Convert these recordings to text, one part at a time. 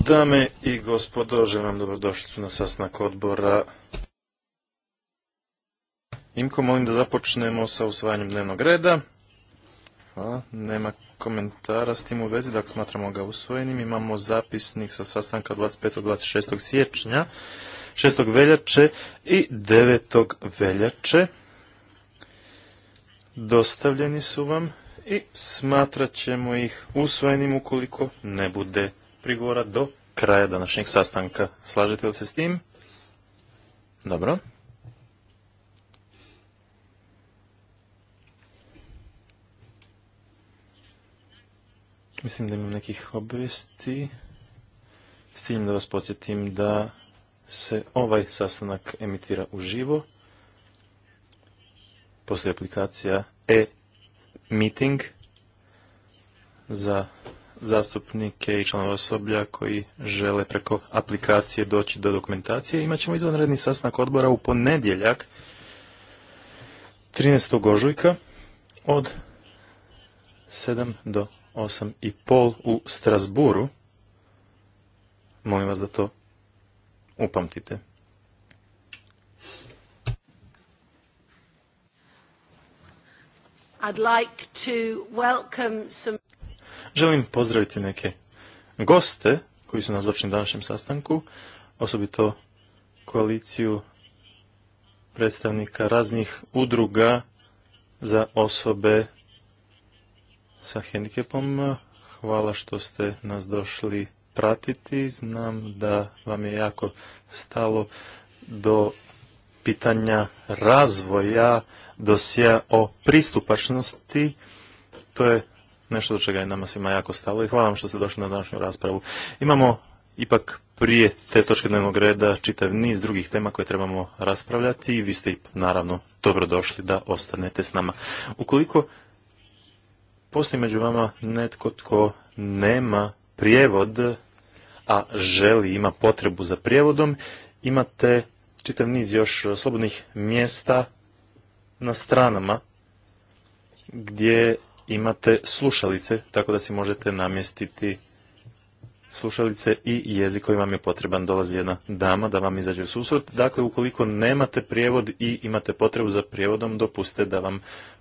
Dame i gospodo, želim vam dobrodošlicu na sastanak odbora. Imko, molim da započnemo sa usvajanjem dnevnog reda. Hvala. Nema komentara s tim u vezi, dakle smatramo ga usvojenim. Imamo zapisnik sa sastanka 25. 26. siječnja, 6. veljače i 9. veljače. Dostavljeni su vam i smatrat ćemo ih usvojenim ukoliko ne bude prigovora do kraja današnjeg sastanka. Slažete li se s tim? Dobro. Mislim da imam nekih obvesti. S da vas podsjetim da se ovaj sastanak emitira uživo. Postoji aplikacija e Meeting za zastupnike i članove osoblja koji žele preko aplikacije doći do dokumentacije. Imaćemo izvanredni sastanak odbora u ponedjeljak 13. ožujka od 7 do 8 i pol u Strasburu. Molim vas da to upamtite. I'd like Želim pozdraviti neke goste koji su nazočni današnjem sastanku, osobito koaliciju predstavnika raznih udruga za osobe sa hendikepom. Hvala što ste nas došli pratiti. Znam da vam je jako stalo do pitanja razvoja dosija o pristupačnosti. To je nešto do čega je nama svima jako stalo i hvala vam što ste došli na današnju raspravu. Imamo ipak prije te točke dnevnog reda čitav niz drugih tema koje trebamo raspravljati i vi ste naravno dobrodošli da ostanete s nama. Ukoliko postoji među vama netko tko nema prijevod, a želi, ima potrebu za prijevodom, imate čitav niz još slobodnih mjesta na stranama gdje imate slušalice, tako da si možete namjestiti slušalice i jezik koji vam je potreban. Dolazi jedna dama da vam izađe u susret. Dakle, ukoliko nemate prijevod i imate potrebu za prijevodom, dopuste da vam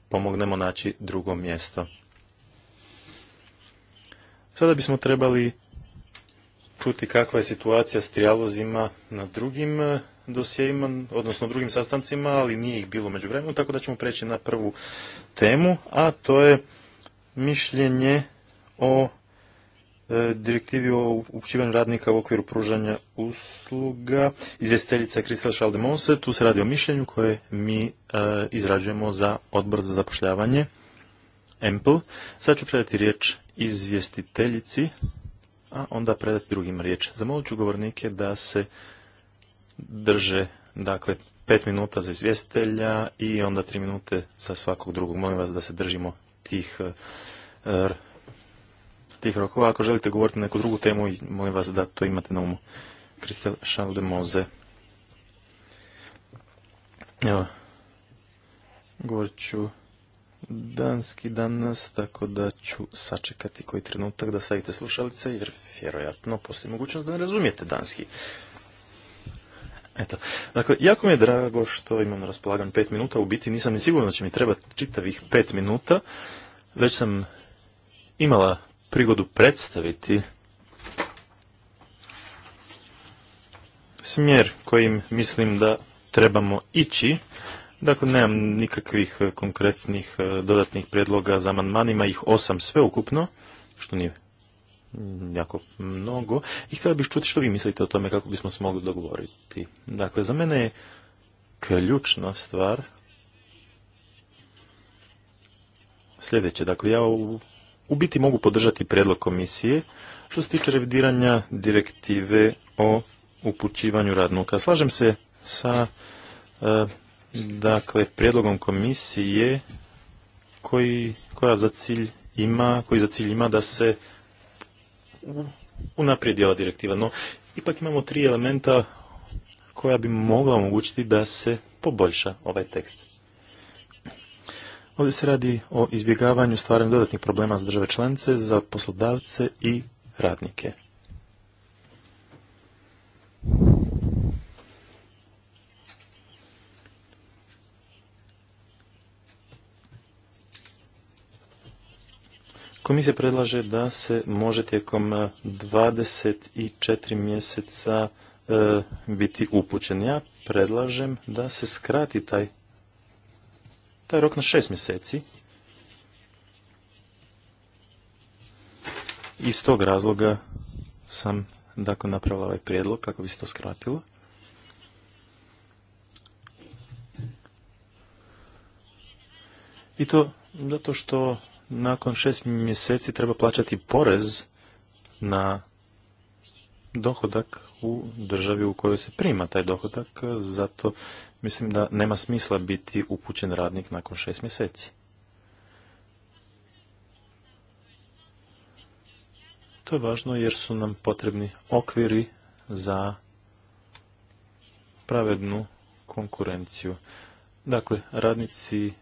pomognemo naći drugo mjesto. Sada bismo trebali čuti kakva je situacija s trijalozima na drugim dosjeima, odnosno drugim sastancima, ali nije ih bilo među vremenu, tako da ćemo preći na prvu temu, a to je mišljenje o e, direktivi o upućivanju radnika u okviru pružanja usluga. Izvjestiteljica Kristal Šalde Šaldemose, tu se radi o mišljenju koje mi e, izrađujemo za odbor za zapošljavanje. Ample. Sad ću predati riječ izvjestiteljici, a onda predati drugim riječ. Zamolit ću govornike da se drže dakle pet minuta za izvjestitelja i onda tri minute za svakog drugog. Molim vas da se držimo tih eh, tih rokova. Ako želite govoriti na neku drugu temu, molim vas da to imate na umu. Kristel Moze. Evo, govorit ću danski danas, tako da ću sačekati koji trenutak da stavite slušalice, jer vjerojatno postoji mogućnost da ne razumijete danski. Eto, dakle, jako mi je drago što imam raspolagan pet minuta, u biti nisam ni sigurno da će mi trebati čitavih pet minuta, već sam imala prigodu predstaviti smjer kojim mislim da trebamo ići. Dakle, nemam nikakvih konkretnih eh, dodatnih predloga za amandmanima, ih osam sve ukupno, što nije jako mnogo i htjela bih čuti što vi mislite o tome kako bismo se mogli dogovoriti. Dakle, za mene je ključna stvar sljedeće. Dakle, ja u, biti mogu podržati predlog komisije što se tiče revidiranja direktive o upućivanju radnika. Slažem se sa e, dakle, prijedlogom komisije koji, koja za cilj ima, koji za cilj ima da se unaprijed je ova direktiva. No, ipak imamo tri elementa koja bi mogla omogućiti da se poboljša ovaj tekst. Ovdje se radi o izbjegavanju stvaranja dodatnih problema za države članice, za poslodavce i radnike. Komisija predlaže da se može tijekom 24 e, mjeseca e, biti upućen. Ja predlažem da se skrati taj, taj rok na 6 mjeseci. Iz tog razloga sam dakle napravila ovaj prijedlog kako bi se to skratilo. I to zato što nakon šest mjeseci treba plaćati porez na dohodak u državi u kojoj se prima taj dohodak, zato mislim da nema smisla biti upućen radnik nakon šest mjeseci. To je važno jer su nam potrebni okviri za pravednu konkurenciju. Dakle, radnici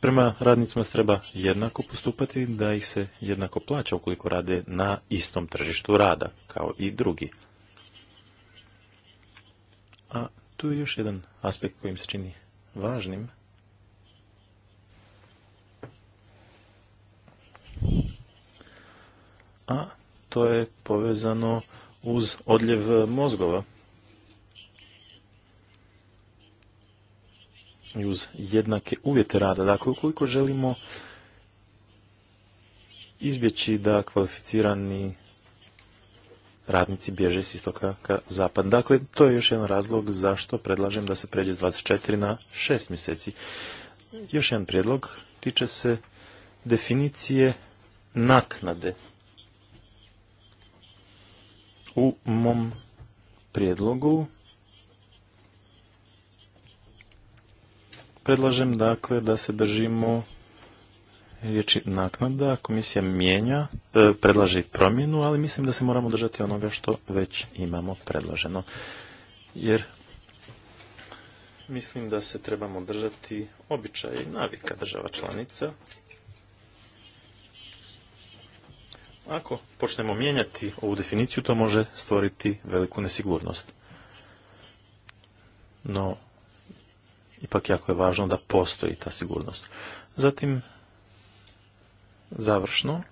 prema radnicima se treba jednako postupati, da ih se jednako plaća ukoliko rade na istom tržištu rada, kao i drugi. A tu je još jedan aspekt kojim se čini važnim. A to je povezano uz odljev mozgova. i uz jednake uvjete rada. Dakle, ukoliko želimo izbjeći da kvalificirani radnici bježe s istoka ka zapad. Dakle, to je još jedan razlog zašto predlažem da se pređe 24 na 6 mjeseci. Još jedan prijedlog tiče se definicije naknade. U mom prijedlogu Predlažem dakle da se držimo riječi naknada. Komisija mijenja, predlaži predlaže promjenu, ali mislim da se moramo držati onoga što već imamo predloženo. Jer mislim da se trebamo držati običaj i navika država članica. Ako počnemo mijenjati ovu definiciju, to može stvoriti veliku nesigurnost. No, ipak jako je važno da postoji ta sigurnost. Zatim, završno,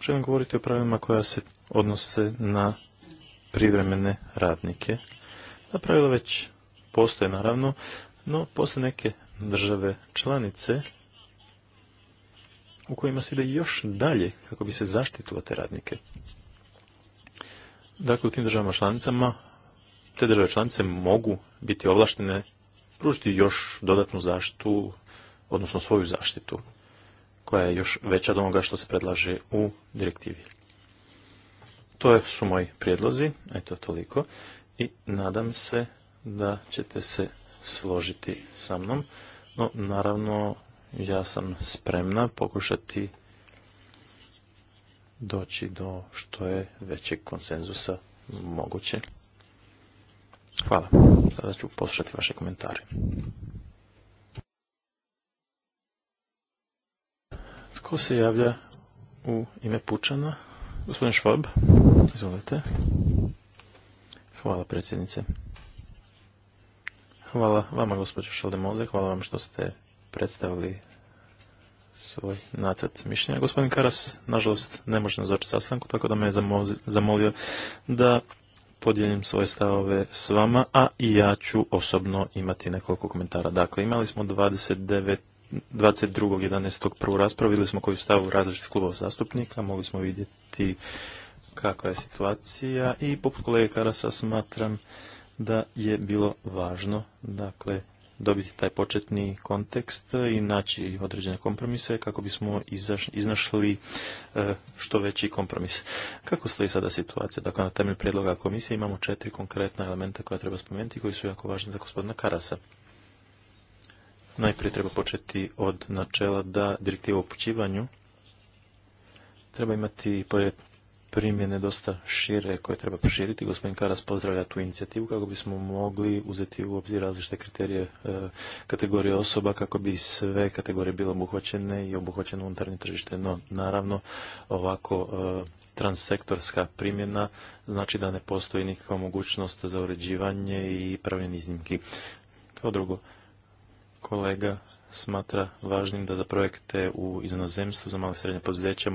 želim govoriti o pravima koja se odnose na privremene radnike. Ta pravila već postoje naravno, no postoje neke države članice u kojima se ide još dalje kako bi se zaštitilo te radnike. Dakle, u tim državama članicama, te države članice mogu biti ovlaštene pružiti još dodatnu zaštitu, odnosno svoju zaštitu, koja je još veća od onoga što se predlaže u direktivi. To su moji prijedlozi, eto toliko, i nadam se da ćete se složiti sa mnom, no naravno ja sam spremna pokušati doći do što je većeg konsenzusa moguće. Hvala. Sada ću poslušati vaše komentare. Tko se javlja u ime Pučana? Gospodin Švab, izvolite. Hvala predsjednice. Hvala vama gospođo Šaldemoze, hvala vam što ste predstavili svoj nacrt mišljenja. Gospodin Karas, nažalost, ne može nazočiti sastanku, tako da me je zamolio da podijelim svoje stavove s vama, a i ja ću osobno imati nekoliko komentara. Dakle, imali smo 29 22.11. prvu raspravu, vidjeli smo koju stavu različitih klubova zastupnika, mogli smo vidjeti kakva je situacija i poput kolege Karasa smatram da je bilo važno, dakle, dobiti taj početni kontekst i naći određene kompromise kako bismo iznašli e, što veći kompromis. Kako stoji sada situacija? Dakle, na temelju prijedloga komisije imamo četiri konkretna elementa koja treba spomenuti i koji su jako važni za gospodina Karasa. Najprije treba početi od načela da direktiva o upućivanju treba imati primjene dosta šire koje treba proširiti. Gospodin Karas pozdravlja tu inicijativu kako bismo mogli uzeti u obzir različite kriterije e, kategorije osoba kako bi sve kategorije bile obuhvaćene i obuhvaćeno unutarnje tržište. No, naravno, ovako e, transsektorska primjena znači da ne postoji nikakva mogućnost za uređivanje i pravljenje iznimki. Kao drugo, kolega smatra važnim da za projekte u inozemstvu za male srednje poduzeće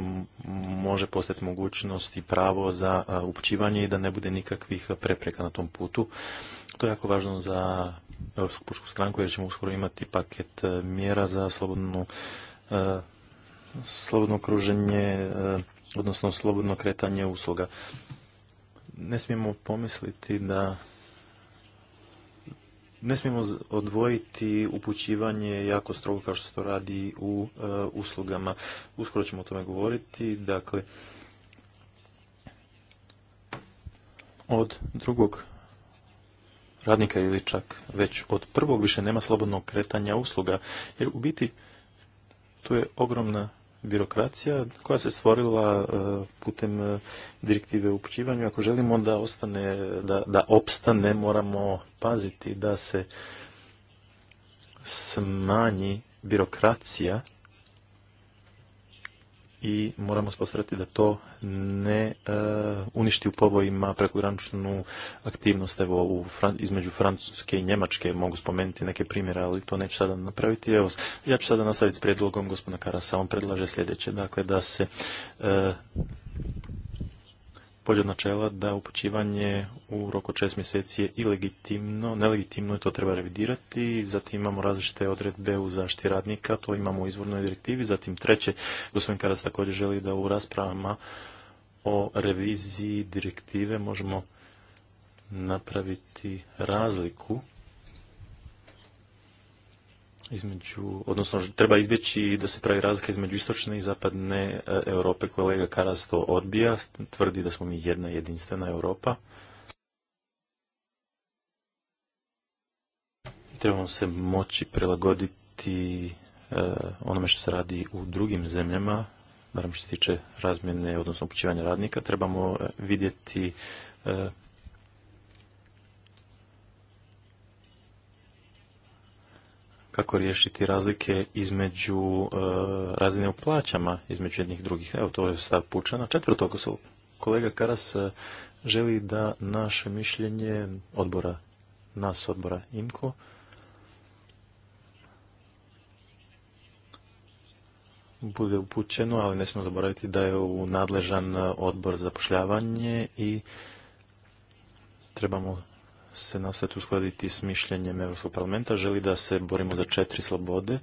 može postati mogućnost i pravo za upućivanje i da ne bude nikakvih prepreka na tom putu. To je jako važno za Europsku pušku stranku jer ćemo uskoro imati paket e, mjera za e, slobodno okruženje, e, odnosno slobodno kretanje usluga. Ne smijemo pomisliti da ne smijemo odvojiti upućivanje jako strogo kao što se to radi u e, uslugama. Uskoro ćemo o tome govoriti. Dakle, od drugog radnika ili čak već od prvog više nema slobodnog kretanja usluga. Jer u biti tu je ogromna birokracija koja se stvorila e, putem e, direktive u upućivanju. Ako želimo da, ostane, da, da opstane, moramo paziti da se smanji birokracija i moramo spostrati da to ne e, uništi u povojima prekograničnu aktivnost. Evo, u između Francuske i Njemačke mogu spomenuti neke primjere, ali to neću sada napraviti. Evo, ja ću sada nastaviti s prijedlogom gospodina Karasa. On predlaže sljedeće, dakle, da se e, pođe od načela da upućivanje u roku od mjeseci je ilegitimno, nelegitimno i to treba revidirati. Zatim imamo različite odredbe u zaštiti radnika, to imamo u izvornoj direktivi. Zatim treće, gospodin Karas također želi da u raspravama o reviziji direktive možemo napraviti razliku između, odnosno treba izbjeći da se pravi razlika između istočne i zapadne e, Europe. Kolega Karas to odbija, tvrdi da smo mi jedna jedinstvena Europa. Trebamo se moći prilagoditi e, onome što se radi u drugim zemljama, barem što se tiče razmjene, odnosno upućivanja radnika. Trebamo e, vidjeti kako riješiti razlike između e, razine u plaćama između jednih drugih. Evo to je stav Pučana. Četvrto, kolega Karas e, želi da naše mišljenje odbora, nas odbora IMKO, bude upućeno, ali ne smijemo zaboraviti da je u nadležan odbor za zapošljavanje i trebamo se nastojati uskladiti s mišljenjem Europskog parlamenta, želi da se borimo za četiri slobode,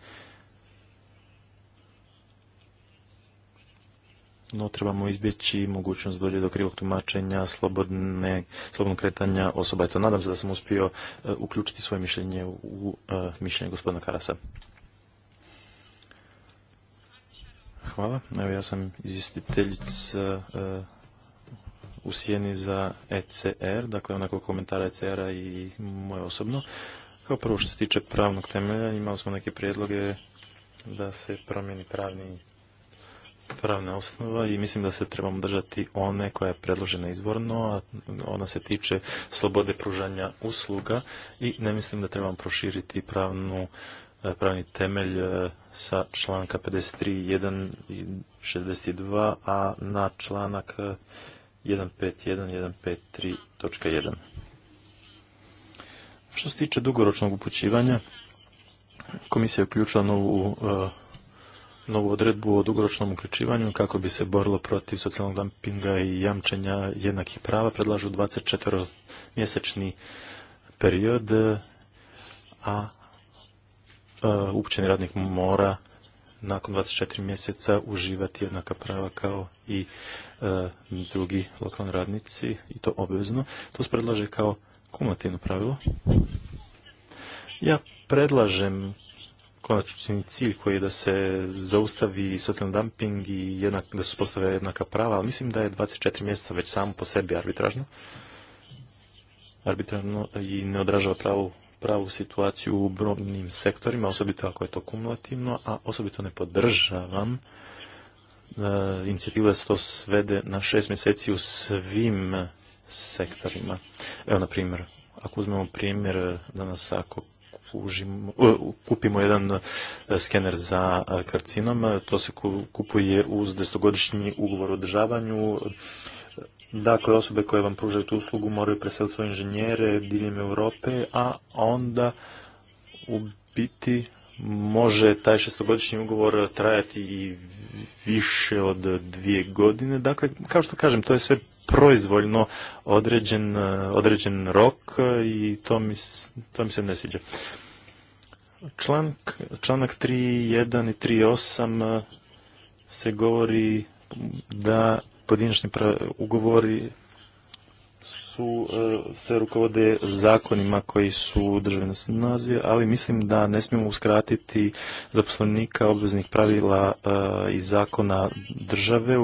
no trebamo izbjeći mogućnost dođe do krivog tumačenja, slobodne, slobodnog kretanja osoba. Eto, nadam se da sam uspio e, uključiti svoje mišljenje u e, mišljenje gospodina Karasa. Hvala. Evo ja sam izvjestiteljica e, u sjeni za ECR, dakle onako komentara ECR-a i moje osobno. Kao prvo što se tiče pravnog temelja, imali smo neke prijedloge da se promijeni pravni pravna osnova i mislim da se trebamo držati one koja je predložena izvorno, a ona se tiče slobode pružanja usluga i ne mislim da trebamo proširiti pravnu e, pravni temelj e, sa članka 53.1 i 62, a na članak e, 151.153.1. Što se tiče dugoročnog upućivanja, komisija je uključila novu, e, novu odredbu o dugoročnom uključivanju kako bi se borilo protiv socijalnog dumpinga i jamčenja jednakih prava. Predlažu 24-mjesečni period, e, a e, upućeni radnik mora nakon 24 mjeseca uživati jednaka prava kao i e, drugi lokalni radnici i to obvezno. To se predlaže kao kumulativno pravilo. Ja predlažem konačni cilj koji je da se zaustavi socijalni dumping i jednak, da se postave jednaka prava, ali mislim da je 24 mjeseca već samo po sebi arbitražno. Arbitrarno i ne odražava pravu pravu situaciju u brojnim sektorima, osobito ako je to kumulativno, a osobito ne podržavam e, inicijativu da se to svede na šest mjeseci u svim sektorima. Evo, na primjer, ako uzmemo primjer e, danas ako e, kupimo jedan skener za karcinom, to se kupuje uz desetogodišnji ugovor o održavanju, Dakle, osobe koje vam pružaju tu uslugu moraju preseliti svoje inženjere diljem Europe, a onda u biti može taj šestogodišnji ugovor trajati i više od dvije godine. Dakle, kao što kažem, to je sve proizvoljno određen, određen rok i to mi, to mi se ne sviđa. Članak, članak 3.1 i 3.8 se govori da pojedinačni ugovori su, e, se rukovode zakonima koji su države snazi, ali mislim da ne smijemo uskratiti zaposlenika obveznih pravila e, i zakona države,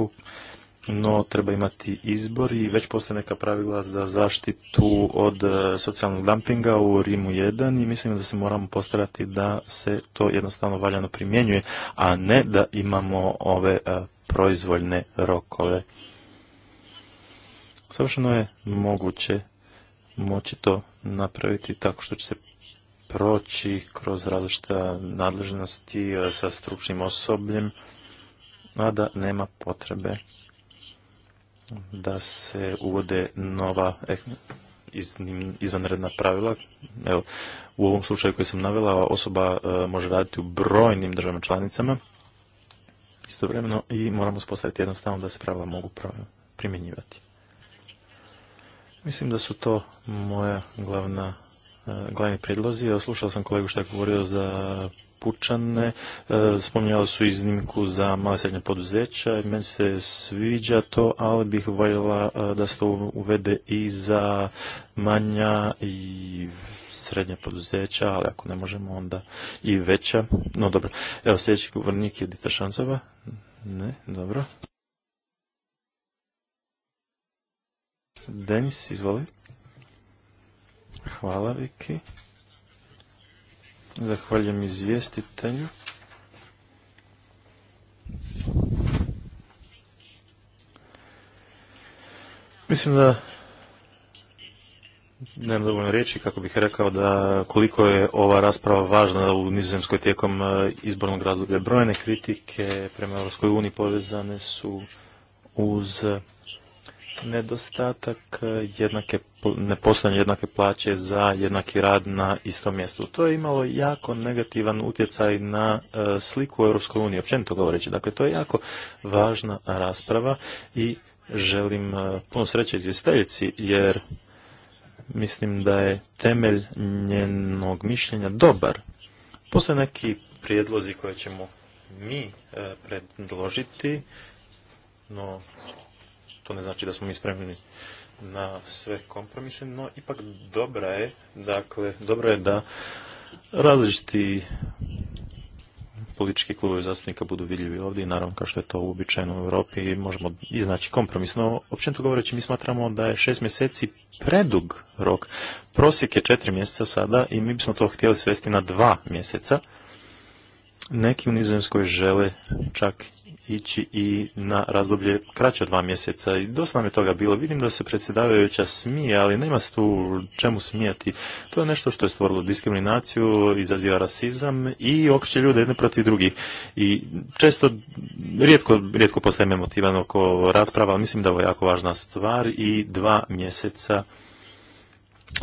no treba imati izbor i već postoje neka pravila za zaštitu od e, socijalnog dumpinga u Rimu 1 i mislim da se moramo postarati da se to jednostavno valjano primjenjuje, a ne da imamo ove proizvoljne rokove. Savršeno je moguće moći to napraviti tako što će se proći kroz različita nadležnosti e, sa stručnim osobljem, a da nema potrebe da se uvode nova eh, izvanredna pravila. Evo, u ovom slučaju koji sam navela, osoba e, može raditi u brojnim državama članicama, istovremeno i moramo spostaviti jednostavno da se pravila mogu primjenjivati. Mislim da su to moja glavna e, glavni predlozi. Slušao sam kolegu što je govorio za pučane, e, spominjali su iznimku za mala srednja poduzeća, meni se sviđa to, ali bih voljela e, da se to uvede i za manja i srednja poduzeća, ali ako ne možemo onda i veća. No dobro, evo sljedeći govornik je Dita Ne, dobro. Denis, izvoli. Hvala, Viki. Zahvaljujem izvjestitelju. Mislim da Nemam dovoljno riječi kako bih rekao da koliko je ova rasprava važna u nizozemskoj tijekom e, izbornog razdoblja. Brojne kritike prema Europskoj uniji povezane su uz nedostatak jednake, nepostojanje jednake plaće za jednaki rad na istom mjestu. To je imalo jako negativan utjecaj na e, sliku Europskoj uniji, općenito govoreći. Dakle, to je jako važna rasprava i želim e, puno sreće izvjestiteljici jer mislim da je temelj njenog mišljenja dobar. Postoje neki prijedlozi koje ćemo mi e, predložiti, no to ne znači da smo mi spremni na sve kompromise, no ipak dobra je, dakle, dobro je da različiti politički klubovi zastupnika budu vidljivi ovdje i naravno kao što je to uobičajeno u Europi i možemo iznaći kompromisno. Općenito govoreći mi smatramo da je šest mjeseci predug rok. Prosjek je četiri mjeseca sada i mi bismo to htjeli svesti na dva mjeseca. Neki u Nizozemskoj žele čak ići i na razdoblje kraće od dva mjeseca i dosta nam je toga bilo. Vidim da se predsjedavajuća smije, ali nema se tu čemu smijati. To je nešto što je stvorilo diskriminaciju, izaziva rasizam i okreće ljude jedne protiv drugih. I često, rijetko, rijetko postajem emotivan oko rasprava, ali mislim da ovo je jako važna stvar i dva mjeseca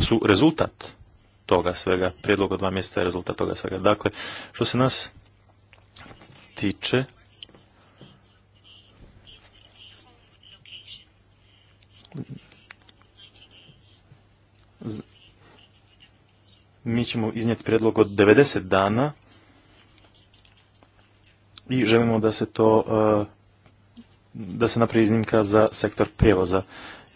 su rezultat toga svega, prijedlog od dva mjeseca je rezultat toga svega. Dakle, što se nas tiče, mi ćemo iznijeti predlog od 90 dana i želimo da se to e, da se napravi iznimka za sektor prijevoza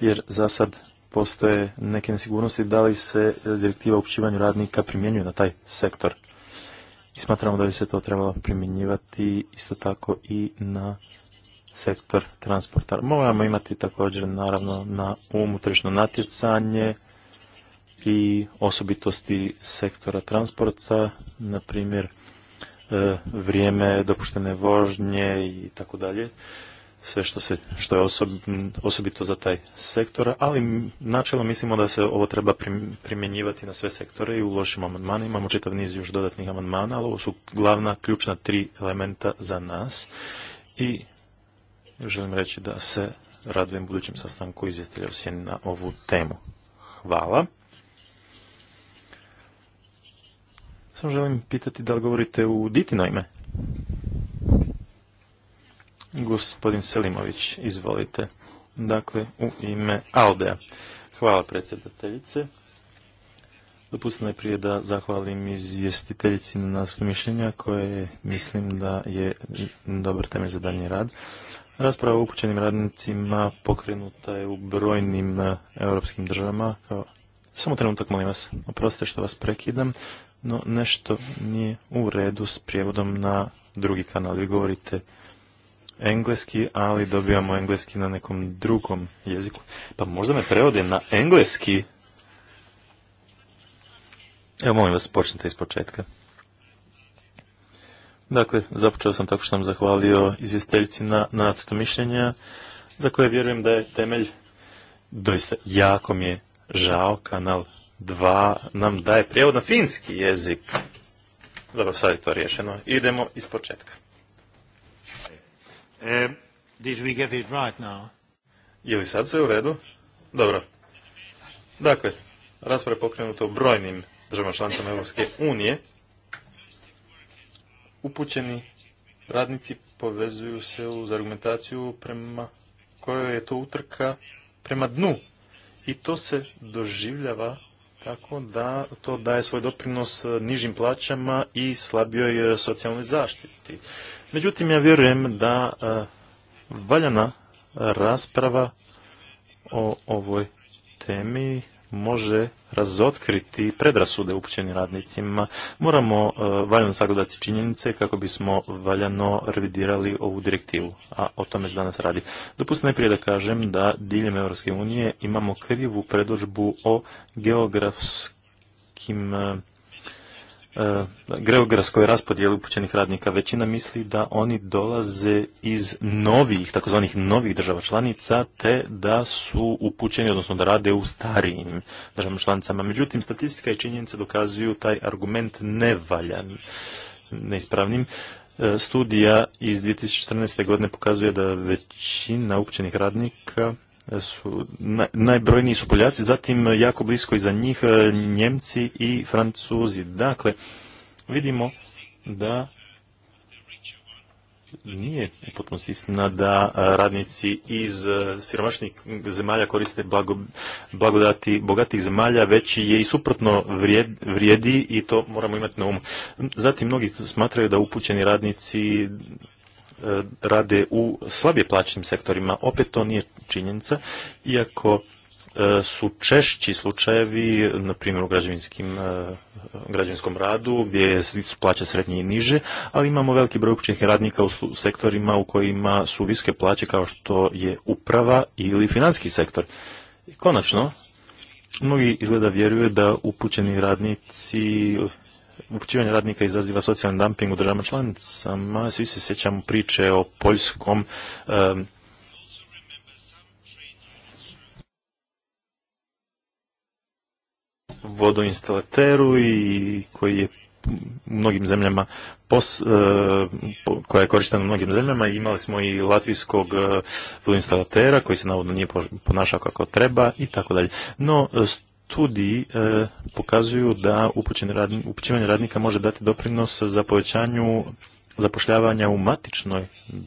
jer za sad postoje neke nesigurnosti da li se direktiva o upućivanju radnika primjenjuje na taj sektor i smatramo da bi se to trebalo primjenjivati isto tako i na sektor transporta. Moramo imati također naravno na umu tržišno natjecanje i osobitosti sektora transporta, na primjer e, vrijeme dopuštene vožnje i tako dalje sve što, se, što je osobito za taj sektor, ali načelo mislimo da se ovo treba primjenjivati na sve sektore i u lošim amandmanima. Imamo čitav niz još dodatnih amandmana, ali ovo su glavna ključna tri elementa za nas i želim reći da se radujem budućem sastanku izvjetelja na ovu temu. Hvala. Samo želim pitati da li govorite u Ditino ime? Gospodin Selimović, izvolite. Dakle, u ime Aldea. Hvala predsjedateljice. Dopustite prije da zahvalim izvjestiteljici na nas mišljenja koje mislim da je dobar temelj za daljnji rad. Rasprava o upućenim radnicima pokrenuta je u brojnim e, europskim državama. Kao... Samo trenutak, molim vas, oprostite što vas prekidam, no nešto nije u redu s prijevodom na drugi kanal. Vi govorite engleski, ali dobivamo engleski na nekom drugom jeziku. Pa možda me prevode na engleski? Evo, molim vas, počnite iz početka. Dakle, započeo sam tako što sam zahvalio izvjestiteljici na nacrtu mišljenja, za koje vjerujem da je temelj doista jako mi je žao, kanal 2 nam daje prijevod na finski jezik. Dobro, sad je to rješeno. Idemo iz početka. Eh, eh, je li sad sve u redu? Dobro. Dakle, rasprava je pokrenuta u brojnim državama članicama Europske unije upućeni radnici povezuju se uz argumentaciju prema kojoj je to utrka prema dnu. I to se doživljava tako da to daje svoj doprinos nižim plaćama i slabijoj e, socijalnoj zaštiti. Međutim, ja vjerujem da e, valjana rasprava o ovoj temi može razotkriti predrasude upućenim radnicima. Moramo e, valjano sagledati činjenice kako bismo valjano revidirali ovu direktivu, a o tome se danas radi. Dopustite najprije da kažem da diljem Europske unije imamo krivu predložbu o geografskim e, Eh, geografskoj raspodjeli upućenih radnika. Većina misli da oni dolaze iz novih, takozvanih novih država članica, te da su upućeni, odnosno da rade u starijim državama članicama. Međutim, statistika i činjenice dokazuju taj argument nevaljan, neispravnim. Eh, studija iz 2014. godine pokazuje da većina upućenih radnika su, najbrojniji su Poljaci, zatim jako blisko iza njih e, Njemci i Francuzi. Dakle, vidimo da nije potpuno istina da e, radnici iz e, siromašnih zemalja koriste blago, blagodati bogatih zemalja, već je i suprotno vrijed, vrijedi i to moramo imati na umu. Zatim mnogi smatraju da upućeni radnici E, rade u slabije plaćenim sektorima. Opet to nije činjenica, iako e, su češći slučajevi, na primjer u e, građevinskom radu, gdje su plaće srednje i niže, ali imamo veliki broj upućenih radnika u sektorima u kojima su viske plaće kao što je uprava ili finanski sektor. I konačno, mnogi izgleda vjeruju da upućeni radnici upućivanje radnika izaziva socijalni dumping u državama članicama. Svi se sjećamo priče o poljskom vodoinstalateru i koji je u mnogim zemljama e, koja je korištena u mnogim zemljama imali smo i latvijskog e, vodoinstalatera koji se navodno nije ponašao kako treba i tako dalje. No studiji e, pokazuju da upućivanje radnika može dati doprinos za povećanju zapošljavanja u matičnoj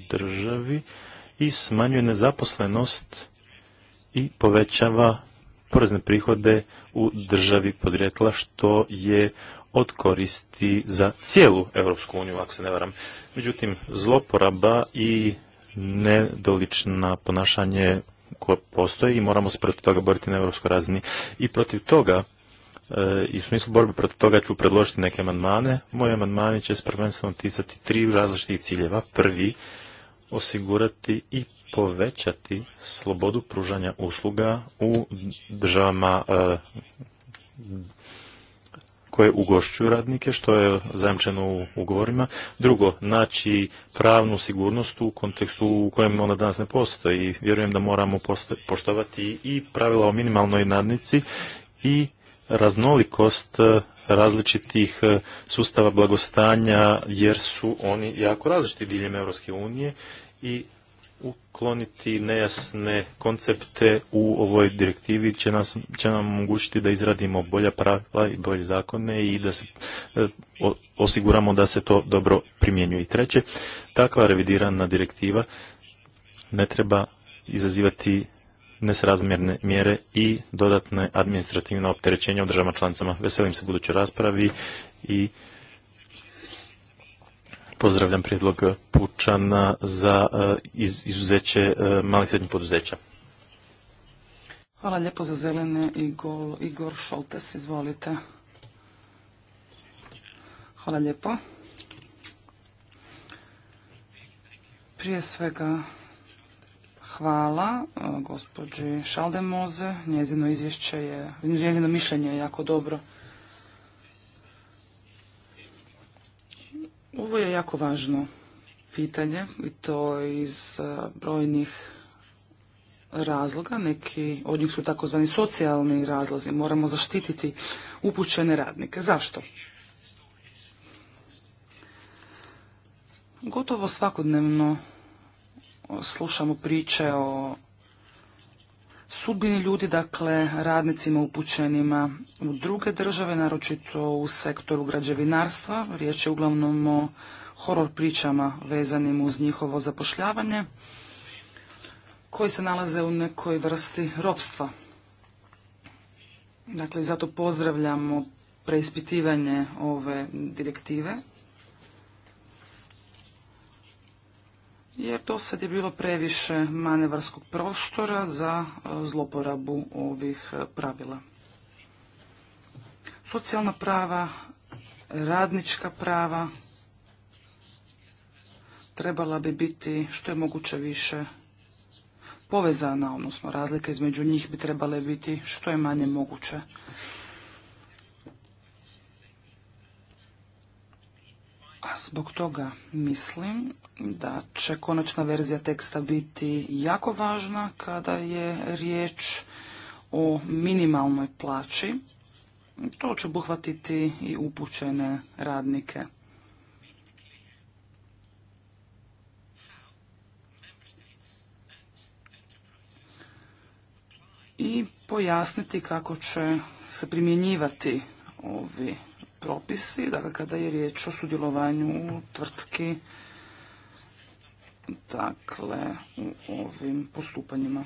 državi i smanjuje nezaposlenost i povećava porezne prihode u državi podrijetla što je od koristi za cijelu Europsku uniju, ako se ne varam. Međutim, zloporaba i nedolična ponašanje postoji i moramo se protiv toga boriti na europskoj razini. I protiv toga, e, i u smislu borbe protiv toga ću predložiti neke amandmane. Moje amandmani će se prvenstveno ticati tri različitih ciljeva. Prvi, osigurati i povećati slobodu pružanja usluga u državama e, koje ugošćuju radnike, što je zajamčeno u ugovorima. Drugo, naći pravnu sigurnost u kontekstu u kojem ona danas ne postoji. Vjerujem da moramo poštovati i pravila o minimalnoj nadnici i raznolikost e, različitih e, sustava blagostanja jer su oni jako različiti diljem Europske unije i ukloniti nejasne koncepte u ovoj direktivi će, nas, će nam omogućiti da izradimo bolja pravila i bolje zakone i da se e, osiguramo da se to dobro primjenjuje. I treće, takva revidirana direktiva ne treba izazivati nesrazmjerne mjere i dodatne administrativne opterećenja u državama članicama. Veselim se budućoj raspravi i Pozdravljam prijedlog Pučana za e, izuzeće e, malih i srednjih poduzeća. Hvala lijepo za zelene. Igor, Igor Šoltes, izvolite. Hvala lijepo. Prije svega hvala e, gospođi Šaldemoze. Njezino izvješće je, njezino mišljenje je jako dobro. Ovo je jako važno pitanje i to iz e, brojnih razloga. Neki od njih su takozvani socijalni razlozi. Moramo zaštititi upućene radnike. Zašto? Gotovo svakodnevno slušamo priče o sudbini ljudi, dakle radnicima upućenima u druge države, naročito u sektoru građevinarstva. Riječ je uglavnom o horor pričama vezanim uz njihovo zapošljavanje koji se nalaze u nekoj vrsti ropstva. Dakle, zato pozdravljamo preispitivanje ove direktive jer do sad je bilo previše manevarskog prostora za e, zloporabu ovih e, pravila. Socijalna prava, radnička prava trebala bi biti što je moguće više povezana, odnosno razlike između njih bi trebale biti što je manje moguće. A zbog toga mislim da će konačna verzija teksta biti jako važna kada je riječ o minimalnoj plaći. To će obuhvatiti i upućene radnike. I pojasniti kako će se primjenjivati ovi propisi, dakle kada je riječ o sudjelovanju u tvrtki dakle, u ovim postupanjima.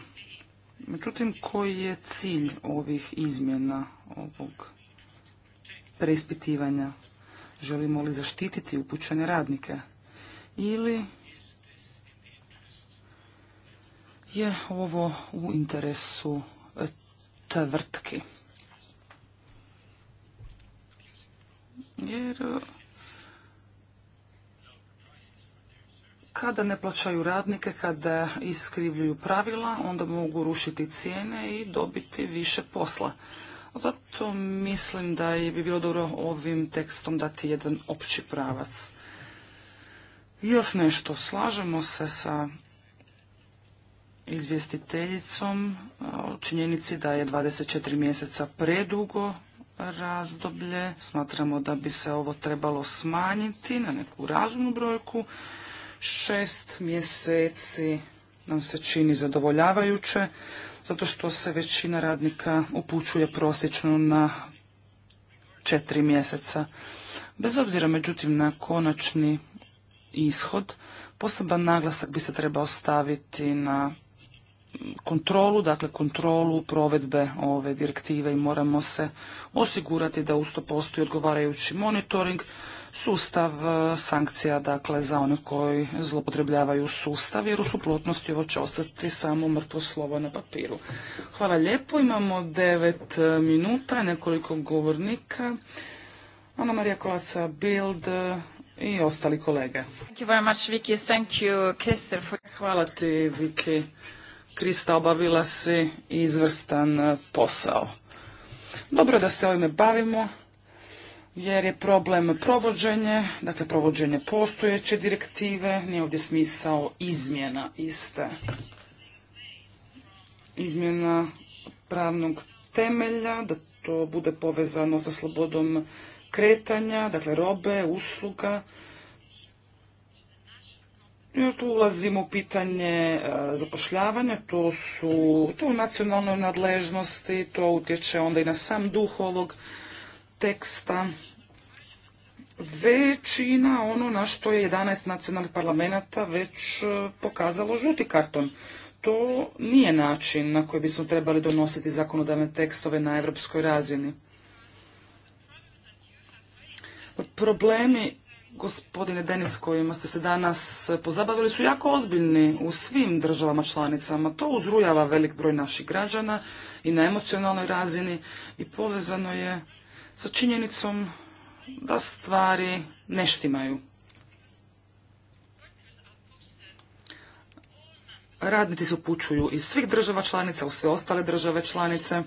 Međutim, koji je cilj ovih izmjena, ovog preispitivanja? Želimo li zaštititi upućene radnike? Ili je ovo u interesu e, tvrtki? Jer Kada ne plaćaju radnike, kada iskrivljuju pravila, onda mogu rušiti cijene i dobiti više posla. Zato mislim da bi bilo dobro ovim tekstom dati jedan opći pravac. Još nešto, slažemo se sa izvjestiteljicom o činjenici da je 24 mjeseca predugo razdoblje. Smatramo da bi se ovo trebalo smanjiti na neku razumnu brojku Šest mjeseci nam se čini zadovoljavajuće, zato što se većina radnika upućuje prosječno na četiri mjeseca. Bez obzira međutim na konačni ishod, poseban naglasak bi se trebao staviti na kontrolu, dakle kontrolu provedbe ove direktive i moramo se osigurati da usto postoji odgovarajući monitoring sustav e, sankcija dakle za one koji zloupotrebljavaju sustav jer u suprotnosti ovo će ostati samo mrtvo slovo na papiru. Hvala lijepo, imamo devet e, minuta, nekoliko govornika. Ana Marija Kolaca, Bild, e, i ostali kolege. Thank you Hvala ti, Viki. Krista, obavila si izvrstan posao. Dobro da se ovime bavimo jer je problem provođenje, dakle provođenje postojeće direktive, nije ovdje smisao izmjena iste. Izmjena pravnog temelja, da to bude povezano sa slobodom kretanja, dakle robe, usluga, jer tu ulazimo u pitanje e, zapošljavanja, to su to u nacionalnoj nadležnosti, to utječe onda i na sam duh ovog teksta većina ono na što je 11 nacionalnih parlamenta već e, pokazalo žuti karton. To nije način na koji bismo trebali donositi zakonodavne tekstove na europskoj razini. Problemi, gospodine Denis, kojima ste se danas pozabavili su jako ozbiljni u svim državama članicama. To uzrujava velik broj naših građana i na emocionalnoj razini i povezano je sa činjenicom da stvari ne štimaju. Radnici se upućuju iz svih država članica u sve ostale države članice.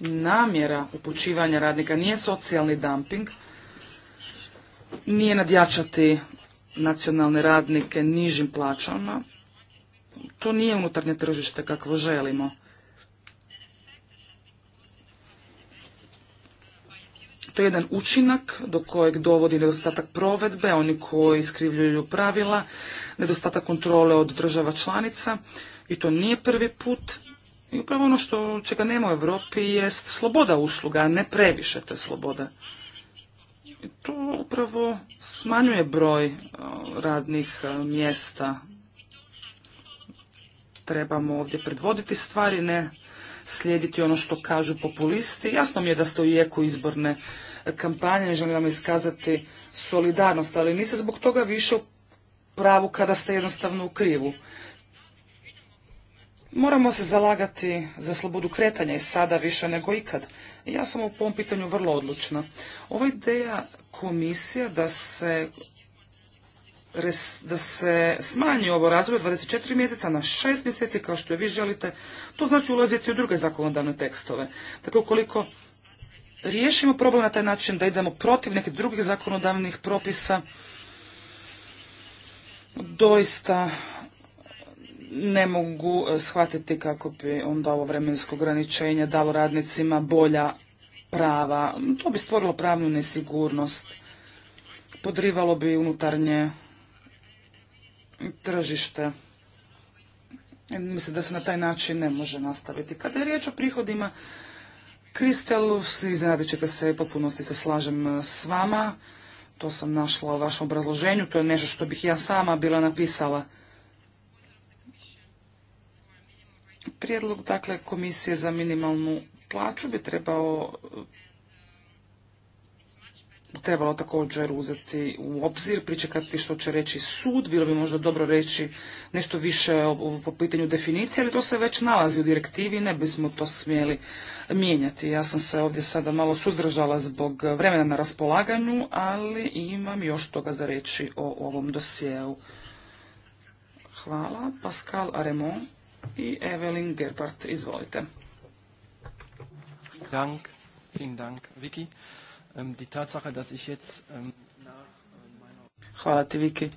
Namjera upućivanja radnika nije socijalni dumping, nije nadjačati nacionalne radnike nižim plaćama. To nije unutarnje tržište kakvo želimo. To je jedan učinak do kojeg dovodi nedostatak provedbe, oni koji iskrivljuju pravila, nedostatak kontrole od država članica i to nije prvi put. I upravo ono što čega nema u Europi jest sloboda usluga, a ne previše te slobode. I to upravo smanjuje broj e, radnih e, mjesta. Trebamo ovdje predvoditi stvari, ne slijediti ono što kažu populisti. Jasno mi je da ste u jeku izborne kampanje, želim vam iskazati solidarnost, ali niste zbog toga više u pravu kada ste jednostavno u krivu. Moramo se zalagati za slobodu kretanja i sada više nego ikad. Ja sam u ovom pitanju vrlo odlučna. Ova ideja komisija da se da se smanji ovo razdoblje 24 mjeseca na 6 mjeseci kao što vi želite, to znači ulaziti u druge zakonodavne tekstove. tako dakle, ukoliko riješimo problem na taj način da idemo protiv nekih drugih zakonodavnih propisa, doista ne mogu eh, shvatiti kako bi onda ovo vremensko ograničenje dalo radnicima bolja prava. To bi stvorilo pravnu nesigurnost, podrivalo bi unutarnje tržište. E, mislim da se na taj način ne može nastaviti. Kada je riječ o prihodima, Kristel, iznenadit ćete se i potpunosti se slažem e, s vama. To sam našla u vašem obrazloženju. To je nešto što bih ja sama bila napisala. Prijedlog, dakle, komisije za minimalnu plaću bi trebao trebalo također uzeti u obzir, pričekati što će reći sud, bilo bi možda dobro reći nešto više po pitanju definicije, ali to se već nalazi u direktivi, ne bismo to smjeli mijenjati. Ja sam se ovdje sada malo suzdržala zbog vremena na raspolaganju, ali imam još toga za reći o ovom dosjeu. Hvala, Pascal Aremo i Evelyn Gerbart, izvolite. Dank, Dank, Ähm, die Tatsache, dass ich ähm, Hvala ti, Viki.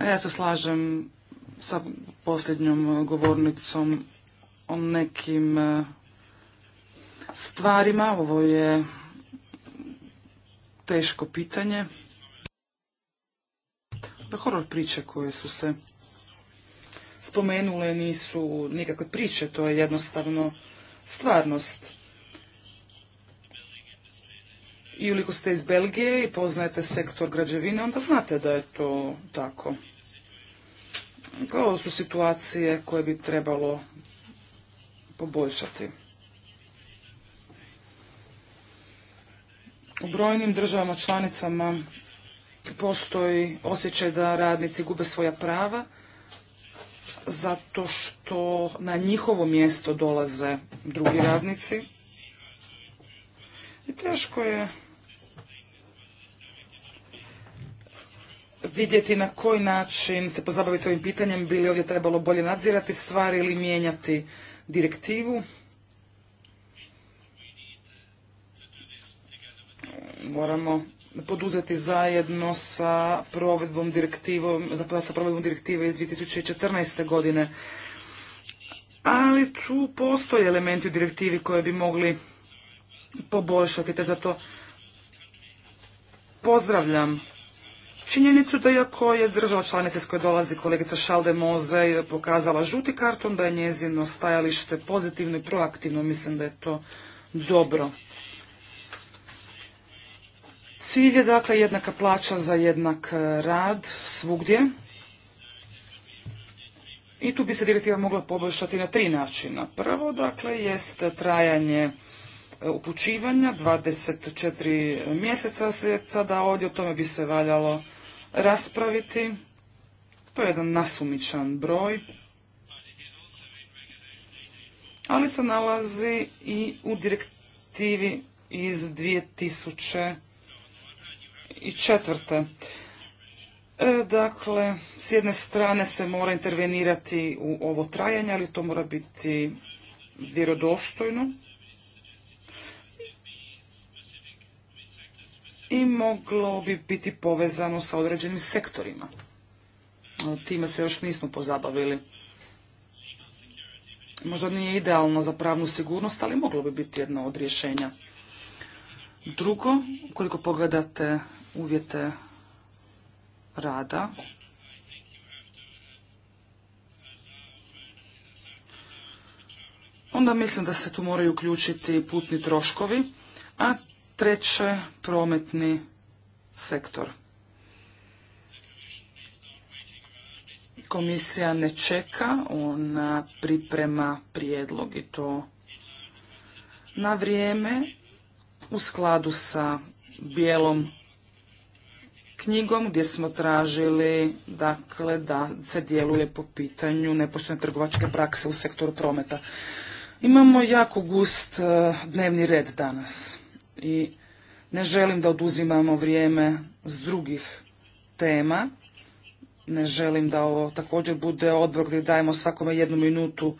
Ja se slažem sa posljednjom govornicom o nekim e, stvarima. Ovo je teško pitanje. Horor priče koje su se spomenule nisu nikakve priče, to je jednostavno stvarnost. I uliko ste iz Belgije i poznajete sektor građevine, onda znate da je to tako. Kao su situacije koje bi trebalo poboljšati. U brojnim državama članicama postoji osjećaj da radnici gube svoja prava zato što na njihovo mjesto dolaze drugi radnici. I teško je vidjeti na koji način se pozabaviti ovim pitanjem, bi li ovdje trebalo bolje nadzirati stvari ili mijenjati direktivu. Moramo poduzeti zajedno sa provedbom direktivom, zapravo sa provedbom direktive iz 2014. godine. Ali tu postoje elementi u direktivi koje bi mogli poboljšati, te zato pozdravljam činjenicu da iako je država članica iz koje dolazi kolegica Šalde Moze pokazala žuti karton, da je njezino stajalište pozitivno i proaktivno. Mislim da je to dobro. Cilj je dakle jednaka plaća za jednak e, rad svugdje. I tu bi se direktiva mogla poboljšati na tri načina. Prvo, dakle, jest trajanje e, upućivanja, 24 mjeseca sada ovdje, o tome bi se valjalo raspraviti. To je jedan nasumičan broj, ali se nalazi i u direktivi iz 2000 2004. E, dakle, s jedne strane se mora intervenirati u ovo trajanje, ali to mora biti vjerodostojno. I moglo bi biti povezano sa određenim sektorima. E, time se još nismo pozabavili. Možda nije idealno za pravnu sigurnost, ali moglo bi biti jedno od rješenja. Drugo, ukoliko pogledate uvjete rada, onda mislim da se tu moraju uključiti putni troškovi, a treće prometni sektor. Komisija ne čeka, ona priprema prijedlog i to na vrijeme u skladu sa bijelom knjigom gdje smo tražili dakle, da se djeluje po pitanju nepoštene trgovačke prakse u sektoru prometa. Imamo jako gust e, dnevni red danas i ne želim da oduzimamo vrijeme s drugih tema. Ne želim da ovo također bude odbor gdje dajemo svakome jednu minutu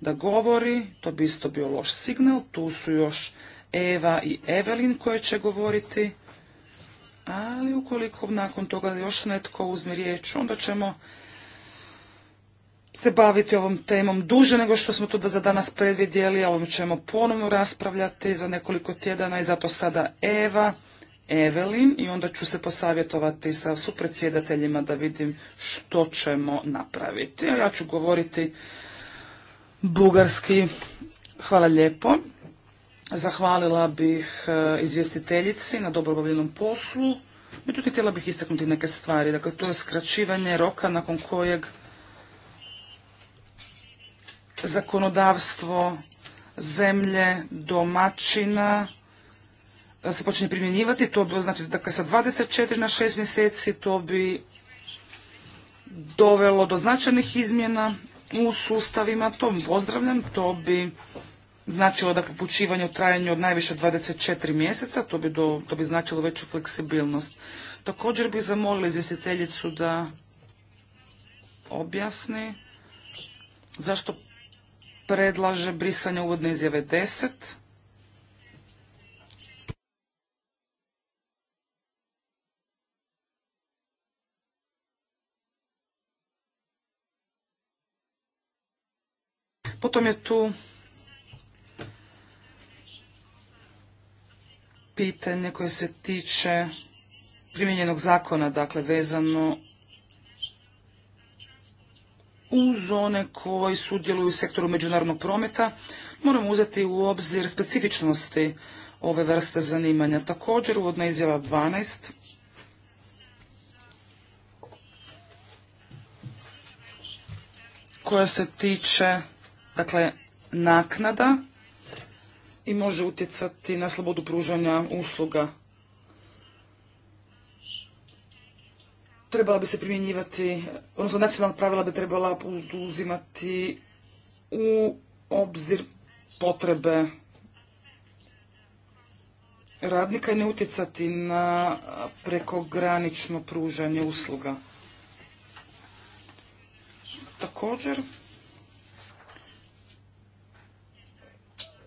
da govori. To bi isto bio loš signal. Tu su još Eva i Evelin koje će govoriti, ali ukoliko nakon toga još netko uzme riječ, onda ćemo se baviti ovom temom duže nego što smo to da za danas predvidjeli, a ovom ćemo ponovno raspravljati za nekoliko tjedana i zato sada Eva, Evelin i onda ću se posavjetovati sa supredsjedateljima da vidim što ćemo napraviti. ja ću govoriti bugarski. Hvala lijepo. Zahvalila bih e, izvjestiteljici na dobro obavljenom poslu, međutim htjela bih istaknuti neke stvari. Dakle, to je skraćivanje roka nakon kojeg zakonodavstvo zemlje domaćina e, se počinje primjenjivati, to bi, znači, dakle, sa 24 na 6 mjeseci to bi dovelo do značajnih izmjena u sustavima, to pozdravljam, to bi značilo da upućivanje u trajanju od najviše 24 mjeseca, to bi, do, to bi značilo veću fleksibilnost. Također bih zamolila izvjestiteljicu da objasni zašto predlaže brisanje uvodne izjave 10. Potom je tu pitanje koje se tiče primijenjenog zakona, dakle vezano uz one koji sudjeluju u sektoru međunarodnog prometa, moramo uzeti u obzir specifičnosti ove vrste zanimanja. Također, uvodna izjava 12 koja se tiče dakle, naknada i može utjecati na slobodu pružanja usluga. Trebala bi se primjenjivati, odnosno nacionalna pravila bi trebala uzimati u obzir potrebe radnika i ne utjecati na prekogranično pružanje usluga. Također,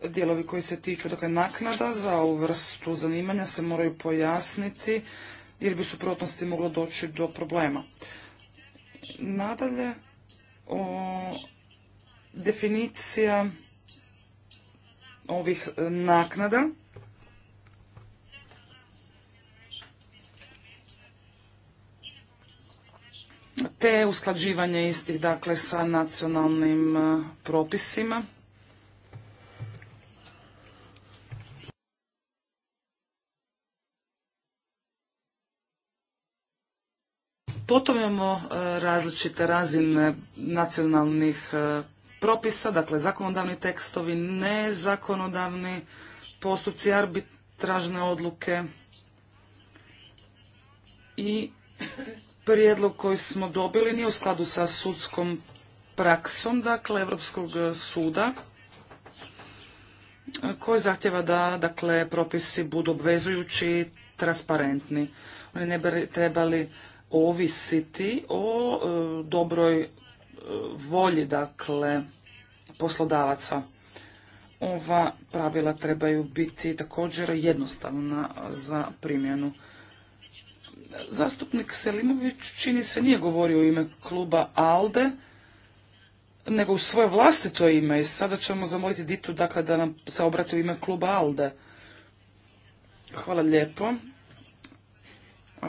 dijelovi koji se tiču dakle, naknada za ovu vrstu zanimanja se moraju pojasniti jer bi u suprotnosti moglo doći do problema. Nadalje, o, definicija ovih e, naknada te usklađivanje istih dakle sa nacionalnim e, propisima. Potom imamo e, različite razine nacionalnih e, propisa, dakle zakonodavni tekstovi, nezakonodavni postupci, arbitražne odluke i prijedlog koji smo dobili nije u skladu sa sudskom praksom, dakle Europskog e, suda koji zahtjeva da dakle propisi budu obvezujući i transparentni. Oni ne bi trebali ovisiti o e, dobroj e, volji dakle poslodavaca. Ova pravila trebaju biti također jednostavna za primjenu. Zastupnik Selimović čini se nije govorio u ime kluba ALDE, nego u svoje vlastito ime i sada ćemo zamoliti Ditu dakle, da nam se obrati u ime kluba ALDE. Hvala lijepo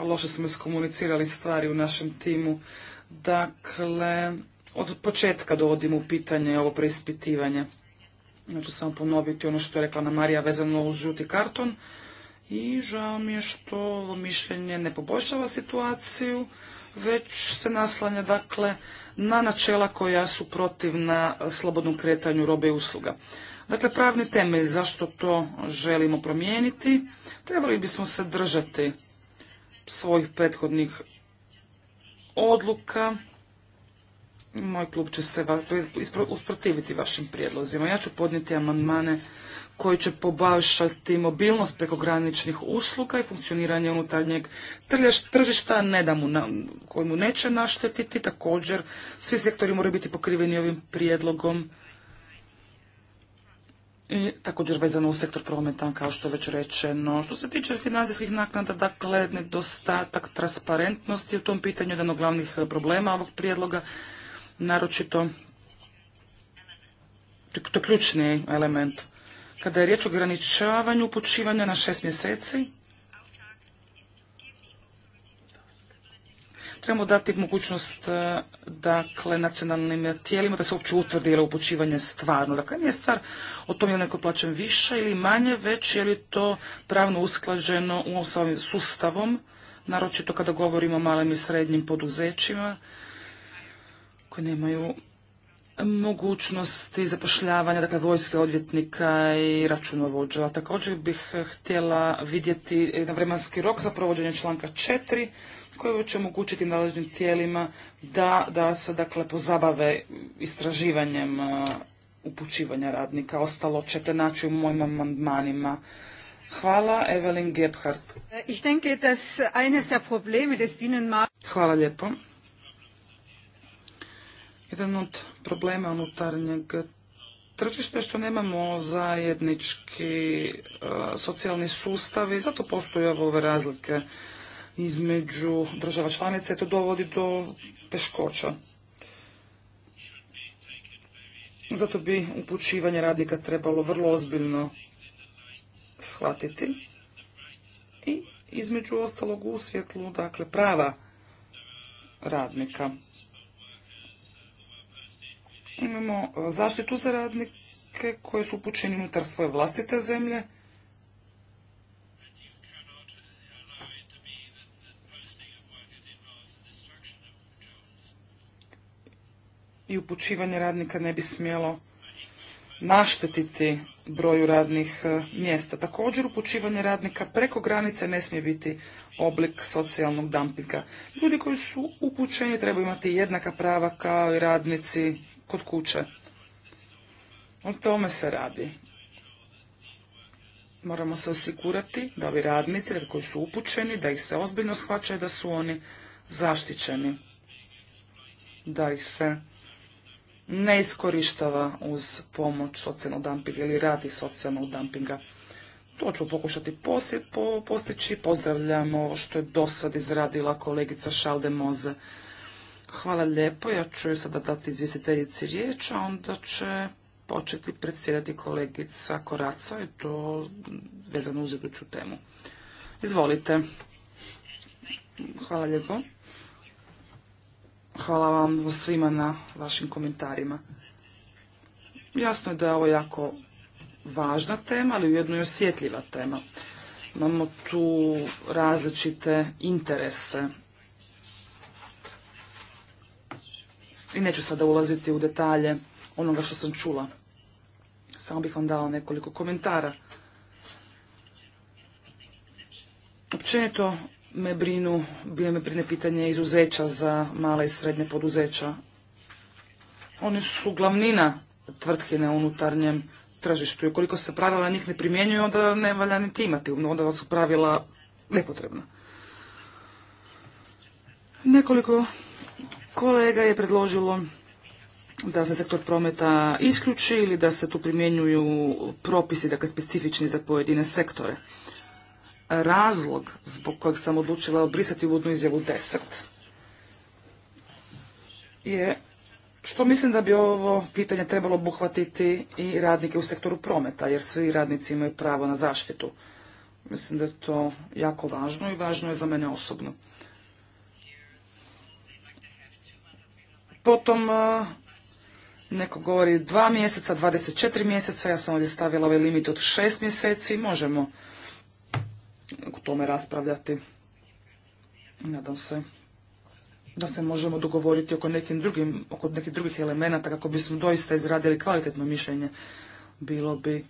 loše smo iskomunicirali stvari u našem timu. Dakle, od početka dovodim u pitanje ovo preispitivanje. Ja ću samo ponoviti ono što je rekla na Marija vezano uz žuti karton. I žao mi je što ovo mišljenje ne poboljšava situaciju, već se naslanja dakle na načela koja su protivna slobodnom kretanju robe i usluga. Dakle, pravni temelj zašto to želimo promijeniti, trebali bismo se držati svojih prethodnih odluka. Moj klub će se usprotiviti vašim prijedlozima. Ja ću podnijeti amandmane koji će poboljšati mobilnost prekograničnih usluga i funkcioniranje unutarnjeg tržišta, ne da mu na, koji mu neće naštetiti. Također, svi sektori moraju biti pokriveni ovim prijedlogom. I također vezano u sektor prometa, kao što je već rečeno. Što se tiče financijskih naknada, dakle, nedostatak transparentnosti u tom pitanju je jedan od glavnih problema ovog prijedloga, naročito to je ključni element. Kada je riječ o ograničavanju upućivanja na šest mjeseci, Trebamo dati mogućnost e, dakle, nacionalnim tijelima da se uopće utvrdi je upućivanje stvarno. Dakle, nije stvar o tom je neko plaćen više ili manje, već je li to pravno usklađeno u ovim sustavom, naročito kada govorimo o malim i srednjim poduzećima koji nemaju mogućnosti zapošljavanja, dakle vojske odvjetnika i računovođa. Također bih htjela vidjeti jedan vremenski rok za provođenje članka četiri koje će omogućiti nadležnim tijelima da, da se dakle pozabave istraživanjem e, upućivanja radnika. Ostalo ćete naći u mojim amandmanima. Hvala, Evelyn Gebhardt. Hvala lijepo. Jedan od problema unutarnjeg tržišta je što nemamo zajednički e, socijalni sustav i zato postoje ove razlike između država članice, to dovodi do teškoća. Zato bi upućivanje radnika trebalo vrlo ozbiljno shvatiti i između ostalog u svjetlu dakle, prava radnika. Imamo zaštitu za radnike koje su upućeni unutar svoje vlastite zemlje, i upućivanje radnika ne bi smjelo naštetiti broju radnih e, mjesta. Također upućivanje radnika preko granice ne smije biti oblik socijalnog dampinga. Ljudi koji su upućeni trebaju imati jednaka prava kao i radnici kod kuće. O tome se radi. Moramo se osigurati da ovi radnici dakle, koji su upućeni, da ih se ozbiljno shvaćaju da su oni zaštićeni. Da ih se ne iskorištava uz pomoć socijalnog dumpinga ili radi socijalnog dumpinga. To ću pokušati postići. Pozdravljam što je do sad izradila kolegica Šalde Moze. Hvala lijepo. Ja ću joj sada dati izvjestiteljici riječ, a onda će početi predsjedati kolegica Koraca i to vezano uz iduću temu. Izvolite. Hvala lijepo. Hvala vam svima na vašim komentarima. Jasno je da je ovo jako važna tema, ali ujedno i osjetljiva tema. Imamo tu različite interese. I neću sada ulaziti u detalje onoga što sam čula. Samo bih vam dala nekoliko komentara. Općenito me brinu, bio me brine pitanje izuzeća za male i srednje poduzeća. Oni su glavnina tvrtke na unutarnjem tržištu i ukoliko se pravila njih ne primjenjuju, onda ne valja niti imati, onda su pravila nepotrebna. Nekoliko kolega je predložilo da se sektor prometa isključi ili da se tu primjenjuju propisi, dakle specifični za pojedine sektore razlog zbog kojeg sam odlučila obrisati uvodnu izjavu deset je što mislim da bi ovo pitanje trebalo obuhvatiti i radnike u sektoru prometa, jer svi radnici imaju pravo na zaštitu. Mislim da je to jako važno i važno je za mene osobno. Potom e, neko govori dva mjeseca, 24 mjeseca, ja sam ovdje stavila ovaj limit od šest mjeseci, možemo tome raspravljati. Nadam se da se možemo dogovoriti oko, nekim drugim, oko nekih drugih elemenata kako bismo doista izradili kvalitetno mišljenje. Bilo bi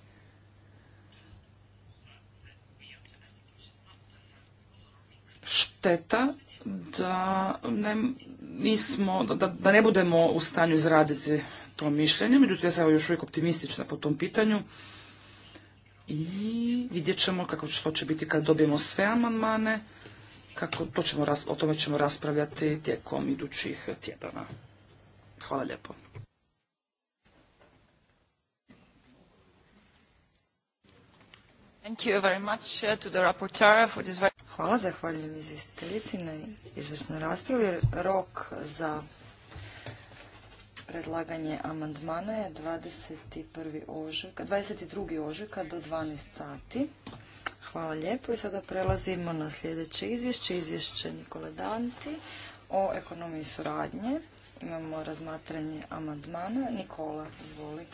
šteta da ne, da, da ne budemo u stanju izraditi to mišljenje. Međutim, ja sam još uvijek optimistična po tom pitanju i vidjet ćemo kako što će biti kad dobijemo sve amandmane, kako to ćemo, o tome ćemo raspravljati tijekom idućih tjedana. Hvala lijepo. Thank you very much uh, to the rapporteur for this... Hvala, zahvaljujem izvjestiteljici na izvrsnoj raspravi. Rok za predlaganje amandmana je 21. ožujka, 22. ožujka do 12 sati. Hvala lijepo i sada prelazimo na sljedeće izvješće, izvješće Nikole Danti o ekonomiji suradnje. Imamo razmatranje amandmana. Nikola, izvoli.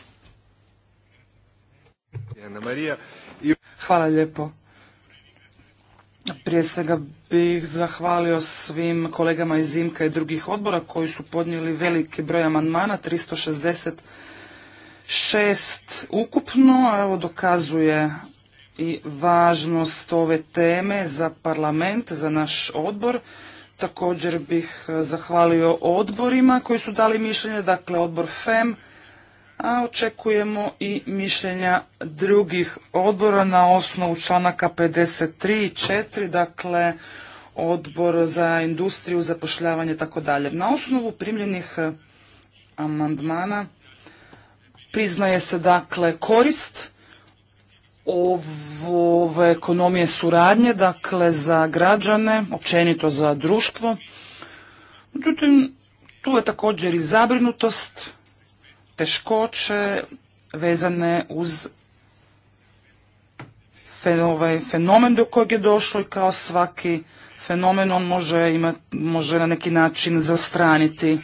Hvala lijepo. Prije svega bih zahvalio svim kolegama iz Zimka i drugih odbora koji su podnijeli veliki broj amandmana, 366 ukupno. a Evo dokazuje i važnost ove teme za parlament, za naš odbor. Također bih zahvalio odborima koji su dali mišljenje, dakle odbor FEM, a očekujemo i mišljenja drugih odbora na osnovu članaka 53 i 4, dakle odbor za industriju, zapošljavanje i tako dalje. Na osnovu primljenih e, amandmana priznaje se dakle korist ove ekonomije suradnje, dakle za građane, općenito za društvo. Međutim, tu je također i zabrinutost teškoće vezane uz ovaj fenomen do kojeg je došlo i kao svaki fenomen on može, može na neki način zastraniti.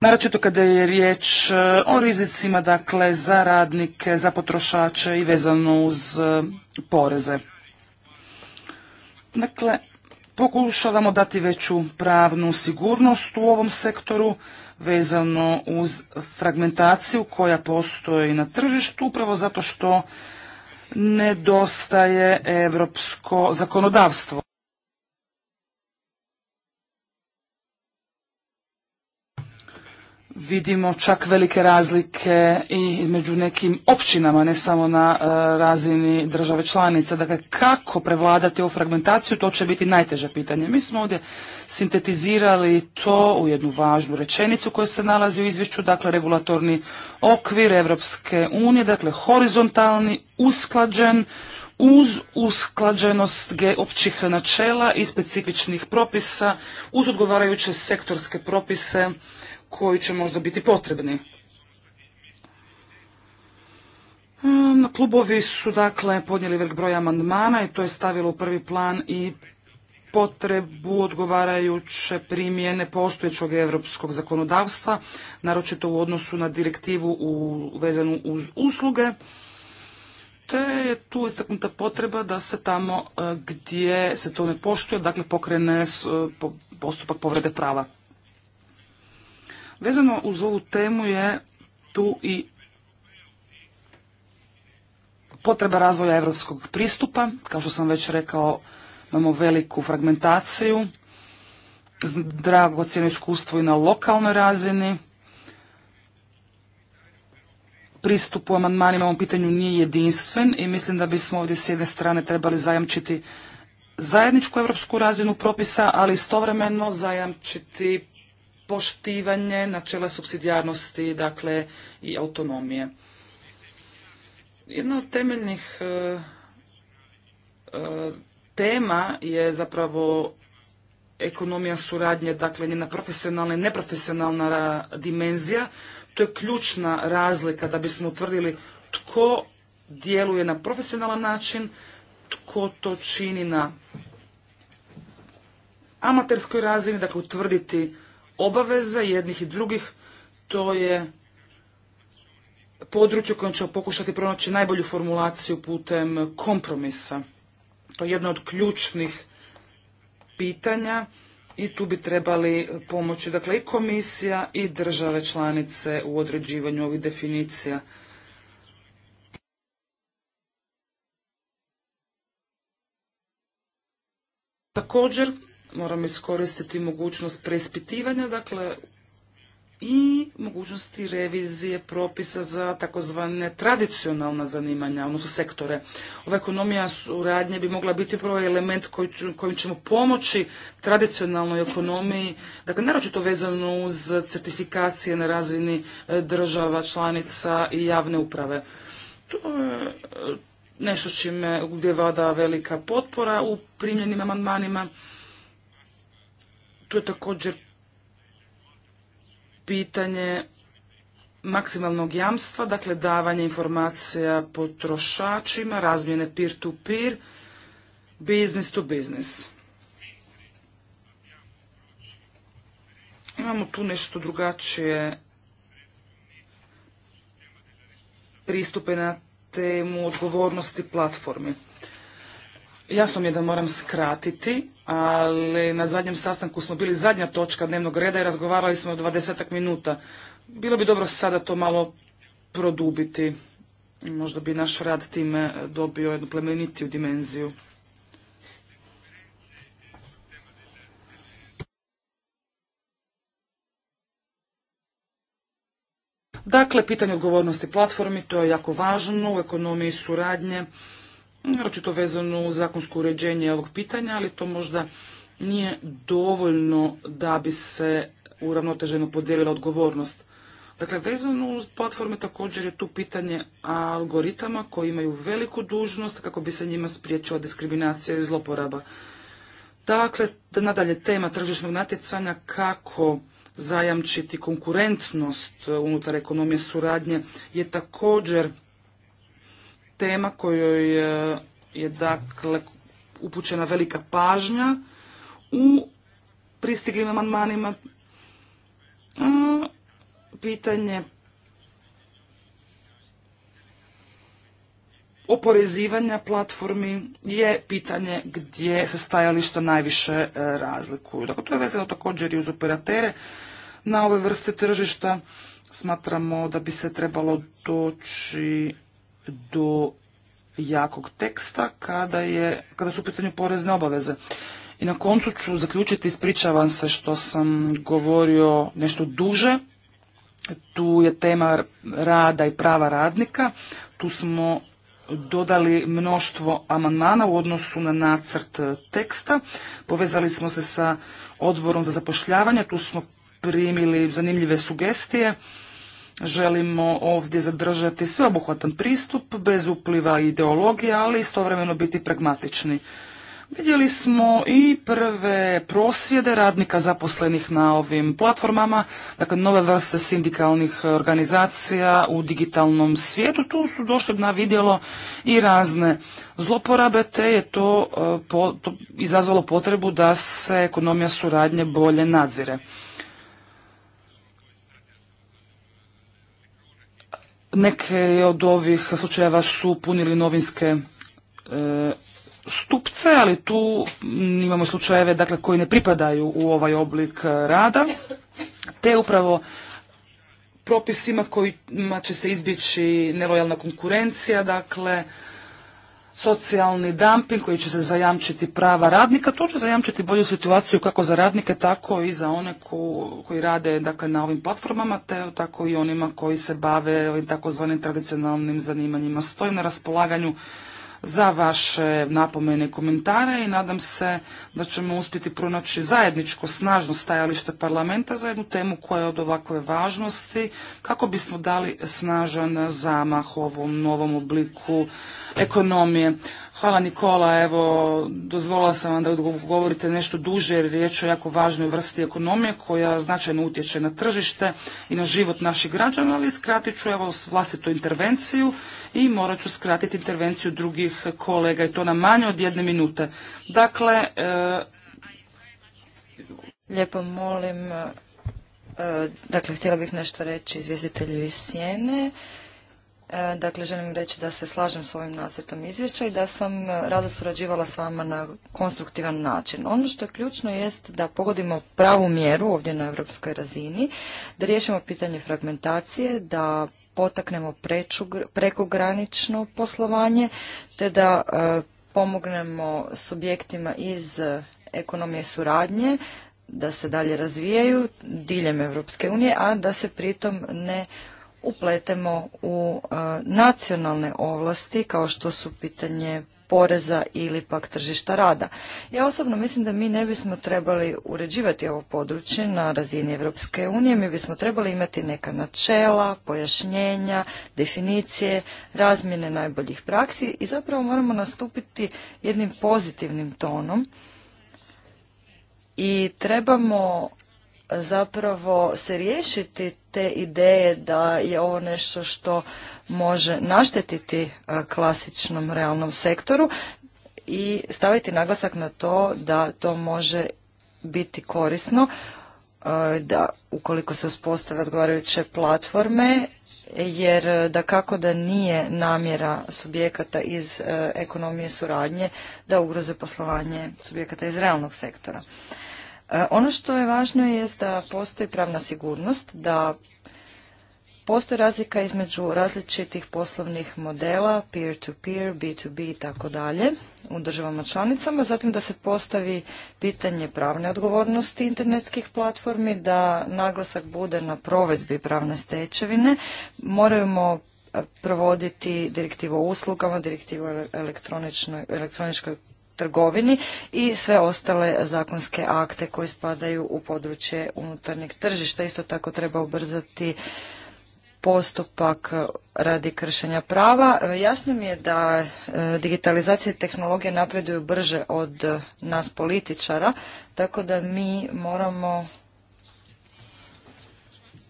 Naročito kada je riječ eh, o rizicima dakle, za radnike, za potrošače i vezano uz eh, poreze. Dakle, Pokušavamo dati veću pravnu sigurnost u ovom sektoru vezano uz fragmentaciju koja postoji na tržištu upravo zato što nedostaje europsko zakonodavstvo. Vidimo čak velike razlike i među nekim općinama, ne samo na e, razini države članice. Dakle, kako prevladati ovu fragmentaciju, to će biti najteže pitanje. Mi smo ovdje sintetizirali to u jednu važnu rečenicu koja se nalazi u izvješću, dakle, regulatorni okvir Evropske unije, dakle, horizontalni, usklađen, uz usklađenost općih načela i specifičnih propisa, uz odgovarajuće sektorske propise, koji će možda biti potrebni. E, klubovi su dakle podnijeli velik broj amandmana i to je stavilo u prvi plan i potrebu odgovarajuće primjene postojećeg europskog zakonodavstva, naročito u odnosu na direktivu u, vezanu uz usluge, te je tu istaknuta potreba da se tamo e, gdje se to ne poštuje, dakle pokrene e, postupak povrede prava. Vezano uz ovu temu je tu i potreba razvoja evropskog pristupa. Kao što sam već rekao, imamo veliku fragmentaciju, cijeno iskustvo i na lokalnoj razini. Pristup u amandmanima ovom pitanju nije jedinstven i mislim da bismo ovdje s jedne strane trebali zajamčiti zajedničku evropsku razinu propisa, ali istovremeno zajamčiti poštivanje načela subsidijarnosti, dakle i autonomije. Jedna od temeljnih e, e, tema je zapravo ekonomija suradnje, dakle njena profesionalna i neprofesionalna dimenzija. To je ključna razlika da bismo utvrdili tko djeluje na profesionalan način, tko to čini na amaterskoj razini, dakle utvrditi obaveza jednih i drugih, to je područje kojem ćemo pokušati pronaći najbolju formulaciju putem kompromisa. To je jedno od ključnih pitanja i tu bi trebali pomoći dakle i komisija i države članice u određivanju ovih definicija. Također Moramo iskoristiti mogućnost preispitivanja, dakle, i mogućnosti revizije propisa za takozvane tradicionalna zanimanja, odnosno sektore. Ova ekonomija suradnje bi mogla biti upravo element kojim ćemo pomoći tradicionalnoj ekonomiji, dakle naročito vezano uz certifikacije na razini e, država, članica i javne uprave. To je e, nešto s čime gdje vada velika potpora u primljenim amandmanima. Tu je također pitanje maksimalnog jamstva, dakle davanje informacija potrošačima, razmjene peer-to-peer, business to business. Imamo tu nešto drugačije pristupe na temu odgovornosti platformi. Jasno mi je da moram skratiti, ali na zadnjem sastanku smo bili zadnja točka dnevnog reda i razgovarali smo 20 minuta. Bilo bi dobro sada to malo produbiti. Možda bi naš rad time dobio jednu plemenitiju dimenziju. Dakle, pitanje odgovornosti platformi, to je jako važno u ekonomiji suradnje naročito vezano u zakonsko uređenje ovog pitanja, ali to možda nije dovoljno da bi se uravnoteženo podijelila odgovornost. Dakle, vezano uz platforme također je tu pitanje algoritama koji imaju veliku dužnost kako bi se njima spriječila diskriminacija i zloporaba. Dakle, nadalje tema tržišnog natjecanja kako zajamčiti konkurentnost unutar ekonomije suradnje je također tema kojoj e, je dakle upućena velika pažnja u pristiglim amandmanima. E, pitanje oporezivanja platformi je pitanje gdje se stajališta najviše e, razlikuju. Dakle, to je vezano također i uz operatere na ove vrste tržišta. Smatramo da bi se trebalo doći do jakog teksta kada, je, kada su u pitanju porezne obaveze. I na koncu ću zaključiti, ispričavam se što sam govorio nešto duže. Tu je tema rada i prava radnika. Tu smo dodali mnoštvo amandmana u odnosu na nacrt teksta. Povezali smo se sa odborom za zapošljavanje. Tu smo primili zanimljive sugestije. Želimo ovdje zadržati sveobuhvatan pristup bez upliva ideologije, ali istovremeno biti pragmatični. Vidjeli smo i prve prosvjede radnika zaposlenih na ovim platformama, dakle nove vrste sindikalnih organizacija u digitalnom svijetu. Tu su došli na vidjelo i razne zloporabe, te je to, eh, to izazvalo potrebu da se ekonomija suradnje bolje nadzire. Neke od ovih slučajeva su punili novinske e, stupce, ali tu imamo slučajeve dakle, koji ne pripadaju u ovaj oblik e, rada, te upravo propisima kojima će se izbjeći nelojalna konkurencija, dakle, socijalni dumping koji će se zajamčiti prava radnika, to će zajamčiti bolju situaciju kako za radnike, tako i za one koji rade dakle, na ovim platformama, te tako i onima koji se bave ovim takozvanim tradicionalnim zanimanjima. Stojim na raspolaganju za vaše napomene i komentare i nadam se da ćemo uspjeti pronaći zajedničko snažno stajalište parlamenta za jednu temu koja je od ovakve važnosti kako bismo dali snažan zamah ovom novom obliku ekonomije. Hvala Nikola, evo dozvolila sam vam da govorite nešto duže jer je riječ o jako važnoj vrsti ekonomije koja značajno utječe na tržište i na život naših građana, ali skratit ću evo vlastitu intervenciju i morat ću skratiti intervenciju drugih kolega i to na manje od jedne minute. Dakle, e, lijepo molim, e, dakle htjela bih nešto reći izvjestitelju iz Sjene. E, dakle, želim reći da se slažem s ovim nacrtom izvješća i da sam e, rado surađivala s vama na konstruktivan način. Ono što je ključno jest da pogodimo pravu mjeru ovdje na europskoj razini, da riješimo pitanje fragmentacije, da potaknemo prekogranično poslovanje, te da e, pomognemo subjektima iz ekonomije suradnje da se dalje razvijaju diljem Europske unije, a da se pritom ne upletemo u e, nacionalne ovlasti kao što su pitanje poreza ili pak tržišta rada. Ja osobno mislim da mi ne bismo trebali uređivati ovo područje na razini Europske unije, mi bismo trebali imati neka načela, pojašnjenja, definicije, razmjene najboljih praksi i zapravo moramo nastupiti jednim pozitivnim tonom i trebamo zapravo se riješiti te ideje da je ovo nešto što može naštetiti e, klasičnom realnom sektoru i staviti naglasak na to da to može biti korisno e, da ukoliko se uspostave odgovarajuće platforme jer e, da kako da nije namjera subjekata iz ekonomije suradnje da ugroze poslovanje subjekata iz realnog sektora. E, ono što je važno je da postoji pravna sigurnost, da postoji razlika između različitih poslovnih modela, peer-to-peer, B2B i tako dalje u državama članicama, zatim da se postavi pitanje pravne odgovornosti internetskih platformi, da naglasak bude na provedbi pravne stečevine. Moramo e, provoditi direktivu o uslugama, direktivu o elektroničkoj trgovini i sve ostale zakonske akte koji spadaju u područje unutarnjeg tržišta. Isto tako treba ubrzati postupak radi kršenja prava. Jasno mi je da e, digitalizacija i tehnologije napreduju brže od nas političara, tako da mi moramo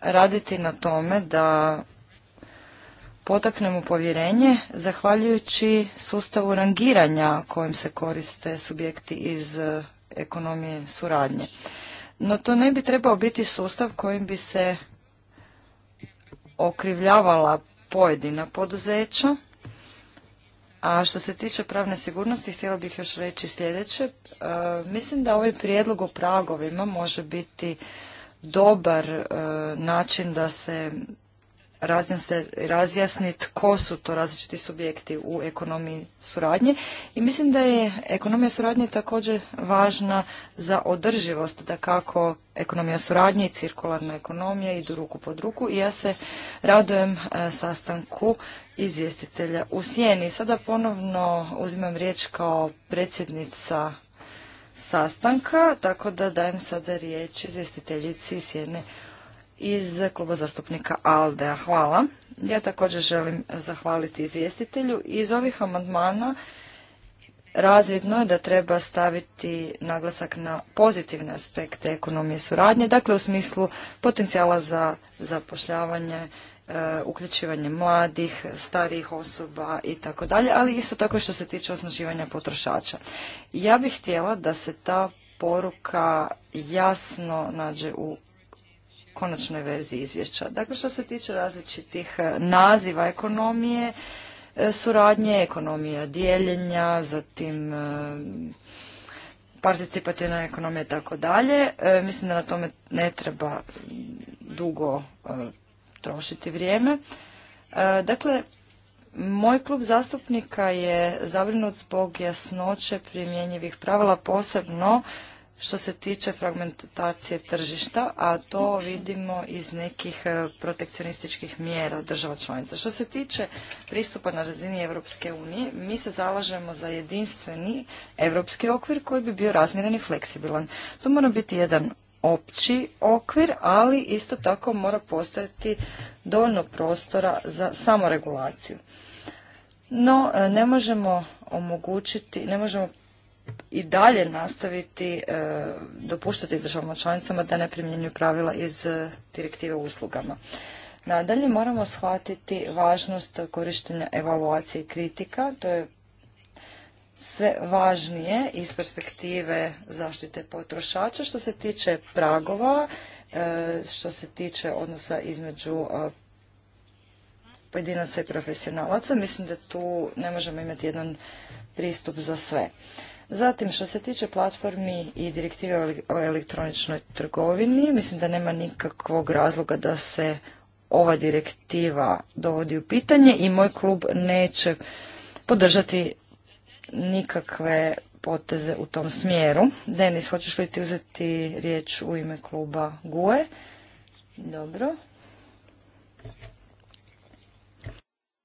raditi na tome da potaknemo povjerenje zahvaljujući sustavu rangiranja kojim se koriste subjekti iz e, ekonomije suradnje. No to ne bi trebao biti sustav kojim bi se okrivljavala pojedina poduzeća. A što se tiče pravne sigurnosti, htjela bih još reći sljedeće. E, mislim da ovaj prijedlog o pragovima može biti dobar e, način da se razjasni tko su to različiti subjekti u ekonomiji suradnje. I mislim da je ekonomija suradnje također važna za održivost, da kako ekonomija suradnje i cirkularna ekonomija idu ruku pod ruku i ja se radujem e, sastanku izvjestitelja u Sjeni. Sada ponovno uzimam riječ kao predsjednica sastanka, tako da dajem sada riječ izvjestiteljici Sjene iz kluba zastupnika ALDE. Hvala. Ja također želim zahvaliti izvjestitelju. Iz ovih amandmana razvidno je da treba staviti naglasak na pozitivne aspekte ekonomije suradnje, dakle u smislu potencijala za zapošljavanje, e, uključivanje mladih, starijih osoba i tako dalje, ali isto tako što se tiče osnaživanja potrošača. Ja bih htjela da se ta poruka jasno nađe u konačnoj verziji izvješća. Dakle, što se tiče različitih e, naziva ekonomije, e, suradnje, ekonomija dijeljenja, zatim e, participativna ekonomija i tako dalje. Mislim da na tome ne treba dugo trošiti vrijeme. Dakle, moj klub zastupnika je zabrinut zbog jasnoće primjenjivih pravila, posebno što se tiče fragmentacije tržišta, a to vidimo iz nekih e, protekcionističkih mjera država članica. Što se tiče pristupa na razini Europske unije, mi se zalažemo za jedinstveni europski okvir koji bi bio razmjeren i fleksibilan. To mora biti jedan opći okvir, ali isto tako mora postojati dovoljno prostora za samoregulaciju. No, e, ne možemo omogućiti, ne možemo i dalje nastaviti e, dopuštati državama članicama da ne primjenjuju pravila iz e, direktive uslugama. Nadalje moramo shvatiti važnost korištenja evaluacije i kritika, to je sve važnije iz perspektive zaštite potrošača što se tiče pragova, e, što se tiče odnosa između pojedinaca i profesionalaca. Mislim da tu ne možemo imati jedan pristup za sve. Zatim, što se tiče platformi i direktive o elektroničnoj trgovini, mislim da nema nikakvog razloga da se ova direktiva dovodi u pitanje i moj klub neće podržati nikakve poteze u tom smjeru. Denis, hoćeš li ti uzeti riječ u ime kluba GUE? Dobro.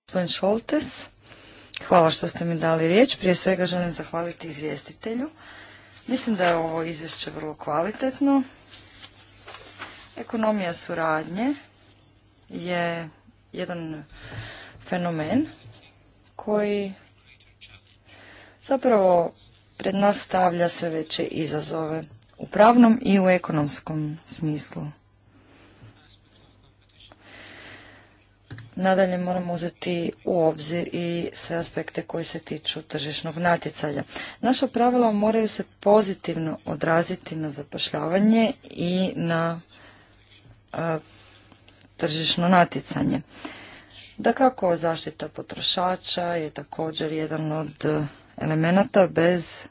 Gospodin Šoltes. Hvala što ste mi dali riječ. Prije svega želim zahvaliti izvjestitelju. Mislim da je ovo izvješće vrlo kvalitetno. Ekonomija suradnje je jedan fenomen koji zapravo pred nas stavlja sve veće izazove u pravnom i u ekonomskom smislu. Nadalje moramo uzeti u obzir i sve aspekte koji se tiču tržišnog natjecanja. Naša pravila moraju se pozitivno odraziti na zapošljavanje i na tržišno natjecanje. Da kako zaštita potrošača je također jedan od e, elemenata bez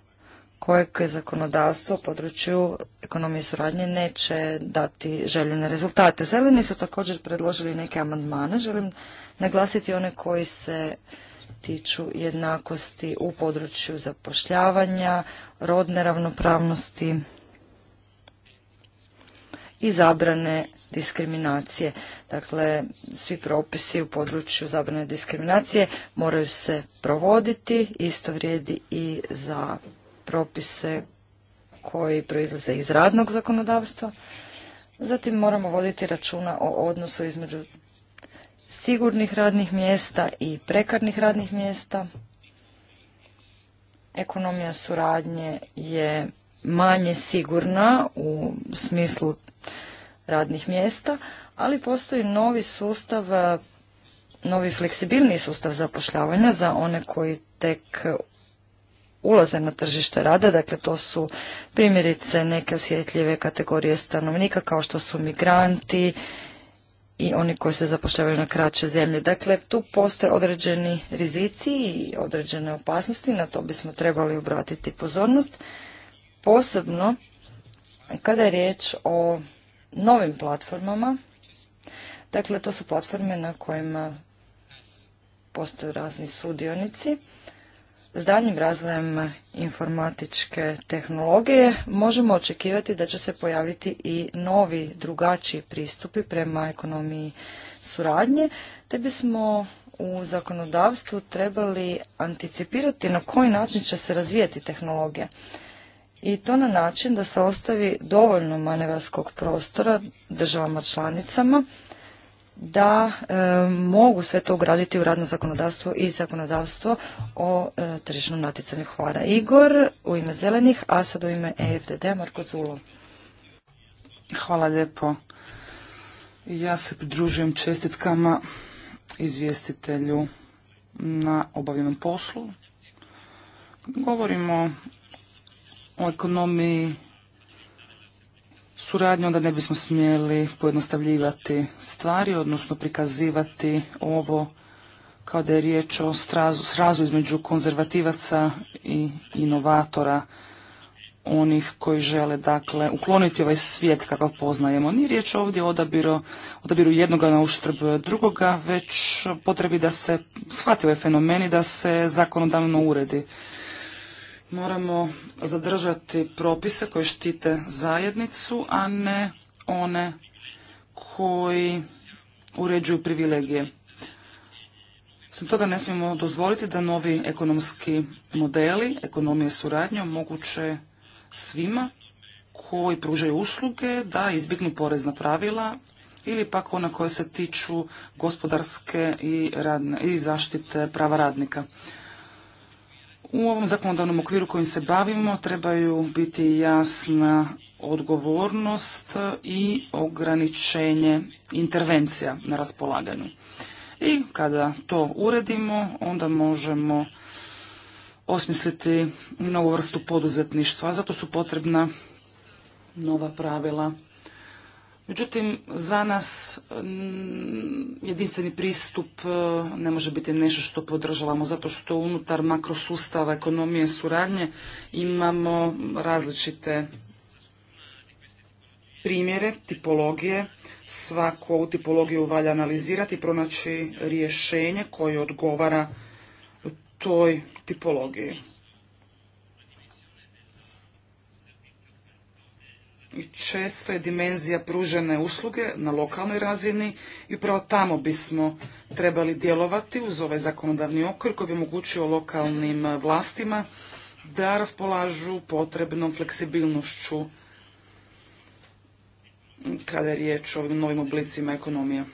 kojeg zakonodavstvo u području ekonomije suradnje neće dati željene rezultate. Zeleni su također predložili neke amandmane. Želim naglasiti one koji se tiču jednakosti u području zapošljavanja, rodne ravnopravnosti i zabrane diskriminacije. Dakle, svi propisi u području zabrane diskriminacije moraju se provoditi, isto vrijedi i za propise koji proizlaze iz radnog zakonodavstva. Zatim moramo voditi računa o odnosu između sigurnih radnih mjesta i prekarnih radnih mjesta. Ekonomija suradnje je manje sigurna u smislu radnih mjesta, ali postoji novi sustav, novi fleksibilni sustav zapošljavanja za one koji tek ulaze na tržište rada, dakle to su primjerice neke osjetljive kategorije stanovnika kao što su migranti i oni koji se zapošljavaju na kraće zemlje. Dakle, tu postoje određeni rizici i određene opasnosti, na to bismo trebali obratiti pozornost, posebno kada je riječ o novim platformama, dakle to su platforme na kojima postoje razni sudionici, s daljnjim razvojem informatičke tehnologije možemo očekivati da će se pojaviti i novi, drugačiji pristupi prema ekonomiji suradnje, te bismo u zakonodavstvu trebali anticipirati na koji način će se razvijati tehnologija. I to na način da se ostavi dovoljno manevarskog prostora državama članicama da e, mogu sve to ugraditi u radno zakonodavstvo i zakonodavstvo o e, tržišnom natjecanju. Hvara Igor u ime Zelenih, a sad u ime EFDD Marko Zulo. Hvala lijepo. Ja se pridružujem čestitkama izvjestitelju na obavljenom poslu. Govorimo o ekonomiji suradnju, onda ne bismo smjeli pojednostavljivati stvari, odnosno prikazivati ovo kao da je riječ o strazu, srazu između konzervativaca i inovatora, onih koji žele dakle ukloniti ovaj svijet kakav poznajemo. Nije riječ ovdje o odabiru, odabiru jednoga na uštrb drugoga, već potrebi da se shvati ovaj fenomeni, da se zakonodavno uredi. Moramo zadržati propise koji štite zajednicu, a ne one koji uređuju privilegije. Osim toga ne smijemo dozvoliti da novi ekonomski modeli, ekonomije suradnje omoguće svima koji pružaju usluge da izbjegnu porezna pravila ili pak ona koja se tiču gospodarske i, i zaštite prava radnika. U ovom zakonodavnom okviru kojim se bavimo trebaju biti jasna odgovornost i ograničenje intervencija na raspolaganju. I kada to uredimo, onda možemo osmisliti novu vrstu poduzetništva. Zato su potrebna nova pravila Međutim, za nas mm, jedinstveni pristup e, ne može biti nešto što podržavamo, zato što unutar makrosustava ekonomije suradnje imamo različite primjere, tipologije. Svaku ovu tipologiju valja analizirati i pronaći rješenje koje odgovara toj tipologiji. često je dimenzija pružene usluge na lokalnoj razini i upravo tamo bismo trebali djelovati uz ovaj zakonodavni okvir koji bi omogućio lokalnim vlastima da raspolažu potrebnom fleksibilnošću kada je riječ o ovim novim oblicima ekonomije.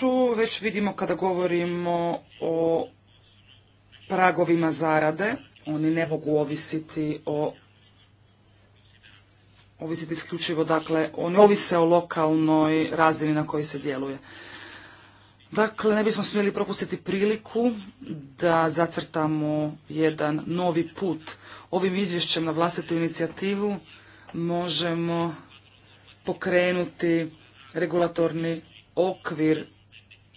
Tu već vidimo kada govorimo o pragovima zarade, oni ne mogu ovisiti o ovisiti isključivo, dakle, oni ovise o lokalnoj razini na kojoj se djeluje. Dakle, ne bismo smjeli propustiti priliku da zacrtamo jedan novi put. Ovim izvješćem na vlastitu inicijativu možemo pokrenuti regulatorni okvir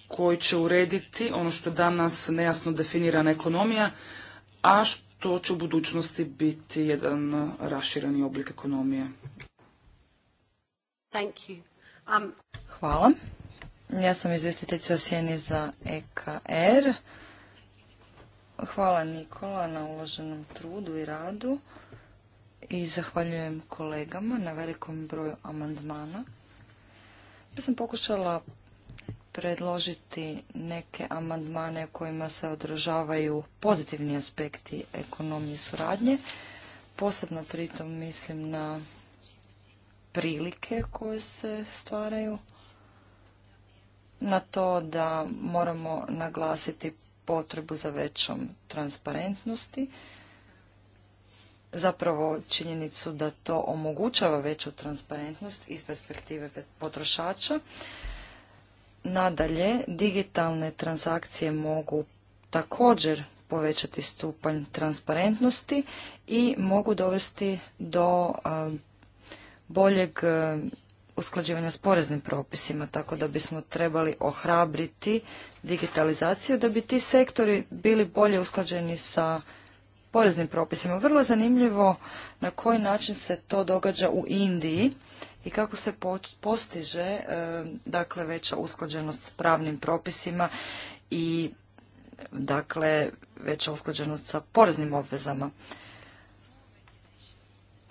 koji će urediti ono što danas nejasno definirana ekonomija, a što to će u budućnosti biti jedan rašireni oblik ekonomije. Um, Hvala. Ja sam izvjestiteljica Sjeni za EKR. Hvala Nikola na uloženom trudu i radu i zahvaljujem kolegama na velikom broju amandmana. Ja sam pokušala predložiti neke amandmane kojima se održavaju pozitivni aspekti ekonomije suradnje. Posebno pritom mislim na prilike koje se stvaraju, na to da moramo naglasiti potrebu za većom transparentnosti, zapravo činjenicu da to omogućava veću transparentnost iz perspektive potrošača. Nadalje, digitalne transakcije mogu također povećati stupanj transparentnosti i mogu dovesti do boljeg usklađivanja s poreznim propisima, tako da bismo trebali ohrabriti digitalizaciju, da bi ti sektori bili bolje usklađeni sa poreznim propisima. Vrlo zanimljivo na koji način se to događa u Indiji i kako se postiže e, dakle veća usklađenost s pravnim propisima i dakle veća usklađenost sa poreznim obvezama.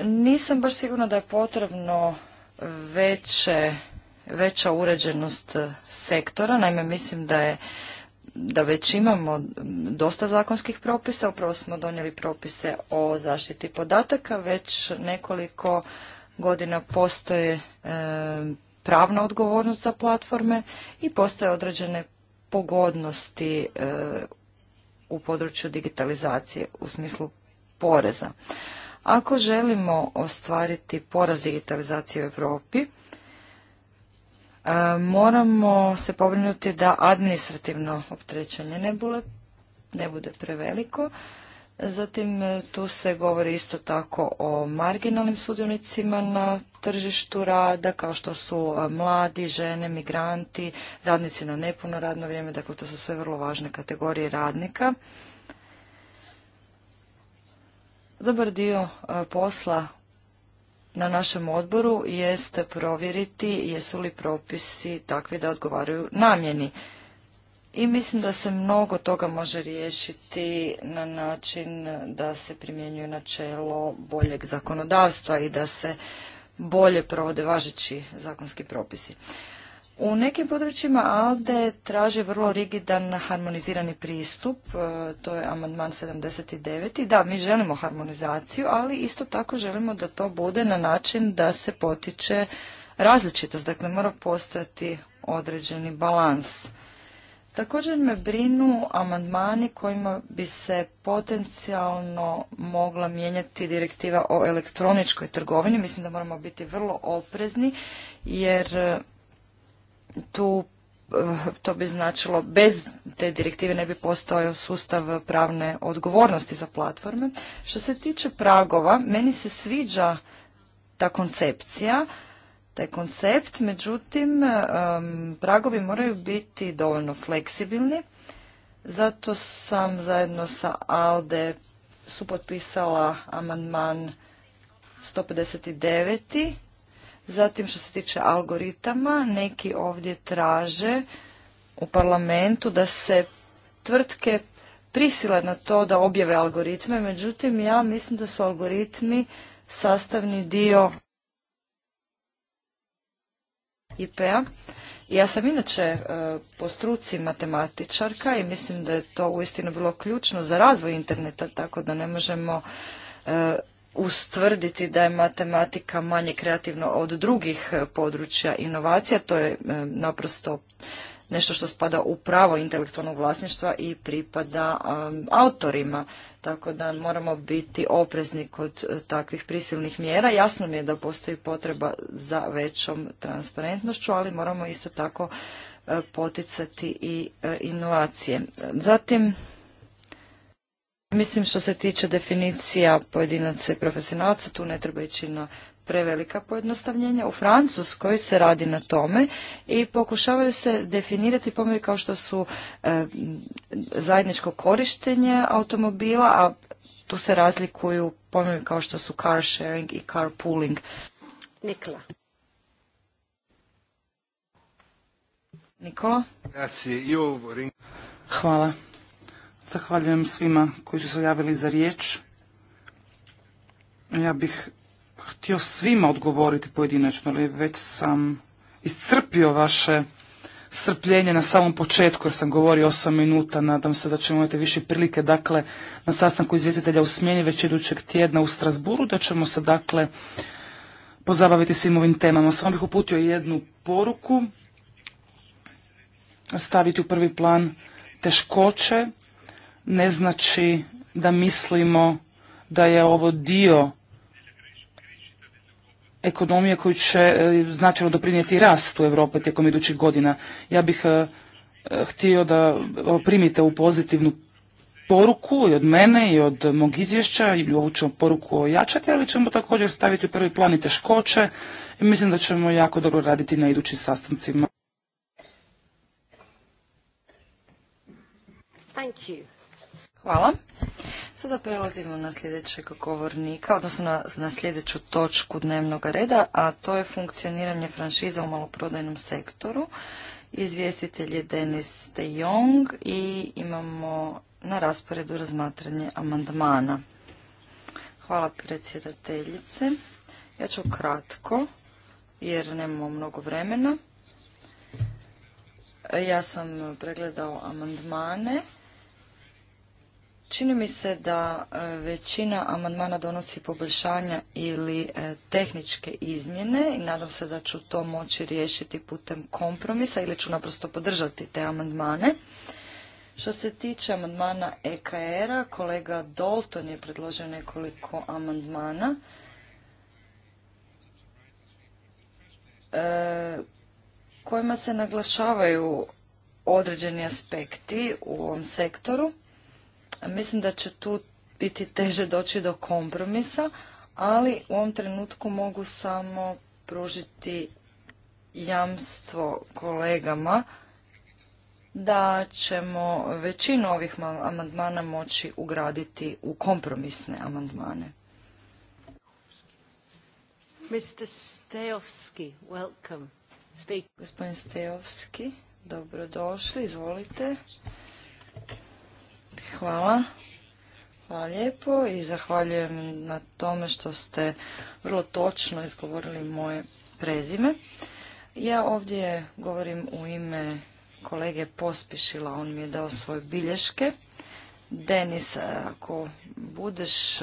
Nisam baš sigurna da je potrebno veće, veća uređenost sektora, naime mislim da je da već imamo dosta zakonskih propisa, upravo smo donijeli propise o zaštiti podataka, već nekoliko godina postoje e, pravna odgovornost za platforme i postoje određene pogodnosti e, u području digitalizacije u smislu poreza. Ako želimo ostvariti poraz digitalizacije u Europi, e, moramo se pobrinuti da administrativno opterećenje ne bude preveliko, Zatim e, tu se govori isto tako o marginalnim sudionicima na tržištu rada kao što su e, mladi, žene, migranti, radnici na nepuno radno vrijeme, dakle to su sve vrlo važne kategorije radnika. Dobar dio e, posla na našem odboru jeste provjeriti jesu li propisi takvi da odgovaraju namjeni i mislim da se mnogo toga može riješiti na način da se primjenjuje načelo boljeg zakonodavstva i da se bolje provode važeći zakonski propisi. U nekim područjima ALDE traže vrlo rigidan harmonizirani pristup, e, to je amandman 79. Da, mi želimo harmonizaciju, ali isto tako želimo da to bude na način da se potiče različitost, dakle mora postojati određeni balans Također me brinu amandmani kojima bi se potencijalno mogla mijenjati direktiva o elektroničkoj trgovini. Mislim da moramo biti vrlo oprezni jer e, tu e, to bi značilo bez te direktive ne bi postojao sustav pravne odgovornosti za platforme. Što se tiče pragova, meni se sviđa ta koncepcija taj koncept, međutim, pragovi moraju biti dovoljno fleksibilni. Zato sam zajedno sa ALDE su potpisala amandman 159. Zatim što se tiče algoritama, neki ovdje traže u parlamentu da se tvrtke prisile na to da objave algoritme, međutim ja mislim da su algoritmi sastavni dio ip p-a. Ja sam inače e, po struci matematičarka i mislim da je to uistinu bilo ključno za razvoj interneta, tako da ne možemo e, ustvrditi da je matematika manje kreativno od drugih e, područja inovacija. To je naprosto nešto što spada u pravo intelektualnog vlasništva i pripada autorima tako da moramo biti oprezni kod e, takvih prisilnih mjera. Jasno mi je da postoji potreba za većom transparentnošću, ali moramo isto tako e, poticati i e, inovacije. Zatim, mislim što se tiče definicija pojedinaca i profesionalaca, tu ne treba ići na prevelika pojednostavljenja. U Francuskoj se radi na tome i pokušavaju se definirati pojmovi kao što su e, zajedničko korištenje automobila, a tu se razlikuju pojmovi kao što su car sharing i car pooling. Nikola. Nikola. Hvala. Zahvaljujem svima koji su se javili za riječ. Ja bih htio svima odgovoriti pojedinačno, ali već sam iscrpio vaše strpljenje na samom početku, jer sam govorio osam minuta, nadam se da ćemo imati više prilike, dakle, na sastanku izvjestitelja u smjeni već idućeg tjedna u Strasburu, da ćemo se, dakle, pozabaviti svim ovim temama. Samo bih uputio jednu poruku, staviti u prvi plan teškoće, ne znači da mislimo da je ovo dio ekonomije koji će e, značajno doprinijeti rast u Europi tijekom idućih godina. Ja bih e, e, htio da primite u pozitivnu poruku i od mene i od mog izvješća i ovu ćemo poruku ojačati, ali ćemo također staviti u prvi plan i teškoće i mislim da ćemo jako dobro raditi na idućim sastancima. Hvala. Sada prelazimo na sljedećeg govornika, odnosno na, na sljedeću točku dnevnog reda, a to je funkcioniranje franšiza u maloprodajnom sektoru. Izvjestitelj je Denis de Jong i imamo na rasporedu razmatranje amandmana. Hvala predsjedateljice. Ja ću kratko, jer nemamo mnogo vremena. Ja sam pregledao amandmane Čini mi se da e, većina amandmana donosi poboljšanja ili e, tehničke izmjene i nadam se da ću to moći riješiti putem kompromisa ili ću naprosto podržati te amandmane. Što se tiče amandmana EKR-a, kolega Dolton je predložio nekoliko amandmana e, kojima se naglašavaju određeni aspekti u ovom sektoru. Mislim da će tu biti teže doći do kompromisa, ali u ovom trenutku mogu samo pružiti jamstvo kolegama da ćemo većinu ovih amandmana moći ugraditi u kompromisne amandmane. Mr. Stejovski, welcome. Speak. Gospodin Stejovski, dobrodošli, izvolite. Hvala. Hvala lijepo i zahvaljujem na tome što ste vrlo točno izgovorili moje prezime. Ja ovdje govorim u ime kolege Pospišila, on mi je dao svoje bilješke. Denis, ako budeš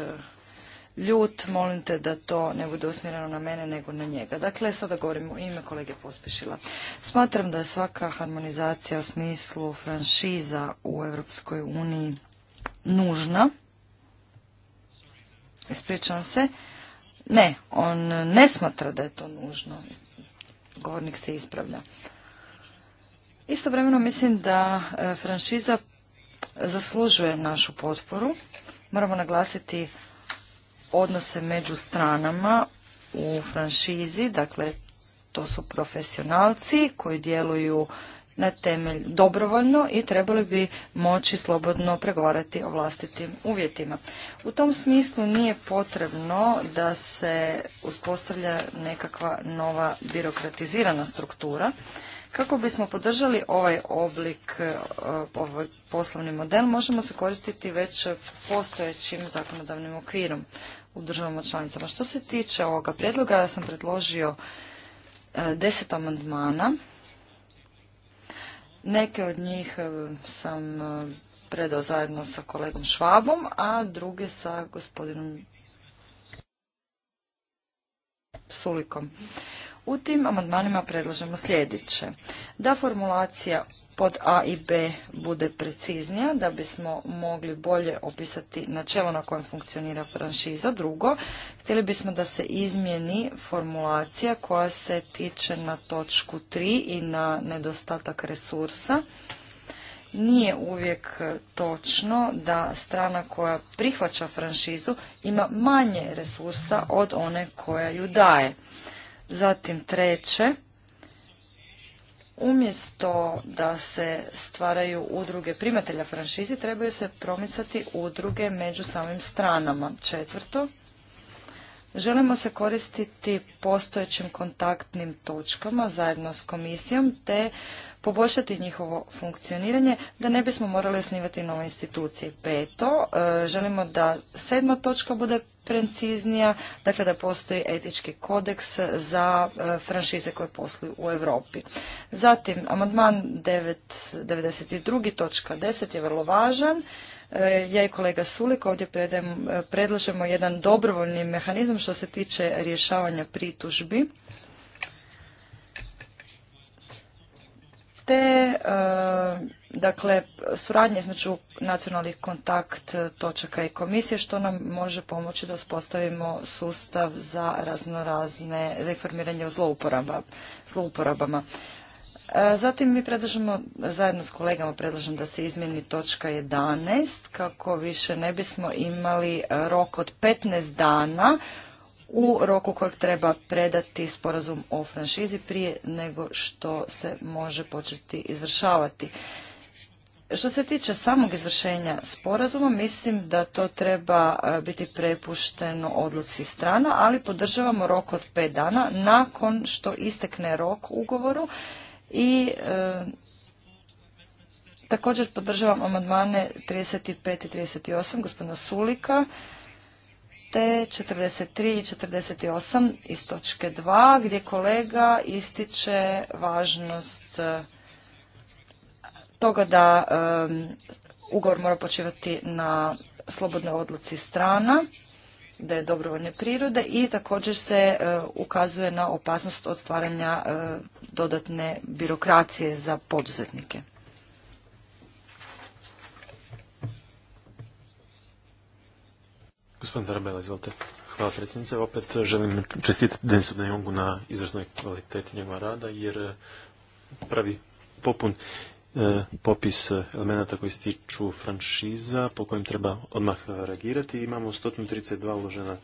ljut, molim te da to ne bude usmjereno na mene nego na njega. Dakle, sada govorim u ime kolege pospišila. Smatram da je svaka harmonizacija u smislu franšiza u Europskoj uniji nužna. Ispričavam se. Ne, on ne smatra da je to nužno. Govornik se ispravlja. Istovremeno mislim da e, franšiza zaslužuje našu potporu. Moramo naglasiti odnose među stranama u franšizi, dakle to su profesionalci koji djeluju na temelj dobrovoljno i trebali bi moći slobodno pregovarati o vlastitim uvjetima. U tom smislu nije potrebno da se uspostavlja nekakva nova birokratizirana struktura. Kako bismo podržali ovaj oblik, e, ovaj poslovni model, možemo se koristiti već postojećim zakonodavnim okvirom u državama članicama. Što se tiče ovoga prijedloga, ja sam predložio e, deset amandmana. Neke od njih e, sam e, predao zajedno sa kolegom Švabom, a druge sa gospodinom Sulikom. U tim amandmanima predlažemo sljedeće. Da formulacija pod A i B bude preciznija, da bismo mogli bolje opisati načelo na kojem funkcionira franšiza. Drugo, htjeli bismo da se izmijeni formulacija koja se tiče na točku 3 i na nedostatak resursa. Nije uvijek točno da strana koja prihvaća franšizu ima manje resursa od one koja ju daje. Zatim treće, umjesto da se stvaraju udruge primatelja franšizi, trebaju se promicati udruge među samim stranama. Četvrto, želimo se koristiti postojećim kontaktnim točkama zajedno s komisijom te poboljšati njihovo funkcioniranje da ne bismo morali osnivati nove institucije. Peto, e, želimo da sedma točka bude preciznija, dakle da postoji etički kodeks za e, franšize koje posluju u Europi. Zatim, amandman devedeset točka je vrlo važan. E, ja i kolega Sulik ovdje e, predlažemo jedan dobrovoljni mehanizam što se tiče rješavanja pritužbi. Te Dakle, suradnje između nacionalnih kontakt e, točaka i komisije, što nam može pomoći da uspostavimo sustav za raznorazne, za informiranje o zlouporaba, zlouporabama. E, zatim mi predlažemo, zajedno s kolegama predlažem da se izmjeni točka 11, kako više ne bismo imali e, rok od 15 dana u roku kojeg treba predati sporazum o franšizi prije nego što se može početi izvršavati. Što se tiče samog izvršenja sporazuma, mislim da to treba e, biti prepušteno odluci strana, ali podržavamo rok od pet dana nakon što istekne rok ugovoru i e, također podržavam amandmane 35 i 38 gospodina Sulika te 43 i 48 iz točke 2 gdje kolega ističe važnost toga da ugovor mora počivati na slobodnoj odluci strana, da je dobrovoljne prirode i također se e, ukazuje na opasnost od stvaranja e, dodatne birokracije za poduzetnike. Gospodin Darabela, izvolite. Hvala predsjednice. Opet želim čestitati Denisu Dejongu na izvrsnoj kvaliteti njegova rada, jer e, pravi popun E, popis elemenata koji se tiču franšiza po kojim treba odmah reagirati. Imamo 132 uložena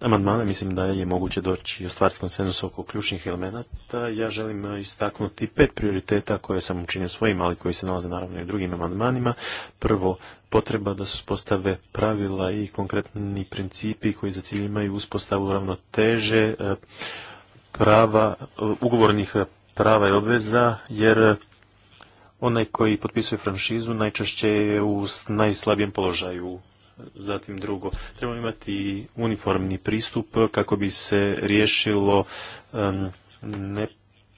amandmana. Mislim da je moguće doći i ostvariti konsenzus oko ključnih elemenata. Ja želim istaknuti pet prioriteta koje sam učinio svojim, ali koji se nalaze naravno i u drugim amandmanima. Prvo, potreba da se uspostave pravila i konkretni principi koji za cilj imaju uspostavu ravnoteže e, prava, e, ugovornih prava i obveza, jer onaj koji potpisuje franšizu najčešće je u najslabijem položaju. Zatim drugo, trebamo imati uniformni pristup kako bi se riješilo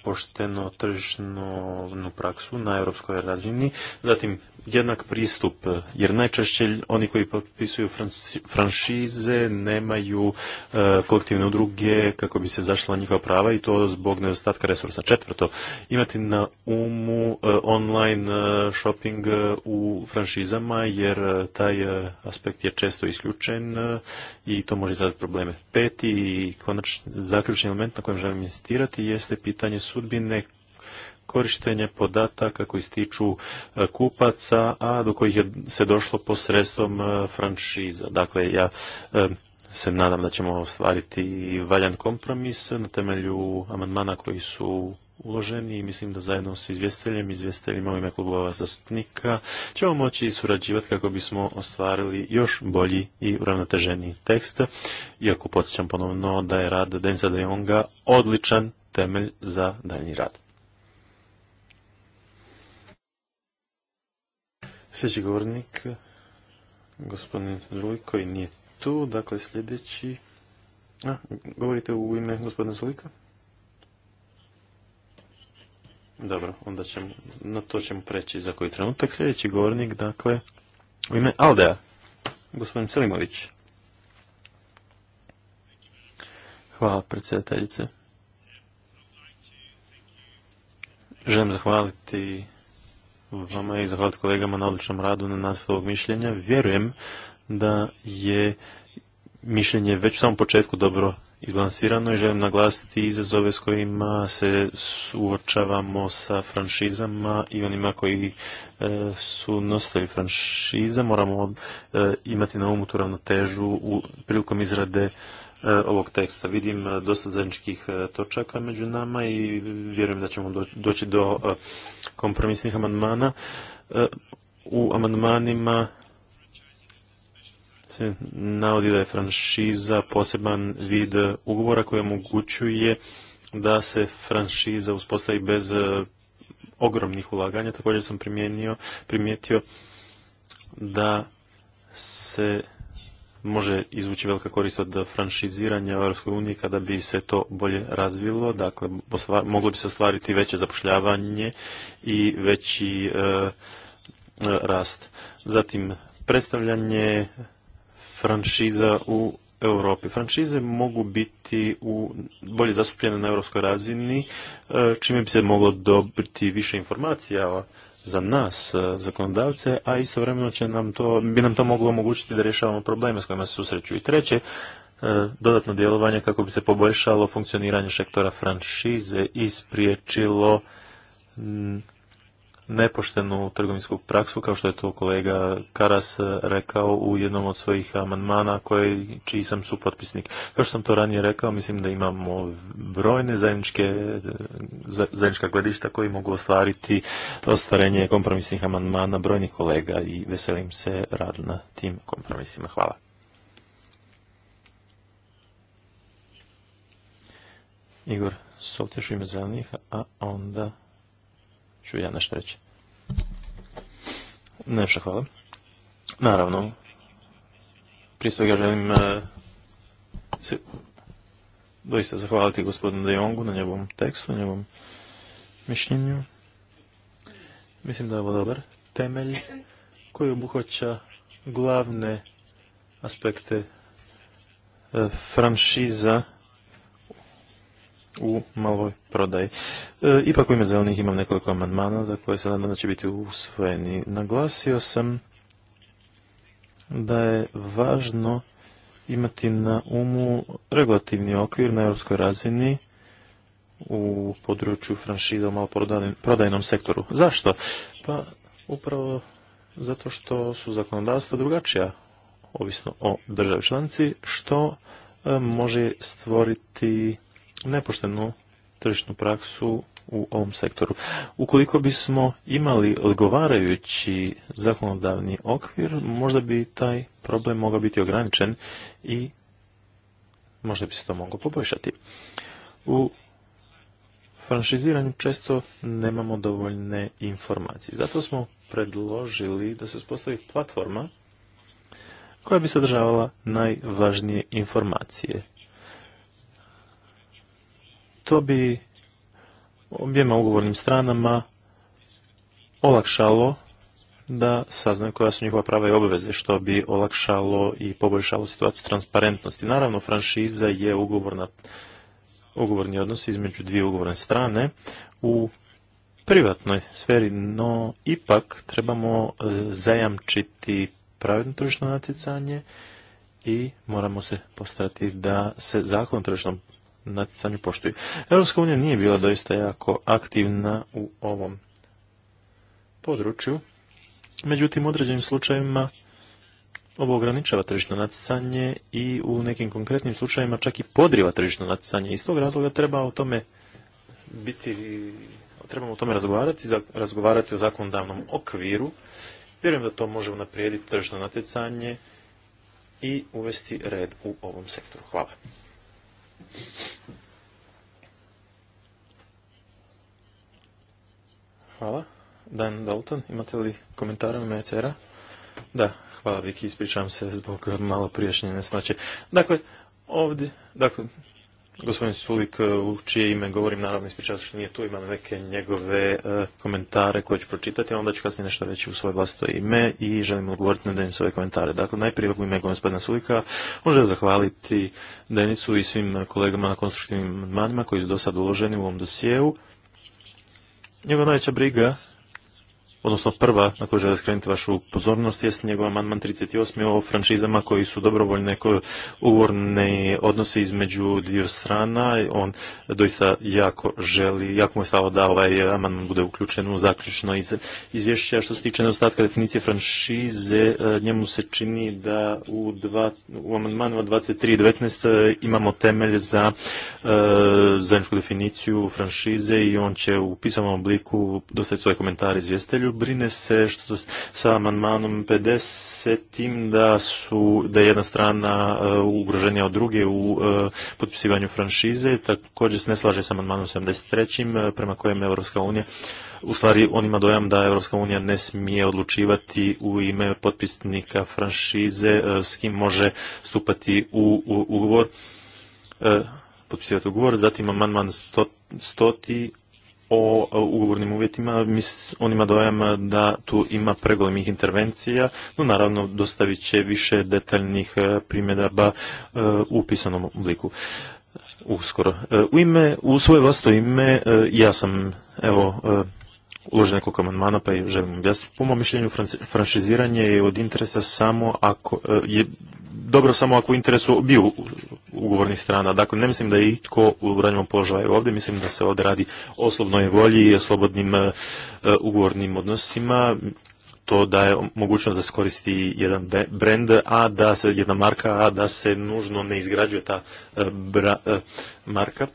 nepošteno tržišnu praksu na europskoj razini. Zatim jednak pristup, jer najčešće oni koji potpisuju franšize nemaju e, kolektivne udruge kako bi se zašla njihova prava i to zbog nedostatka resursa. Četvrto, imati na umu e, online e, shopping u franšizama jer taj aspekt je često isključen i to može izazvati probleme. Peti i konačni zaključni element na kojem želim insistirati jeste pitanje sudbine korištenje podataka koji stiču e, kupaca, a do kojih je se došlo posredstvom e, franšiza. Dakle, ja e, se nadam da ćemo ostvariti valjan kompromis na temelju amandmana koji su uloženi i mislim da zajedno s izvjestiteljem, izvjestiteljima u ime klubova zastupnika ćemo moći surađivati kako bismo ostvarili još bolji i uravnoteženiji tekst. Iako podsjećam ponovno da je rad Denza de Jonga odličan temelj za daljnji rad. Sljedeći govornik, gospodin Žuj, i nije tu, dakle sljedeći... A, govorite u ime gospodina Zulika? Dobro, onda ćemo, na to ćemo preći za koji trenutak. Sljedeći govornik, dakle, u ime Aldea, gospodin Selimović. Hvala, predsjedateljice. Želim zahvaliti vama i zahvaliti kolegama na odličnom radu na nacrtu ovog mišljenja. Vjerujem da je mišljenje već u samom početku dobro izbalansirano i želim naglasiti izazove s kojima se suočavamo sa franšizama i onima koji e, su nositelji franšiza. Moramo e, imati na umu tu ravnotežu u prilikom izrade E, ovog teksta. Vidim e, dosta zajedničkih e, točaka među nama i vjerujem da ćemo doći do kompromisnih amandmana. U amandmanima se navodi da je franšiza poseban vid ugovora koji omogućuje da se franšiza uspostavi bez ogromnih ulaganja. Također sam primijetio da se može izvući velika korist od franšiziranja u EU kada bi se to bolje razvilo, dakle moglo bi se ostvariti veće zapošljavanje i veći e, e, rast. Zatim predstavljanje franšiza u Europi. Franšize mogu biti u, bolje zastupljene na europskoj razini, e, čime bi se moglo dobiti više informacija o za nas, e, zakonodavce, a istovremeno će nam to, bi nam to moglo omogućiti da rješavamo probleme s kojima se susreću. I treće, e, dodatno djelovanje kako bi se poboljšalo funkcioniranje sektora franšize i spriječilo nepoštenu trgovinsku praksu, kao što je to kolega Karas rekao u jednom od svojih amandmana čiji sam supotpisnik. Kao što sam to ranije rekao, mislim da imamo brojne zajedničke, zajednička gledišta koji mogu ostvariti ostvarenje kompromisnih amandmana brojnih kolega i veselim se radu na tim kompromisima. Hvala. Igor a onda ću ja nešto reći. Najpša hvala. Naravno, prije svega želim e, se doista zahvaliti gospodinu De Jongu na njegovom tekstu, na njegovom mišljenju. Mislim da je ovo dobar temelj koji obuhvaća glavne aspekte e, franšiza u maloj prodaji. E, ipak u ime zelenih imam nekoliko amandmana za koje se nadam da će biti usvojeni. Naglasio sam da je važno imati na umu regulativni okvir na europskoj razini u području franšize u maloprodajnom sektoru. Zašto? Pa upravo zato što su zakonodavstva drugačija, ovisno o državi članci, što e, može stvoriti nepoštenu tržišnu praksu u ovom sektoru. Ukoliko bismo imali odgovarajući zakonodavni okvir, možda bi taj problem mogao biti ograničen i možda bi se to moglo poboljšati. U franšiziranju često nemamo dovoljne informacije. Zato smo predložili da se uspostavi platforma koja bi sadržavala najvažnije informacije. To bi objema ugovornim stranama olakšalo da saznaju koja su njihova prava i obveze, što bi olakšalo i poboljšalo situaciju transparentnosti. Naravno, franšiza je ugovorna, ugovorni odnos između dvije ugovorne strane u privatnoj sferi, no ipak trebamo e, zajamčiti pravedno tržišno natjecanje i moramo se postati da se zakon o tržišnom natjecanju poštuju. Europska unija nije bila doista jako aktivna u ovom području. Međutim, u određenim slučajevima ovo ograničava tržišno natjecanje i u nekim konkretnim slučajevima čak i podriva tržišno natjecanje. Iz tog razloga treba o tome biti, trebamo o tome razgovarati, razgovarati o zakonodavnom okviru. Vjerujem da to može unaprijediti tržišno natjecanje i uvesti red u ovom sektoru. Hvala. Hvala. Dan Dalton, imate li komentara na mecera? E da, hvala Viki, ispričavam se zbog malo prijašnje nesnoće. Dakle, ovdje, dakle, Gospodin Sulik, e, u čije ime govorim, naravno ispričavam što nije tu, imam neke njegove e, komentare koje ću pročitati, a onda ću kasnije nešto reći u svoje vlastito ime i želim odgovoriti na Denisove komentare. Dakle, najprije u ime gospodina Sulika može zahvaliti Denisu i svim kolegama na konstruktivnim manjima koji su do sad uloženi u ovom dosijevu. Njegova najveća briga odnosno prva na koju želim skrenuti vašu pozornost jest njegov amandman 38. o franšizama koji su dobrovoljne uvorne odnose između dvije strana. On doista jako želi, jako mu je stalo da ovaj amandman bude uključen u zaključno izvješće. Što se tiče nedostatka definicije franšize, e, njemu se čini da u, dva, u i e, imamo temelj za e, zajedničku definiciju franšize i on će u pisanom obliku dostaviti svoje komentare izvjestelju brine se što sa amandmanom 50 da su da je jedna strana e, ugroženija od druge u e, potpisivanju franšize, također se ne slaže sa amandmanom 73 e, prema kojem Europska unija u stvari on ima dojam da Europska unija ne smije odlučivati u ime potpisnika franšize s kim može stupati u, u ugovor potpisivati ugovor, zatim amandman 100 o ugovornim uvjetima, on ima dojam da tu ima pregolimih intervencija, no naravno dostavit će više detaljnih e, primjedaba e, u pisanom obliku. E, uskoro. U ime, u svoje vlasto ime, ja sam, evo, uložio nekoliko amandmana pa i želim objasniti. Po mom mišljenju franšiziranje je od interesa samo ako je dobro samo ako u interesu bio ugovornih strana. Dakle, ne mislim da je itko u ranjivom položaju ovdje, mislim da se ovdje radi o slobodnoj volji i o slobodnim e, e, ugovornim odnosima. To daje mogućnost da se koristi jedan brand, a da se jedna marka, a da se nužno ne izgrađuje ta e, marka.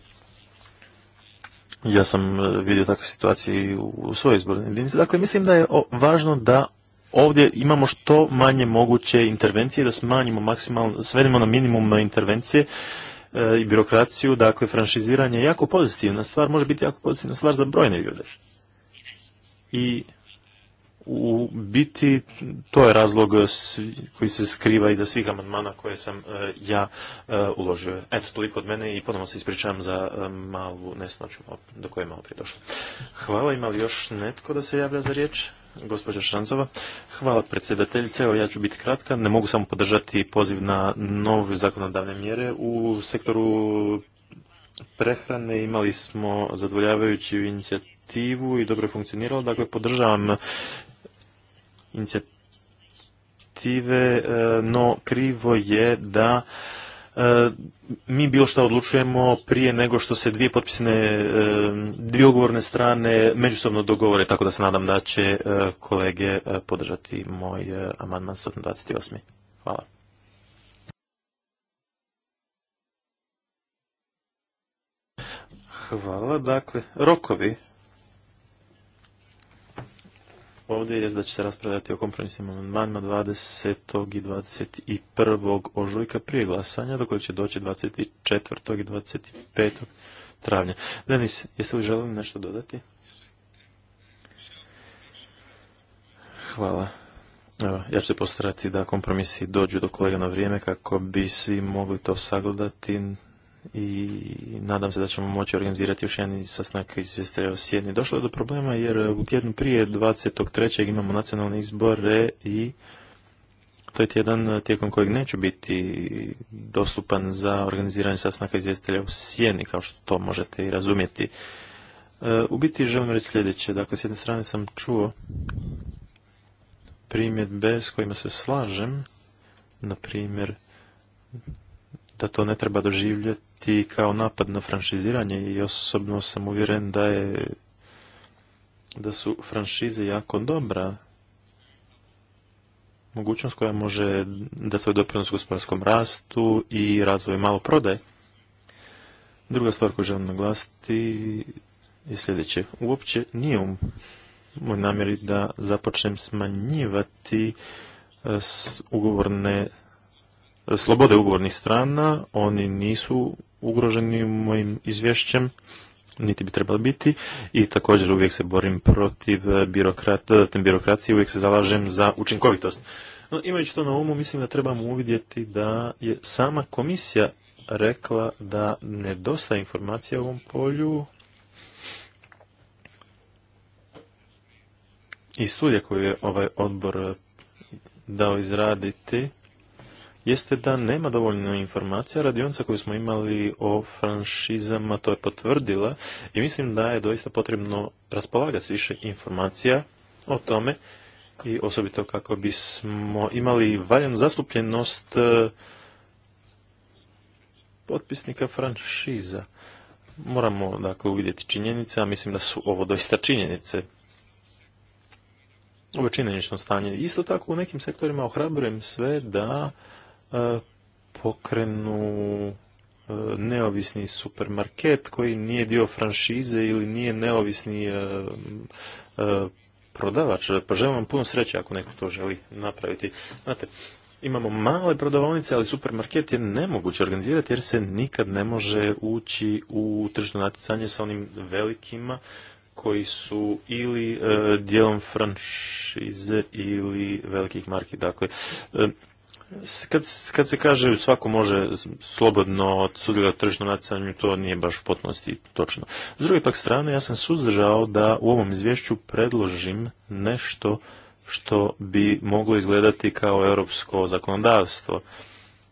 Ja sam vidio takve situacije u svojoj izbornoj jedinici. Dakle, mislim da je važno da ovdje imamo što manje moguće intervencije, da smanjimo maksimalno, svedemo na minimum intervencije e, i birokraciju, dakle franšiziranje je jako pozitivna stvar, može biti jako pozitivna stvar za brojne ljude. I u biti to je razlog koji se skriva iza svih amandmana koje sam e, ja e, uložio. Eto, toliko od mene i ponovno se ispričavam za malu nesnoću do koje je malo prije došlo. Hvala, ima li još netko da se javlja za riječ? gospođa Šranzova. Hvala predsjedateljice. Evo ja ću biti kratka. Ne mogu samo podržati poziv na nove zakonodavne mjere. U sektoru prehrane imali smo zadovoljavajuću inicijativu i dobro je funkcioniralo. Dakle, podržavam inicijative, no krivo je da E, mi bilo što odlučujemo prije nego što se dvije potpisne, e, dvije ugovorne strane međusobno dogovore, tako da se nadam da će e, kolege podržati moj amandman 128. Hvala. Hvala. Dakle, rokovi ovdje je da će se raspravljati o kompromisnim amandmanima 20. i 21. ožujka prije glasanja, do koje će doći 24. i 25. travnja. Denis, jeste li želili nešto dodati? Hvala. ja ću se postarati da kompromisi dođu do kolega na vrijeme kako bi svi mogli to sagledati i nadam se da ćemo moći organizirati još jedan sastanak izvjestaja u sjedni. Došlo je do problema jer u tjednu prije 23. imamo nacionalne izbore i to je tjedan tijekom kojeg neću biti dostupan za organiziranje sastanaka izvjestitelja u sjeni, kao što to možete i razumjeti. E, u biti želim reći sljedeće. Dakle, s jedne strane sam čuo primjedbe s kojima se slažem, na primjer da to ne treba doživljati kao napad na franšiziranje i osobno sam uvjeren da je da su franšize jako dobra mogućnost koja može da svoj doprinos gospodarskom rastu i razvoju malo prodaje. Druga stvar koju želim naglasiti je sljedeće. Uopće nije u moj namjeri da započnem smanjivati e, ugovorne slobode ugovornih strana, oni nisu ugroženi mojim izvješćem, niti bi trebali biti i također uvijek se borim protiv dodatne birokracije, uvijek se zalažem za učinkovitost. No, imajući to na umu, mislim da trebamo uvidjeti da je sama komisija rekla da nedostaje informacija u ovom polju i studija koju je ovaj odbor dao izraditi jeste da nema dovoljno informacija. Radionica koju smo imali o franšizama to je potvrdila i mislim da je doista potrebno raspolagati više informacija o tome i osobito kako bismo imali valjanu zastupljenost e, potpisnika franšiza. Moramo dakle uvidjeti činjenice, a mislim da su ovo doista činjenice. Ovo činjenično stanje. Isto tako u nekim sektorima ohrabrujem sve da E, pokrenu e, neovisni supermarket koji nije dio franšize ili nije neovisni e, prodavač. Pa želim vam puno sreće ako neko to želi napraviti. Znate, imamo male prodavnice, ali supermarket je nemoguće organizirati jer se nikad ne može ući u tržno natjecanje sa onim velikima koji su ili dijelom franšize ili velikih marki. Dakle, kad, kad se kaže svako može slobodno sudjelovati tržišnom natjecanju, to nije baš u potpunosti točno. S druge pak strane, ja sam suzdržao da u ovom izvješću predložim nešto što bi moglo izgledati kao europsko zakonodavstvo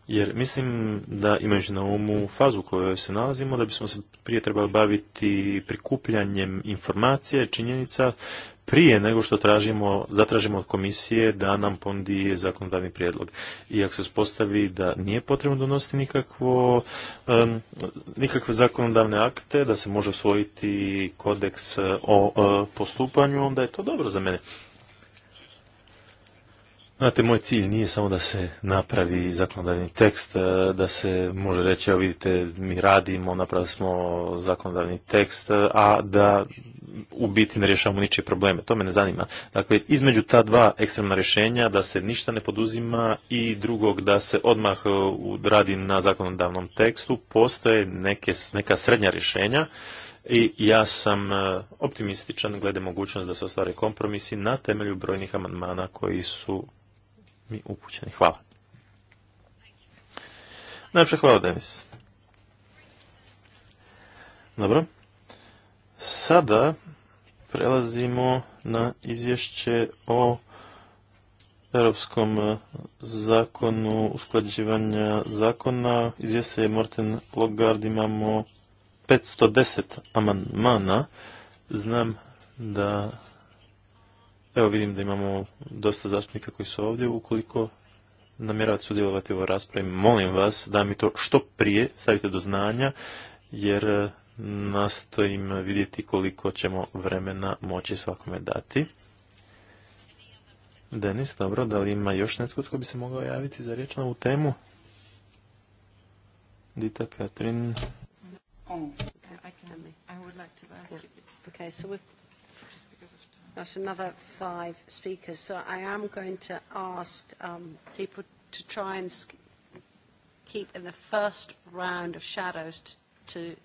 jer mislim da imajući na umu fazu u kojoj se nalazimo, da bismo se prije trebali baviti prikupljanjem informacija, činjenica, prije nego što tražimo, zatražimo od komisije da nam pondi zakonodavni prijedlog. I ako se uspostavi da nije potrebno donositi nikakvo, nikakve zakonodavne akte, da se može usvojiti kodeks eh, o, o eh, postupanju, onda je to dobro za mene. Znate, moj cilj nije samo da se napravi zakonodavni tekst, e, da se može reći, evo vidite, mi radimo, napravili smo zakonodavni tekst, e, a da u biti ne rješavamo ničije probleme. To me ne zanima. Dakle, između ta dva ekstremna rješenja, da se ništa ne poduzima i drugog, da se odmah e, radi na zakonodavnom tekstu, postoje neke, neka srednja rješenja i ja sam optimističan glede mogućnost da se ostvare kompromisi na temelju brojnih amandmana koji su mi upućeni. Hvala. Najprej hvala, Denis. Dobro. Sada prelazimo na izvješće o Europskom zakonu usklađivanja zakona. Izvješće je Morten Logard, imamo 510 amandmana. Znam da Evo vidim da imamo dosta zastupnika koji su ovdje. Ukoliko namjeravate sudjelovati u ovoj raspravi, molim vas da mi to što prije stavite do znanja, jer e, nastojim vidjeti koliko ćemo vremena moći svakome dati. Denis, dobro, da li ima još netko tko bi se mogao javiti za riječ na ovu temu? Dita, Katrin got another five speakers, so I am going to ask um, people to try and keep in the first round of shadows to, to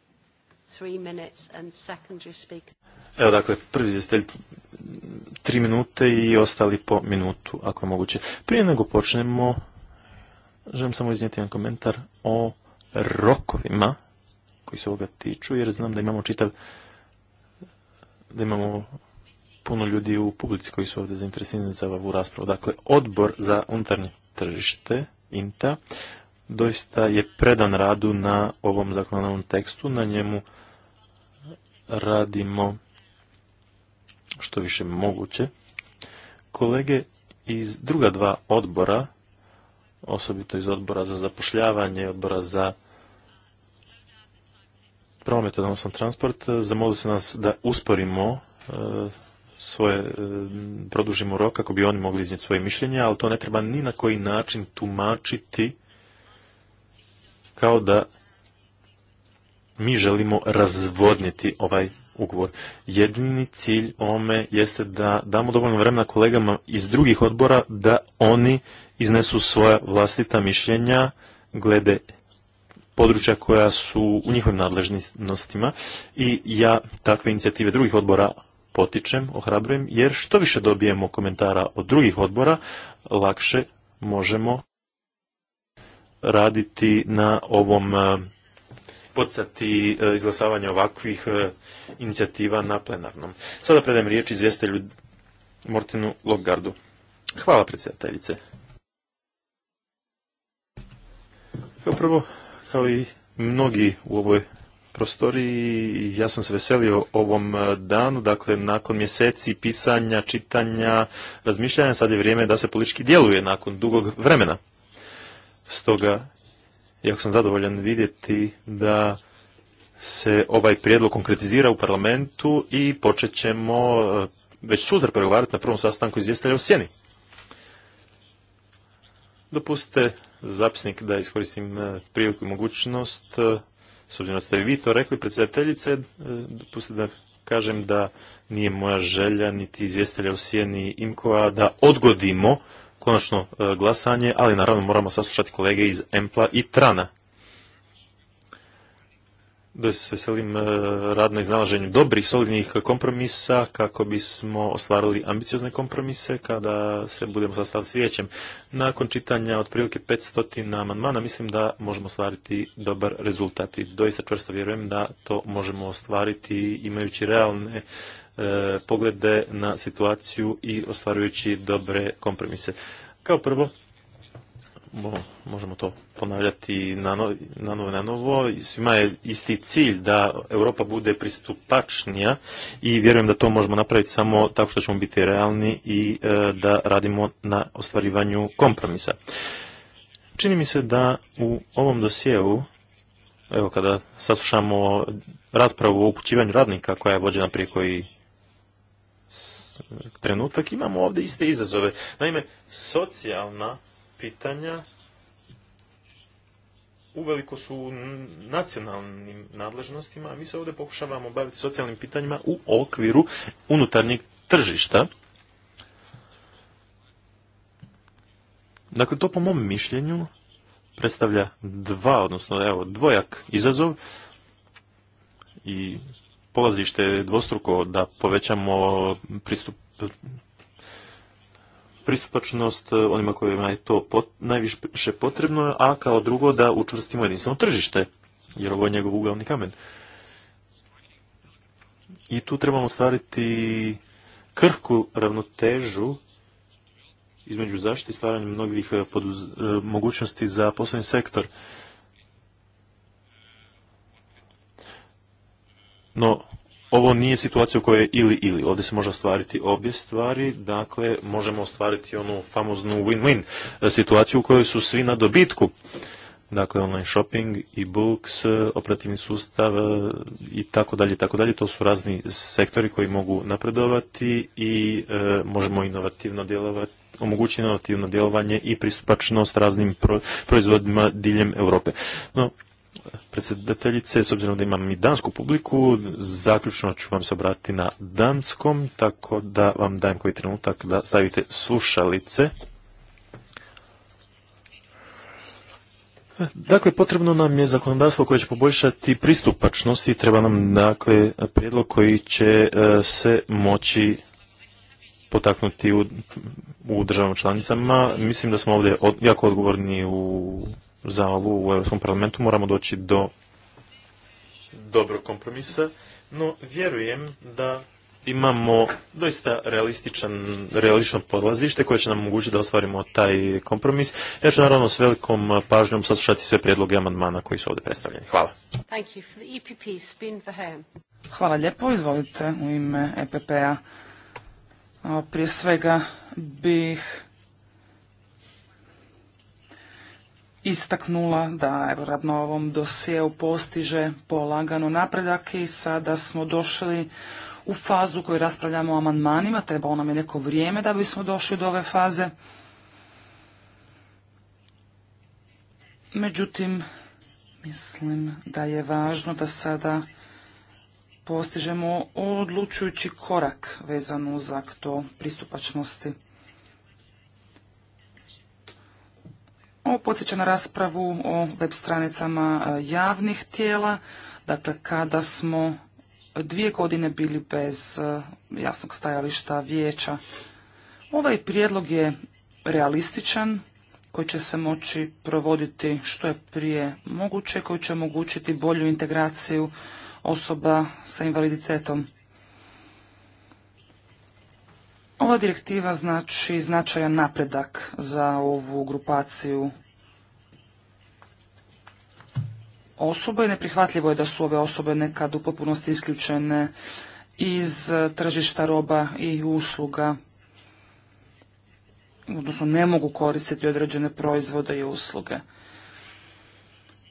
three minutes and secondary speakers. Evo dakle, prvi izvjestelj tri minute i ostali po minutu, ako je moguće. Prije nego počnemo, želim samo iznijeti jedan komentar o rokovima koji se ovoga tiču, jer znam da imamo čitav da imamo puno ljudi u publici koji su ovdje zainteresirani za ovu raspravu. Dakle, odbor za unutarnje tržište, INTA, doista je predan radu na ovom zakonodavnom tekstu. Na njemu radimo što više moguće. Kolege iz druga dva odbora, osobito iz odbora za zapošljavanje, odbora za promet, odnosno transport, zamolili su nas da usporimo e, svoje, e, produžimo rok kako bi oni mogli iznijeti svoje mišljenje, ali to ne treba ni na koji način tumačiti kao da mi želimo razvodniti ovaj ugovor. Jedini cilj ome jeste da damo dovoljno vremena kolegama iz drugih odbora da oni iznesu svoja vlastita mišljenja glede područja koja su u njihovim nadležnostima i ja takve inicijative drugih odbora potičem, ohrabrujem, jer što više dobijemo komentara od drugih odbora, lakše možemo raditi na ovom e, poticati e, izglasavanje ovakvih e, inicijativa na plenarnom. Sada predajem riječ izvjestelju Mortinu Logardu. Hvala predsjedateljice. Kao prvo, kao i mnogi u ovoj prostoriji. Ja sam se veselio ovom e, danu, dakle nakon mjeseci pisanja, čitanja, razmišljanja, sad je vrijeme da se politički djeluje nakon dugog vremena. Stoga, ja sam zadovoljan vidjeti da se ovaj prijedlog konkretizira u parlamentu i počet ćemo e, već sutra pregovarati na prvom sastanku izvjestelja u Sjeni. Dopustite zapisnik da iskoristim e, priliku i mogućnost s obzirom da ste vi to rekli, predsjedateljice, e, dopustite da kažem da nije moja želja niti izvjestelja u sjeni Imkova da odgodimo konačno e, glasanje, ali naravno moramo saslušati kolege iz Empla i Trana da se veselim e, radno iznalaženju dobrih, solidnih kompromisa kako bismo ostvarili ambiciozne kompromise kada se budemo sastaviti s vijećem. Nakon čitanja otprilike 500 amandmana mislim da možemo ostvariti dobar rezultat i doista čvrsto vjerujem da to možemo ostvariti imajući realne e, poglede na situaciju i ostvarujući dobre kompromise. Kao prvo, možemo to ponavljati na novo, i na novo. Svima je isti cilj da Europa bude pristupačnija i vjerujem da to možemo napraviti samo tako što ćemo biti realni i e, da radimo na ostvarivanju kompromisa. Čini mi se da u ovom dosijevu evo kada saslušamo raspravu o upućivanju radnika koja je vođena prije koji trenutak, imamo ovdje iste izazove. Naime, socijalna pitanja uveliko su nacionalnim nadležnostima, a mi se ovdje pokušavamo baviti socijalnim pitanjima u okviru unutarnjeg tržišta. Dakle, to po mom mišljenju predstavlja dva, odnosno evo, dvojak izazov i polazište dvostruko da povećamo pristup pristupačnost e, onima kojima je to najviše potrebno, a kao drugo da učvrstimo jedinstveno tržište, jer ovo je njegov uglavni kamen. I tu trebamo stvariti krhku ravnotežu između zaštite i stvaranja mnogih e, e, mogućnosti za poslovni sektor. No, ovo nije situacija u kojoj je ili ili. Ovdje se može ostvariti obje stvari, dakle možemo ostvariti onu famoznu win-win situaciju u kojoj su svi na dobitku. Dakle, online shopping, e-books, operativni sustav e, i tako dalje, tako dalje. To su razni sektori koji mogu napredovati i e, možemo inovativno djelovati omogućiti inovativno djelovanje i pristupačnost raznim proizvodima diljem Europe. No, predsjedateljice, s obzirom da imam i dansku publiku, zaključno ću vam se obratiti na danskom, tako da vam dajem koji trenutak da stavite slušalice. Dakle, potrebno nam je zakonodavstvo koje će poboljšati pristupačnost i treba nam dakle, prijedlog koji će e, se moći potaknuti u, u članicama. Mislim da smo ovdje jako odgovorni u za ovu u Europskom parlamentu moramo doći do dobrog kompromisa, no vjerujem da imamo doista realističan, realično podlazište koje će nam omogućiti da ostvarimo taj kompromis. Ja ću naravno s velikom pažnjom saslušati sve prijedloge amandmana koji su ovdje predstavljeni. Hvala. Thank e Hvala lijepo, izvolite u ime EPP-a. Prije svega bih istaknula da evo na ovom dosjeu postiže polagano napredak i sada smo došli u fazu u raspravljamo o amandmanima, Trebao nam je neko vrijeme da bismo došli do ove faze. Međutim, mislim da je važno da sada postižemo odlučujući korak vezano uz to pristupačnosti. Ovo podsjeća na raspravu o web stranicama e, javnih tijela, dakle kada smo dvije godine bili bez e, jasnog stajališta vijeća. Ovaj prijedlog je realističan, koji će se moći provoditi što je prije moguće, koji će omogućiti bolju integraciju osoba sa invaliditetom. Ova direktiva znači značajan napredak za ovu grupaciju osoba i neprihvatljivo je da su ove osobe nekad u potpunosti isključene iz e, tržišta roba i usluga, odnosno ne mogu koristiti određene proizvode i usluge.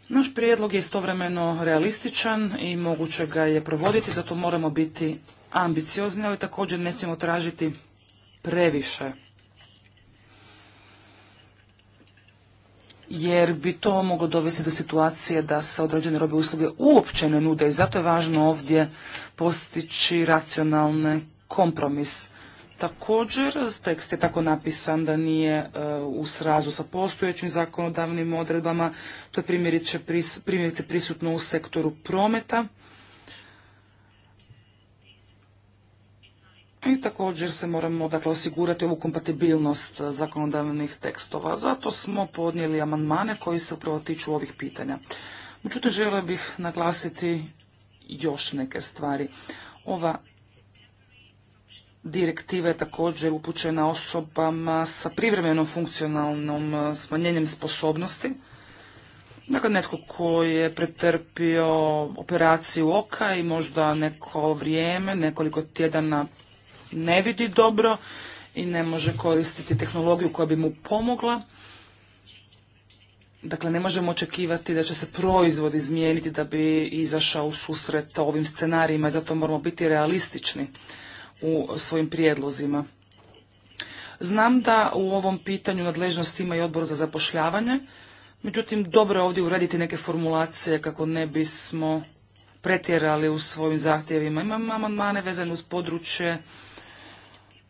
Naš prijedlog je istovremeno realističan i moguće ga je provoditi, zato moramo biti ambiciozni, ali također ne smijemo tražiti previše. jer bi to moglo dovesti do situacije da se određene robe usluge uopće ne nude i zato je važno ovdje postići racionalni kompromis. Također, tekst je tako napisan da nije e, u srazu sa postojećim zakonodavnim odredbama, to je primjerice prisutno u sektoru prometa, I također se moramo dakle, osigurati ovu kompatibilnost zakonodavnih tekstova. Zato smo podnijeli amandmane koji se upravo tiču ovih pitanja. Međutim, želio bih naglasiti još neke stvari. Ova direktiva je također upućena osobama sa privremenom funkcionalnom e, smanjenjem sposobnosti. Dakle, netko koji je pretrpio operaciju oka i možda neko vrijeme, nekoliko tjedana ne vidi dobro i ne može koristiti tehnologiju koja bi mu pomogla. Dakle, ne možemo očekivati da će se proizvod izmijeniti da bi izašao u susret ovim scenarijima i zato moramo biti realistični u svojim prijedlozima. Znam da u ovom pitanju nadležnost ima i odbor za zapošljavanje, međutim dobro je ovdje urediti neke formulacije kako ne bismo pretjerali u svojim zahtjevima. Imam amandmane vezane uz područje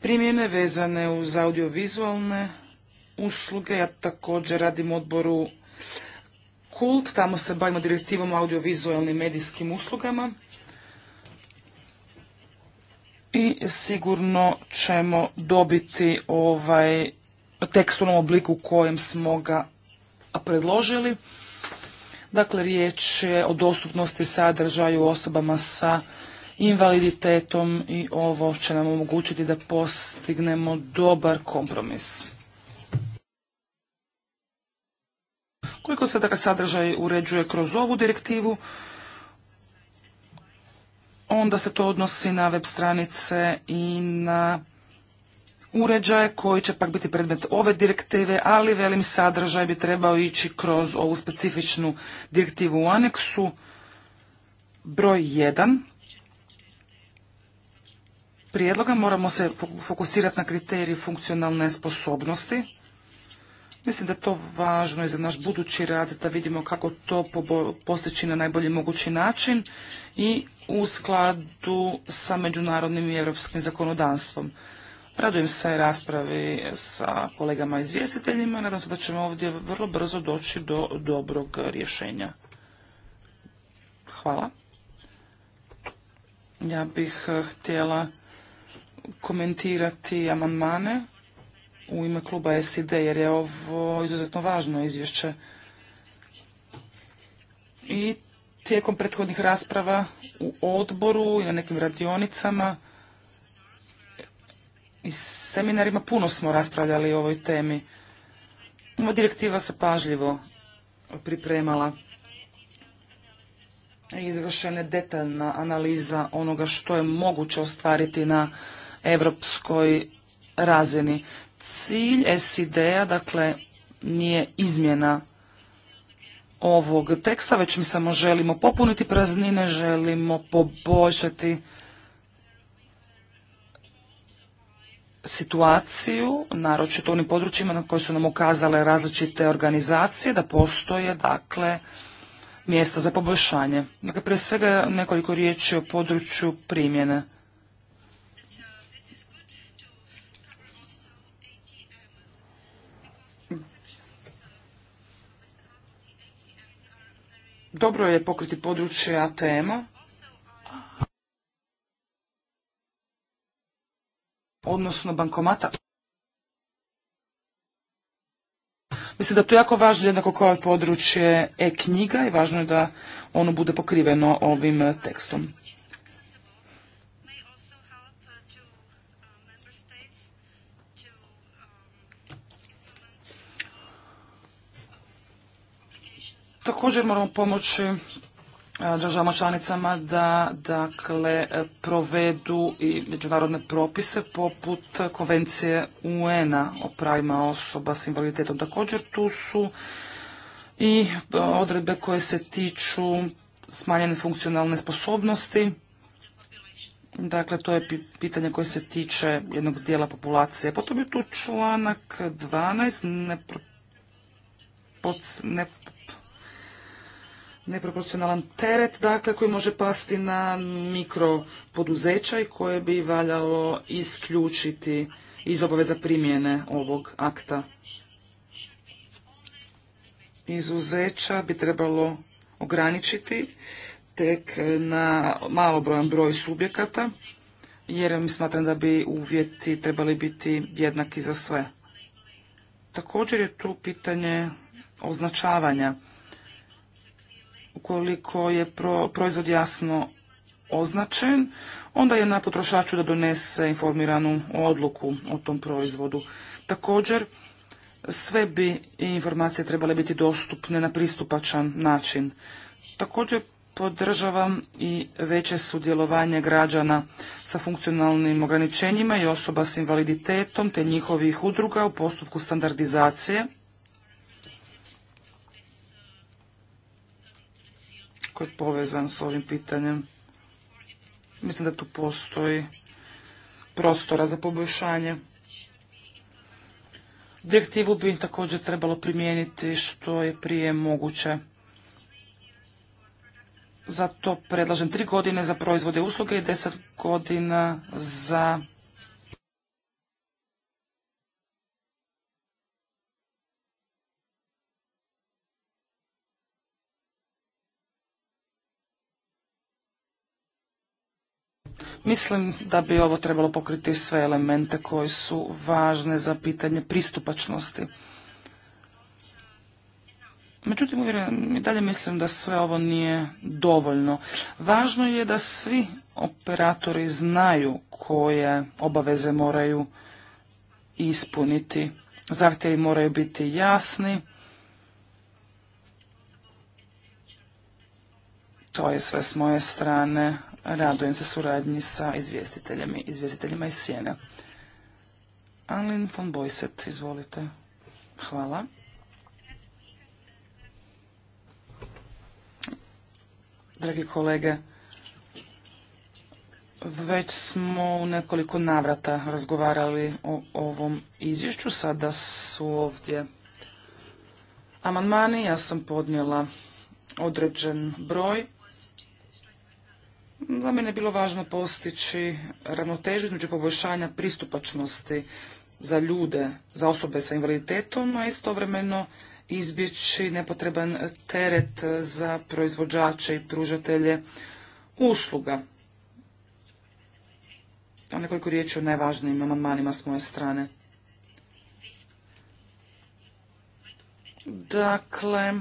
primjene vezane uz audiovizualne usluge. Ja također radim odboru Kult, tamo se bavimo direktivom o audiovizualnim medijskim uslugama. I sigurno ćemo dobiti ovaj tekst u obliku u kojem smo ga predložili. Dakle, riječ je o dostupnosti sadržaju osobama sa invaliditetom i ovo će nam omogućiti da postignemo dobar kompromis. Koliko se dakle sadržaj uređuje kroz ovu direktivu, onda se to odnosi na web stranice i na uređaje koji će pak biti predmet ove direktive, ali velim sadržaj bi trebao ići kroz ovu specifičnu direktivu u aneksu broj jedan prijedloga moramo se fokusirati na kriterij funkcionalne sposobnosti. Mislim da je to važno i za naš budući rad da vidimo kako to postići na najbolji mogući način i u skladu sa međunarodnim i europskim zakonodavstvom. Radujem se raspravi sa kolegama izvjestiteljima. Nadam se da ćemo ovdje vrlo brzo doći do dobrog rješenja. Hvala. Ja bih eh, htjela komentirati amandmane u ime kluba SID jer je ovo izuzetno važno izvješće. I tijekom prethodnih rasprava u odboru i na nekim radionicama i seminarima puno smo raspravljali o ovoj temi. Ova direktiva se pažljivo pripremala i izvršena je detaljna analiza onoga što je moguće ostvariti na europskoj razini. Cilj SID-a, dakle, nije izmjena ovog teksta, već mi samo želimo popuniti praznine, želimo poboljšati situaciju, naročito u onim područjima na koje su nam ukazale različite organizacije, da postoje, dakle, mjesta za poboljšanje. Dakle, pre svega nekoliko riječi o području primjene. Dobro je pokriti područje ATM-a, odnosno bankomata. Mislim da to jako važno jednako kao područje e-knjiga i važno je da ono bude pokriveno ovim tekstom. također moramo pomoći e, državama članicama da dakle e, provedu i međunarodne propise poput konvencije UN-a o pravima osoba s invaliditetom. Također tu su i e, odredbe koje se tiču smanjene funkcionalne sposobnosti. Dakle, to je pitanje koje se tiče jednog dijela populacije. Potom je tu članak 12, ne neproporcionalan teret dakle koji može pasti na mikro poduzeća i koje bi valjalo isključiti iz obaveza primjene ovog akta. Izuzeća bi trebalo ograničiti tek na malobrojan broj subjekata jer mi smatram da bi uvjeti trebali biti jednaki za sve. Također je tu pitanje označavanja ukoliko je proizvod jasno označen, onda je na potrošaču da donese informiranu odluku o tom proizvodu. Također, sve bi informacije trebale biti dostupne na pristupačan način. Također, podržavam i veće sudjelovanje građana sa funkcionalnim ograničenjima i osoba s invaliditetom te njihovih udruga u postupku standardizacije koji je povezan s ovim pitanjem. Mislim da tu postoji prostora za poboljšanje. Direktivu bi također trebalo primijeniti što je prije moguće. Zato predlažem tri godine za proizvode usluge i deset godina za Mislim da bi ovo trebalo pokriti sve elemente koji su važne za pitanje pristupačnosti. Međutim, i dalje mislim da sve ovo nije dovoljno. Važno je da svi operatori znaju koje obaveze moraju ispuniti. Zahtjevi moraju biti jasni. To je sve s moje strane radujem se suradnji sa izvjestiteljima, izvjestiteljima iz Sjene. Anlin von Boyset, izvolite. Hvala. Dragi kolege, već smo u nekoliko navrata razgovarali o ovom izvješću. Sada su ovdje amandmani. Ja sam podnijela određen broj za mene je bilo važno postići ravnotežu između poboljšanja pristupačnosti za ljude, za osobe sa invaliditetom, a istovremeno izbjeći nepotreban teret za proizvođače i pružatelje usluga. A nekoliko riječi o najvažnijim amandmanima s moje strane. Dakle,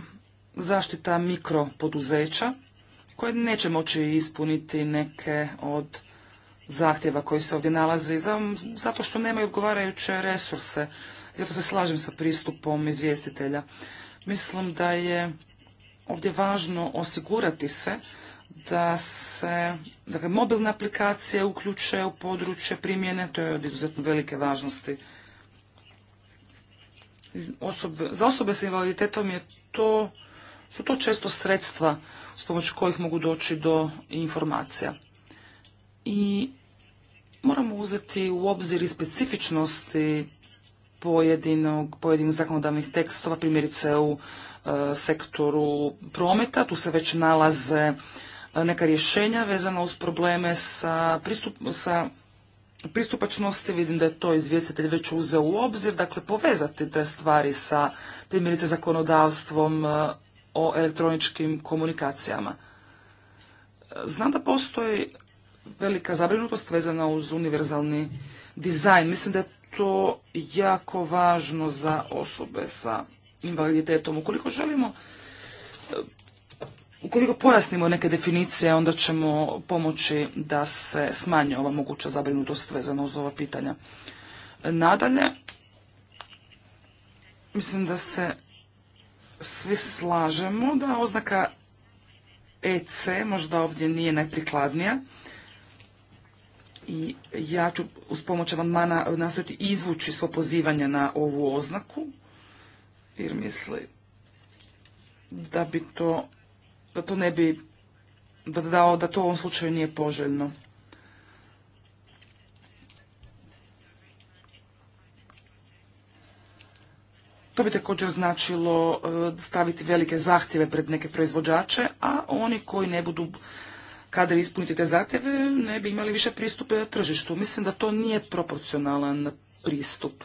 zaštita mikropoduzeća koje neće moći ispuniti neke od zahtjeva koji se ovdje nalazi, zato što nemaju odgovarajuće resurse. Zato se slažem sa pristupom izvjestitelja. Mislim da je ovdje važno osigurati se da se dakle, mobilne aplikacije uključe u područje primjene, to je od izuzetno velike važnosti. Osobe, za osobe s invaliditetom je to su to često sredstva s pomoću kojih mogu doći do informacija. I moramo uzeti u obzir i specifičnosti pojedinog, pojedinih zakonodavnih tekstova, primjerice u e, sektoru prometa, tu se već nalaze e, neka rješenja vezana uz probleme sa, pristup, sa pristupačnosti, vidim da je to izvjestitelj već uzeo u obzir, dakle povezati te stvari sa primjerice zakonodavstvom e, o elektroničkim komunikacijama. Znam da postoji velika zabrinutost vezana uz univerzalni dizajn. Mislim da je to jako važno za osobe sa invaliditetom. Ukoliko želimo, ukoliko pojasnimo neke definicije, onda ćemo pomoći da se smanje ova moguća zabrinutost vezana uz ova pitanja. Nadalje, mislim da se svi slažemo da oznaka EC možda ovdje nije najprikladnija i ja ću uz pomoć amandmana nastojati izvući svo pozivanje na ovu oznaku jer misli da bi to da to ne bi da, da to u ovom slučaju nije poželjno. To bi također značilo e, staviti velike zahtjeve pred neke proizvođače, a oni koji ne budu kada ispuniti te zahtjeve ne bi imali više pristupe tržištu. Mislim da to nije proporcionalan pristup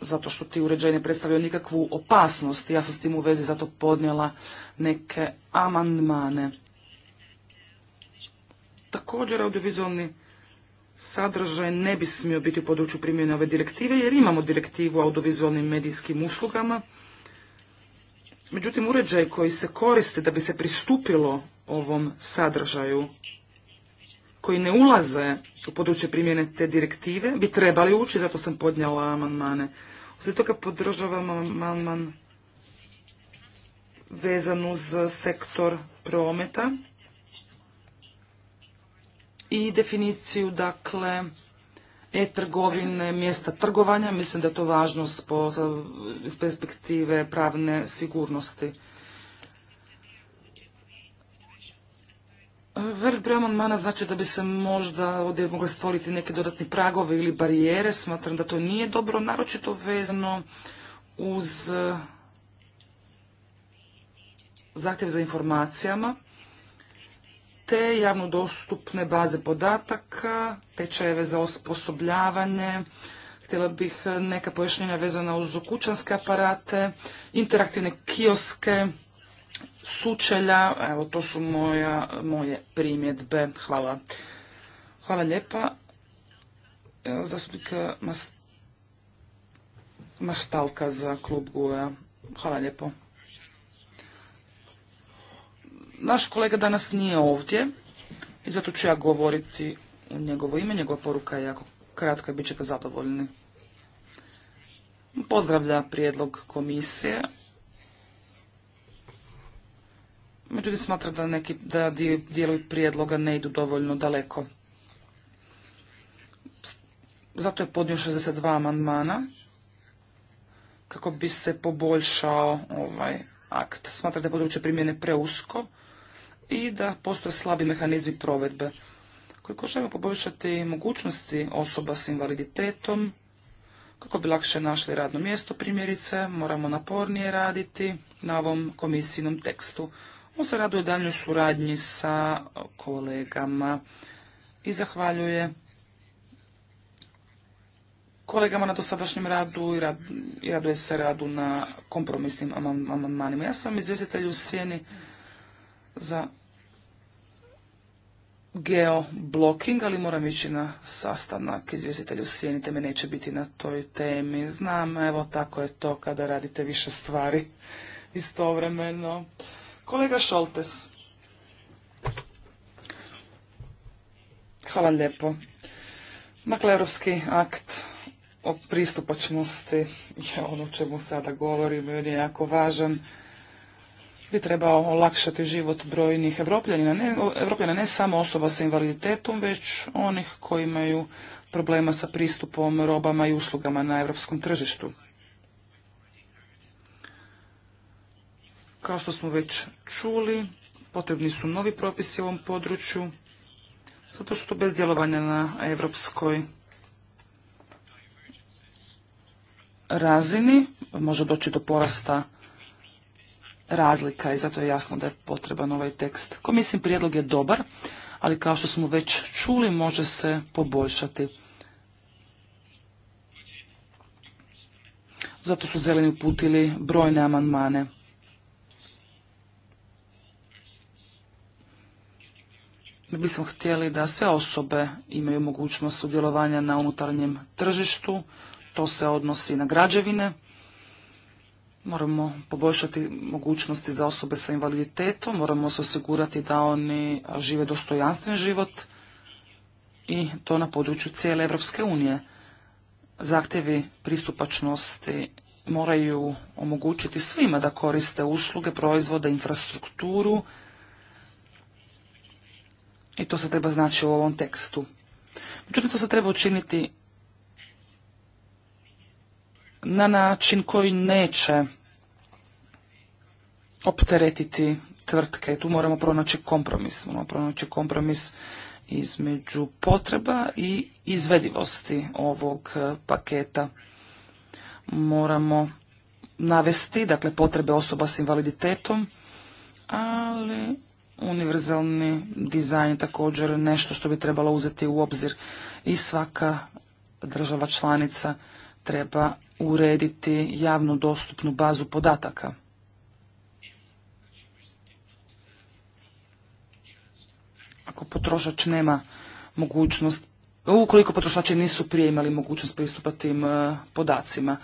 zato što ti uređaj ne predstavljaju nikakvu opasnost. Ja sam s tim u vezi zato podnijela neke amandmane. Također audiovizualni sadržaj ne bi smio biti u području primjene ove direktive, jer imamo direktivu o audiovizualnim medijskim uslugama. Međutim, uređaj koji se koriste da bi se pristupilo ovom sadržaju, koji ne ulaze u područje primjene te direktive, bi trebali ući, zato sam podnjela amandmane. Zato toga podržavam amandman vezan uz sektor prometa i definiciju dakle e-trgovine, mjesta trgovanja. Mislim da je to važno iz perspektive pravne sigurnosti. Velik broj amandmana znači da bi se možda ovdje mogli stvoriti neke dodatni pragove ili barijere. Smatram da to nije dobro, naročito vezano uz zahtjev za informacijama te javno dostupne baze podataka, tečajeve za osposobljavanje, htjela bih neka pojašnjenja vezana uz kućanske aparate, interaktivne kioske, sučelja, evo to su moja, moje primjedbe. Hvala. Hvala lijepa. Zastupnik Mastalka za klub GUE. Hvala lijepo. Naš kolega danas nije ovdje i zato ću ja govoriti u njegovo ime. Njegova poruka je jako kratka i bit ćete zadovoljni. Pozdravlja prijedlog komisije. Međutim, smatra da neki da dijelovi prijedloga ne idu dovoljno daleko. Zato je podnio 62 amandmana kako bi se poboljšao ovaj akt. Smatra da je područje primjene preusko i da postoje slabi mehanizmi provedbe. koji želimo poboljšati mogućnosti osoba s invaliditetom, kako bi lakše našli radno mjesto primjerice, moramo napornije raditi na ovom komisijnom tekstu. On se raduje daljnjoj suradnji sa kolegama i zahvaljuje kolegama na dosadašnjem radu i, raduje se radu na kompromisnim amandmanima. Ja sam izvjestitelj u sjeni za geoblocking, ali moram ići na sastanak izvjestitelju sjeni, te me neće biti na toj temi. Znam, evo tako je to kada radite više stvari istovremeno. Kolega Šoltes. Hvala lijepo. Dakle, Europski akt o pristupačnosti je ono čemu sada govorim i on je jako važan bi trebao olakšati život brojnih evropljanina, ne, evropljana, ne samo osoba sa invaliditetom, već onih koji imaju problema sa pristupom robama i uslugama na europskom tržištu. Kao što smo već čuli, potrebni su novi propisi u ovom području, zato što bez djelovanja na europskoj razini može doći do porasta razlika i zato je jasno da je potreban ovaj tekst. Ko mislim, prijedlog je dobar, ali kao što smo već čuli, može se poboljšati. Zato su zeleni uputili brojne amandmane. Mi bismo htjeli da sve osobe imaju mogućnost sudjelovanja na unutarnjem tržištu. To se odnosi na građevine, Moramo poboljšati mogućnosti za osobe sa invaliditetom, moramo se osigurati da oni žive dostojanstven život i to na području cijele Europske unije. Zahtjevi pristupačnosti moraju omogućiti svima da koriste usluge, proizvode, infrastrukturu i to se treba znači u ovom tekstu. Međutim, to se treba učiniti na način koji neće opteretiti tvrtke. Tu moramo pronaći kompromis. Moramo pronaći kompromis između potreba i izvedivosti ovog e, paketa. Moramo navesti, dakle, potrebe osoba s invaliditetom, ali univerzalni dizajn je također nešto što bi trebalo uzeti u obzir i svaka država članica treba urediti javno dostupnu bazu podataka. ako potrošač nema mogućnost, ukoliko potrošači nisu prije imali mogućnost pristupa tim e, podacima.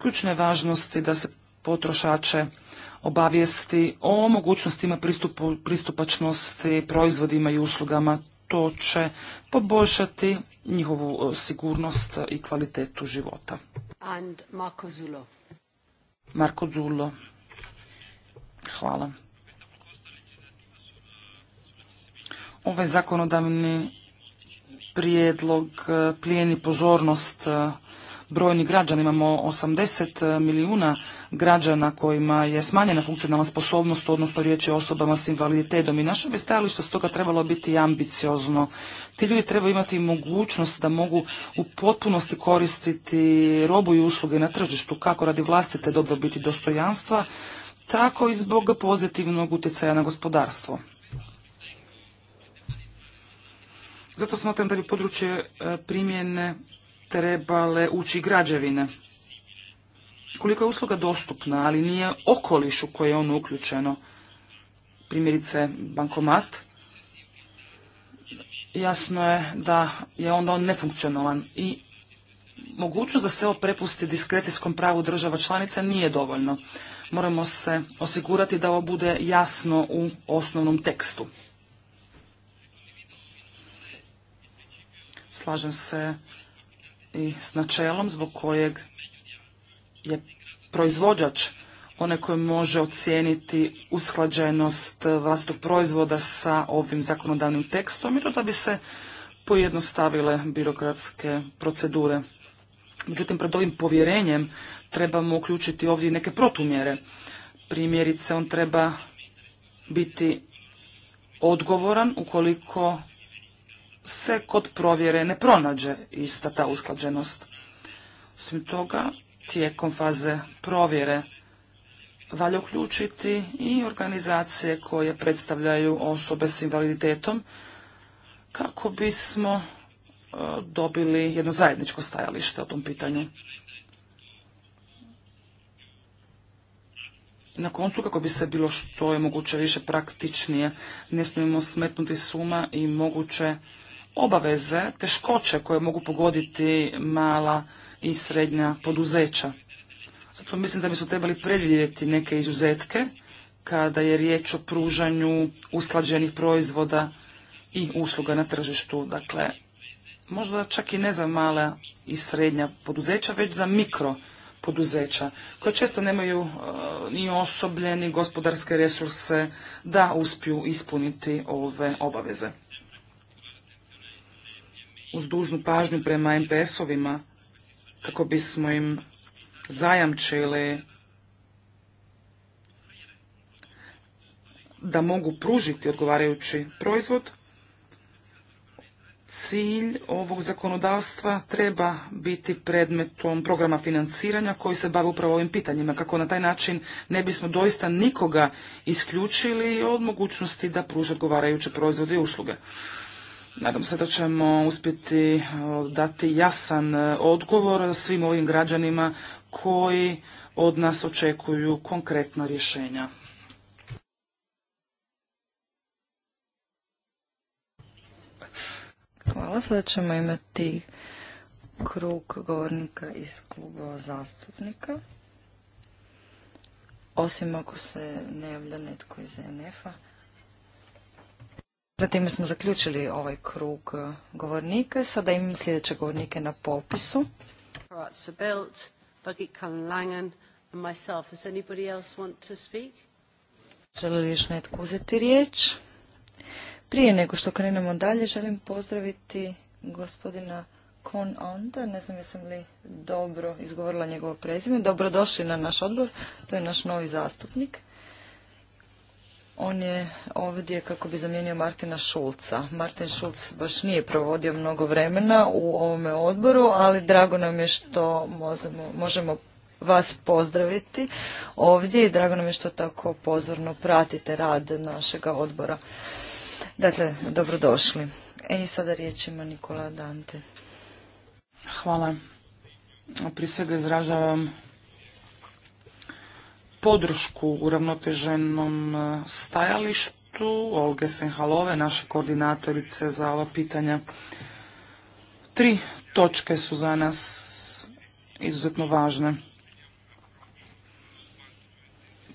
Ključne važnosti da se potrošače obavijesti o mogućnostima pristupačnosti proizvodima i uslugama. To će poboljšati njihovu e, sigurnost i kvalitetu života. And Marko Zulo. Hvala. ovaj zakonodavni prijedlog e, plijeni pozornost e, brojni građani. Imamo 80 e, milijuna građana kojima je smanjena funkcionalna sposobnost, odnosno riječ je o osobama s invaliditetom. I naše bi stajalište stoga trebalo biti ambiciozno. Ti ljudi trebaju imati mogućnost da mogu u potpunosti koristiti robu i usluge na tržištu, kako radi vlastite dobrobiti dostojanstva, tako i zbog pozitivnog utjecaja na gospodarstvo. Zato smatram da bi područje e, primjene trebale ući građevine. Koliko je usluga dostupna, ali nije okoliš u koje je ono uključeno, primjerice bankomat, jasno je da je onda on nefunkcionalan i mogućnost da se ovo prepusti diskrecijskom pravu država članica nije dovoljno. Moramo se osigurati da ovo bude jasno u osnovnom tekstu. Slažem se i s načelom zbog kojeg je proizvođač onaj koji može ocijeniti usklađenost vlastog proizvoda sa ovim zakonodavnim tekstom i to da bi se pojednostavile birokratske procedure. Međutim, pred ovim povjerenjem trebamo uključiti ovdje neke protumjere. Primjerice, on treba biti odgovoran ukoliko se kod provjere ne pronađe ista ta usklađenost. Osim toga, tijekom faze provjere valja uključiti i organizacije koje predstavljaju osobe s invaliditetom kako bismo e, dobili jedno zajedničko stajalište o tom pitanju. Na koncu, kako bi se bilo što je moguće više praktičnije, ne smijemo smetnuti suma i moguće obaveze, teškoće koje mogu pogoditi mala i srednja poduzeća. Zato mislim da bi su trebali predvidjeti neke izuzetke kada je riječ o pružanju usklađenih proizvoda i usluga na tržištu. Dakle, možda čak i ne za mala i srednja poduzeća, već za mikro poduzeća, koje često nemaju e, ni osoblje, ni gospodarske resurse da uspiju ispuniti ove obaveze uz dužnu pažnju prema MPS-ovima kako bismo im zajamčili da mogu pružiti odgovarajući proizvod. Cilj ovog zakonodavstva treba biti predmetom programa financiranja koji se bavi upravo ovim pitanjima, kako na taj način ne bismo doista nikoga isključili od mogućnosti da pruže odgovarajuće proizvode i usluge. Nadam se da ćemo uspjeti dati jasan e, odgovor svim ovim građanima koji od nas očekuju konkretna rješenja. Hvala. Sada ćemo imati krug govornika iz kluba zastupnika. Osim ako se ne javlja netko iz NF-a time smo zaključili ovaj krug e, govornika. Sada imam sljedeće govornike na popisu. Želi li još netko uzeti riječ? Prije nego što krenemo dalje, želim pozdraviti gospodina Kon Onda, ne znam jesam li dobro izgovorila njegovo prezime. Dobrodošli na naš odbor, to je naš novi zastupnik. On je ovdje kako bi zamijenio Martina Šulca. Martin Šulc baš nije provodio mnogo vremena u ovome odboru, ali drago nam je što možemo, možemo vas pozdraviti ovdje i drago nam je što tako pozorno pratite rad našega odbora. Dakle, dobrodošli. E i sada riječ ima Nikola Dante. Hvala. Prije svega izražavam podršku ravnoteženom e, stajalištu Olge Senhalove, naše koordinatorice za ova pitanja. Tri točke su za nas izuzetno važne.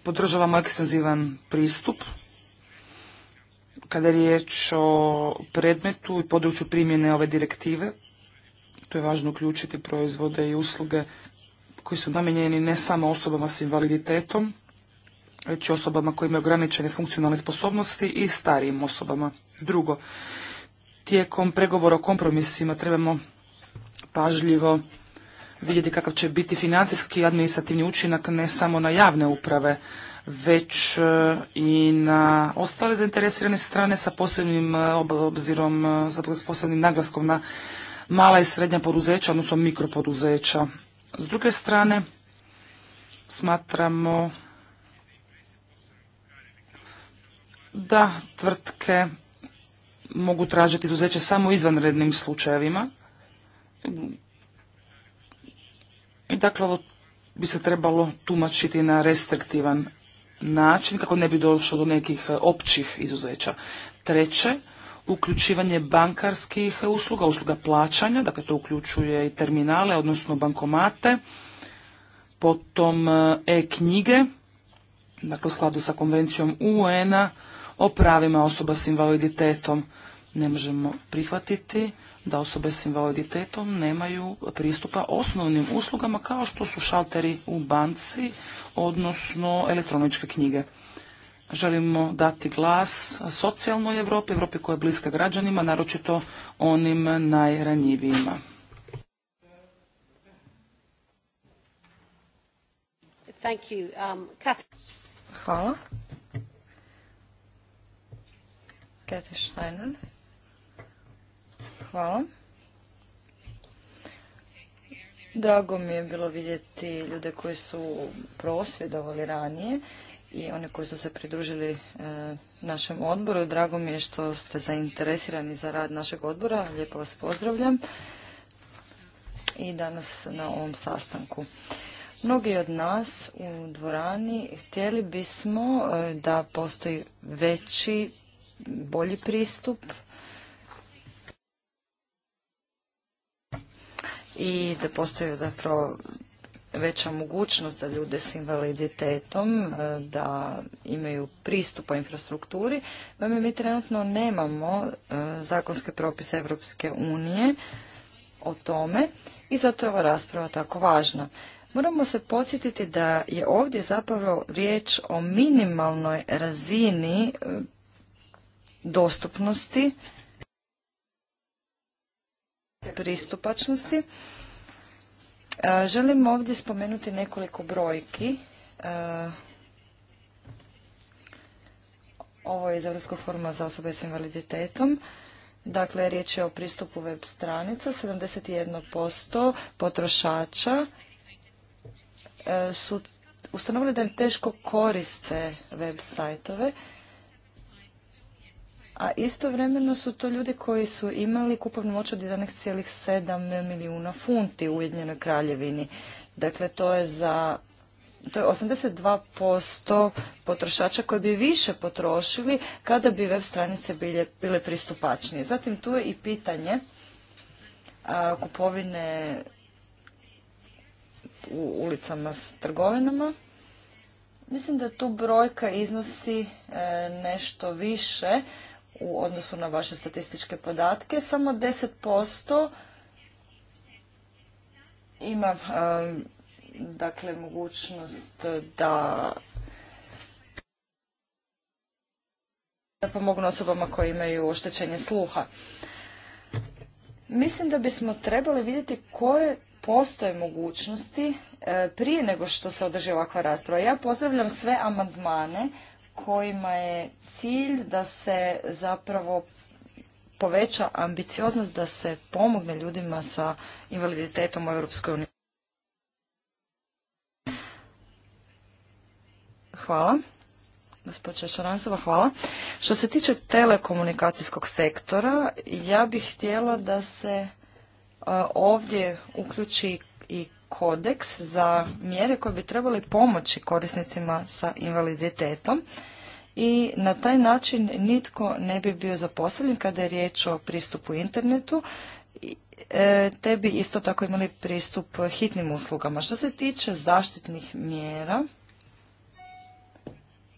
Podržavamo ekstenzivan pristup kada je riječ o predmetu i području primjene ove direktive. To je važno uključiti proizvode i usluge koji su namijenjeni ne samo osobama s invaliditetom, već i osobama koje imaju ograničene funkcionalne sposobnosti i starijim osobama. Drugo, tijekom pregovora o kompromisima trebamo pažljivo vidjeti kakav će biti financijski i administrativni učinak ne samo na javne uprave, već e, i na ostale zainteresirane strane sa posebnim e, obzirom, e, sa posebnim naglaskom na mala i srednja poduzeća, odnosno mikropoduzeća. S druge strane, smatramo da tvrtke mogu tražiti izuzeće samo izvanrednim slučajevima. I dakle, ovo bi se trebalo tumačiti na restriktivan način kako ne bi došlo do nekih općih izuzeća. Treće, uključivanje bankarskih usluga, usluga plaćanja, dakle to uključuje i terminale, odnosno bankomate, potom e, e-knjige, dakle u skladu sa konvencijom UN-a o pravima osoba s invaliditetom. Ne možemo prihvatiti da osobe s invaliditetom nemaju pristupa osnovnim uslugama kao što su šalteri u banci, odnosno elektroničke knjige. Želimo dati glas socijalnoj Europi, Europi koja je bliska građanima, naročito onim najranjivijima. Thank you. Um, Hvala. Drago mi je bilo vidjeti ljude koji su prosvjedovali ranije i one koji su se pridružili e, našem odboru. Drago mi je što ste zainteresirani za rad našeg odbora. Lijepo vas pozdravljam i danas na ovom sastanku. Mnogi od nas u dvorani htjeli bismo e, da postoji veći, bolji pristup i da postoji zapravo veća mogućnost za ljude s invaliditetom e, da imaju pristupa infrastrukturi. Naime, mi trenutno nemamo e, zakonske propise Europske unije o tome i zato je ova rasprava tako važna. Moramo se podsjetiti da je ovdje zapravo riječ o minimalnoj razini e, dostupnosti pristupačnosti E, želim ovdje spomenuti nekoliko brojki. E, ovo je iz Europskog foruma za osobe s invaliditetom. Dakle, riječ je o pristupu web stranica. 71% potrošača e, su ustanovili da im teško koriste web sajtove a istovremeno su to ljudi koji su imali kupovnu moć od 11,7 milijuna funti u Ujedinjenoj kraljevini. Dakle, to je za to je 82% potrošača koji bi više potrošili kada bi web stranice bile, bile pristupačnije. Zatim tu je i pitanje kupovine u ulicama s trgovinama. Mislim da tu brojka iznosi e, nešto više u odnosu na vaše statističke podatke. Samo 10% ima um, dakle mogućnost da da pomognu osobama koje imaju oštećenje sluha. Mislim da bismo trebali vidjeti koje postoje mogućnosti e, prije nego što se održi ovakva rasprava. Ja pozdravljam sve amandmane kojima je cilj da se zapravo poveća ambicioznost da se pomogne ljudima sa invaliditetom u EU. Hvala. Gospođa hvala. Što se tiče telekomunikacijskog sektora, ja bih htjela da se ovdje uključi i kodeks za mjere koje bi trebali pomoći korisnicima sa invaliditetom i na taj način nitko ne bi bio zaposlen kada je riječ o pristupu internetu e, te bi isto tako imali pristup hitnim uslugama. Što se tiče zaštitnih mjera,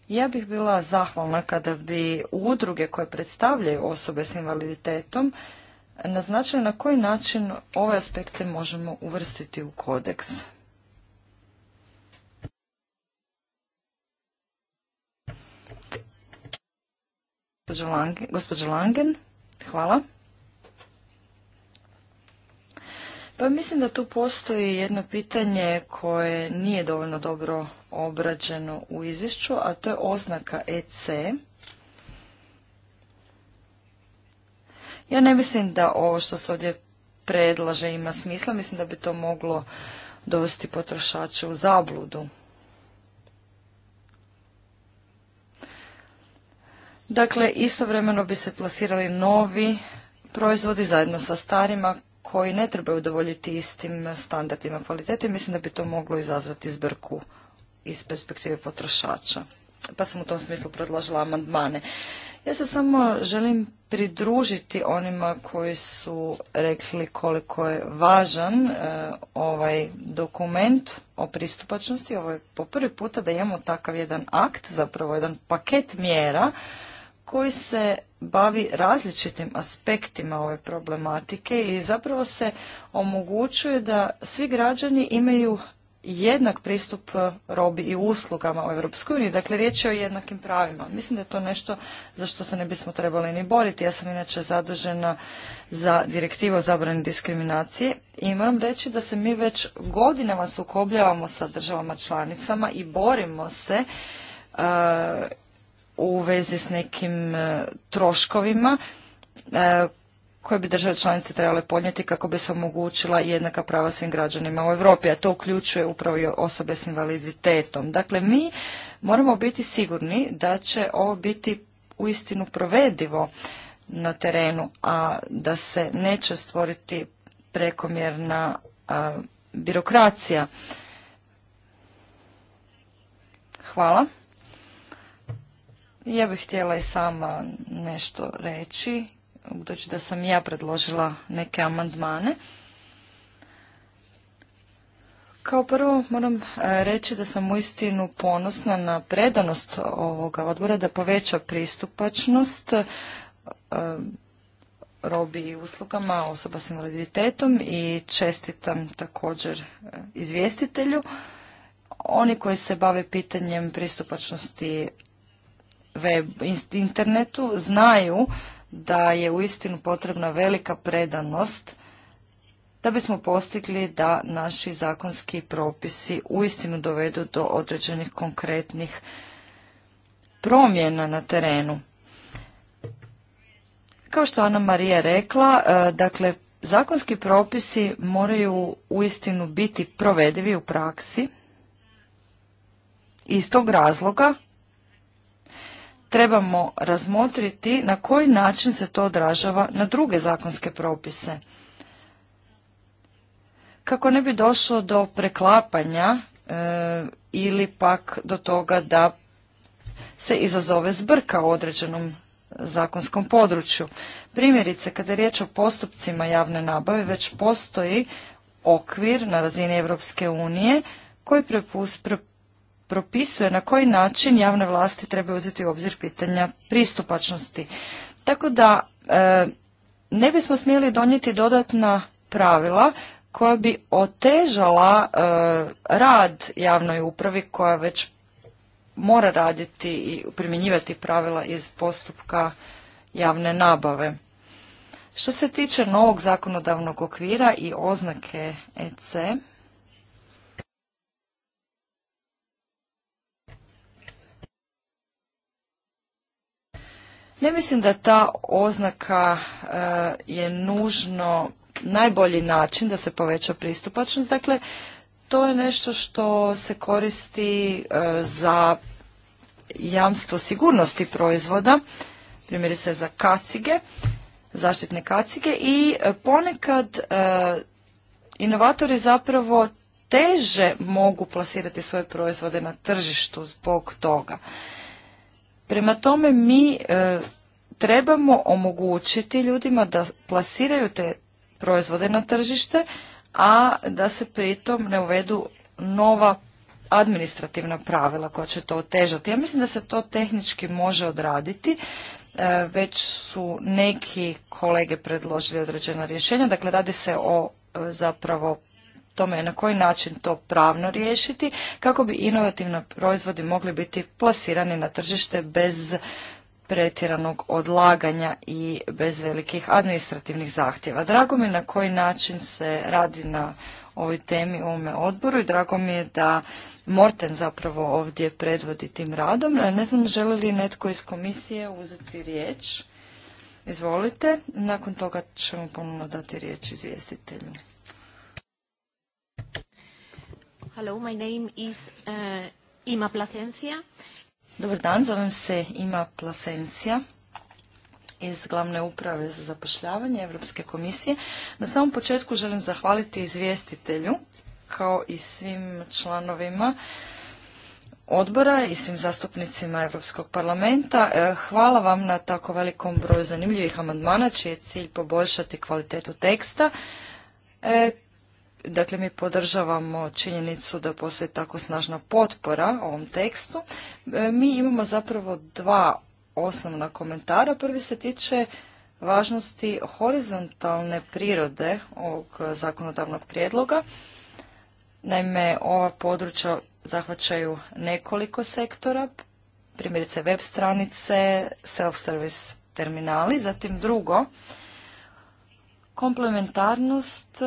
ja bih bila zahvalna kada bi udruge koje predstavljaju osobe s invaliditetom naznačili na koji način ove aspekte možemo uvrstiti u kodeks. Gospođa Langen, hvala. Pa mislim da tu postoji jedno pitanje koje nije dovoljno dobro obrađeno u izvješću, a to je oznaka EC Ja ne mislim da ovo što se ovdje predlaže ima smisla, mislim da bi to moglo dovesti potrošače u zabludu. Dakle, istovremeno bi se plasirali novi proizvodi zajedno sa starima koji ne trebaju udovoljiti istim standardima kvalitete. Mislim da bi to moglo izazvati zbrku iz perspektive potrošača. Pa sam u tom smislu predlažila amandmane. Ja se samo želim pridružiti onima koji su rekli koliko je važan e, ovaj dokument o pristupačnosti. Ovo je po prvi puta da imamo takav jedan akt, zapravo jedan paket mjera koji se bavi različitim aspektima ove problematike i zapravo se omogućuje da svi građani imaju jednak pristup e, robi i uslugama u Europskoj uniji. Dakle, riječ je o jednakim pravima. Mislim da je to nešto za što se ne bismo trebali ni boriti. Ja sam inače zadužena za direktivu o zabrani diskriminacije i moram reći da se mi već godinama sukobljavamo sa državama članicama i borimo se e, u vezi s nekim e, troškovima koje bi države članice trebale podnijeti kako bi se omogućila jednaka prava svim građanima u Europi, a to uključuje upravo i osobe s invaliditetom. Dakle, mi moramo biti sigurni da će ovo biti uistinu provedivo na terenu, a da se neće stvoriti prekomjerna birokracija. Hvala. Ja bih htjela i sama nešto reći budući da sam ja predložila neke amandmane. Kao prvo moram e, reći da sam uistinu ponosna na predanost ovoga odbora da poveća pristupačnost e, robi i uslugama osoba s invaliditetom i čestitam također e, izvjestitelju. Oni koji se bave pitanjem pristupačnosti web internetu znaju da je uistinu potrebna velika predanost da bismo postigli da naši zakonski propisi uistinu dovedu do određenih konkretnih promjena na terenu. Kao što Ana Marija rekla, e, dakle, zakonski propisi moraju uistinu biti provedivi u praksi. Iz tog razloga trebamo razmotriti na koji način se to odražava na druge zakonske propise. Kako ne bi došlo do preklapanja e, ili pak do toga da se izazove zbrka u određenom zakonskom području. Primjerice, kada je riječ o postupcima javne nabave, već postoji okvir na razini Europske unije koji propisuje na koji način javne vlasti treba uzeti u obzir pitanja pristupačnosti. Tako da e, ne bismo smjeli donijeti dodatna pravila koja bi otežala e, rad javnoj upravi koja već mora raditi i primjenjivati pravila iz postupka javne nabave. Što se tiče novog zakonodavnog okvira i oznake EC, Ne mislim da ta oznaka eh, je nužno najbolji način da se poveća pristupačnost. Dakle, to je nešto što se koristi eh, za jamstvo sigurnosti proizvoda, primjerice za kacige, zaštitne kacige i eh, ponekad inovatori zapravo teže mogu plasirati svoje proizvode na tržištu zbog toga. Prema tome mi e, trebamo omogućiti ljudima da plasiraju te proizvode na tržište, a da se pritom ne uvedu nova administrativna pravila koja će to otežati. Ja mislim da se to tehnički može odraditi. E, već su neki kolege predložili određena rješenja. Dakle, radi se o e, zapravo tome na koji način to pravno riješiti kako bi inovativni proizvodi mogli biti plasirani na tržište bez pretjeranog odlaganja i bez velikih administrativnih zahtjeva. Drago mi je na koji način se radi na ovoj temi u ovome odboru i drago mi je da Morten zapravo ovdje predvodi tim radom. Ne znam želi li netko iz komisije uzeti riječ. Izvolite. Nakon toga ćemo ponovno dati riječ izvjestitelju. Hello, my name is uh, Ima Placencia. Dobar dan, zovem se Ima Placencia iz Glavne uprave za zapošljavanje Europske komisije. Na samom početku želim zahvaliti izvjestitelju kao i svim članovima odbora i svim zastupnicima Europskog parlamenta. E, hvala vam na tako velikom broju zanimljivih amandmana čiji je cilj poboljšati kvalitetu teksta. E, Dakle, mi podržavamo činjenicu da postoji tako snažna potpora ovom tekstu. E, mi imamo zapravo dva osnovna komentara. Prvi se tiče važnosti horizontalne prirode ovog zakonodavnog prijedloga. Naime, ova područja zahvaćaju nekoliko sektora, primjerice web stranice, self-service terminali. Zatim drugo, komplementarnost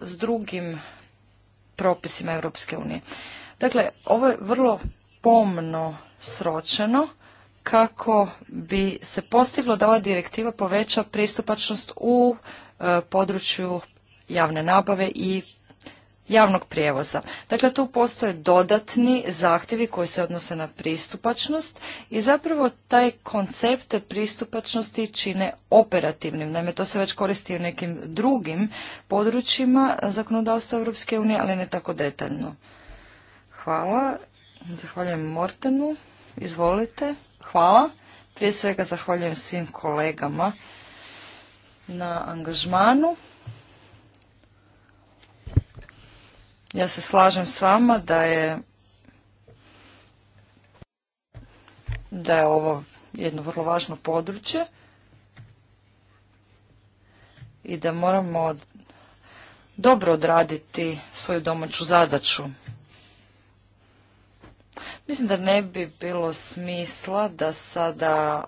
s drugim propisima Europske unije. Dakle, ovo je vrlo pomno sročeno kako bi se postiglo da ova direktiva poveća pristupačnost u e, području javne nabave i javnog prijevoza. Dakle, tu postoje dodatni zahtjevi koji se odnose na pristupačnost i zapravo taj koncept pristupačnosti čine operativnim. Naime, to se već koristi u nekim drugim područjima zakonodavstva Europske unije, ali ne tako detaljno. Hvala. Zahvaljujem Mortenu. Izvolite. Hvala. Prije svega zahvaljujem svim kolegama na angažmanu. Ja se slažem s vama da je da je ovo jedno vrlo važno područje i da moramo dobro odraditi svoju domaću zadaću. Mislim da ne bi bilo smisla da sada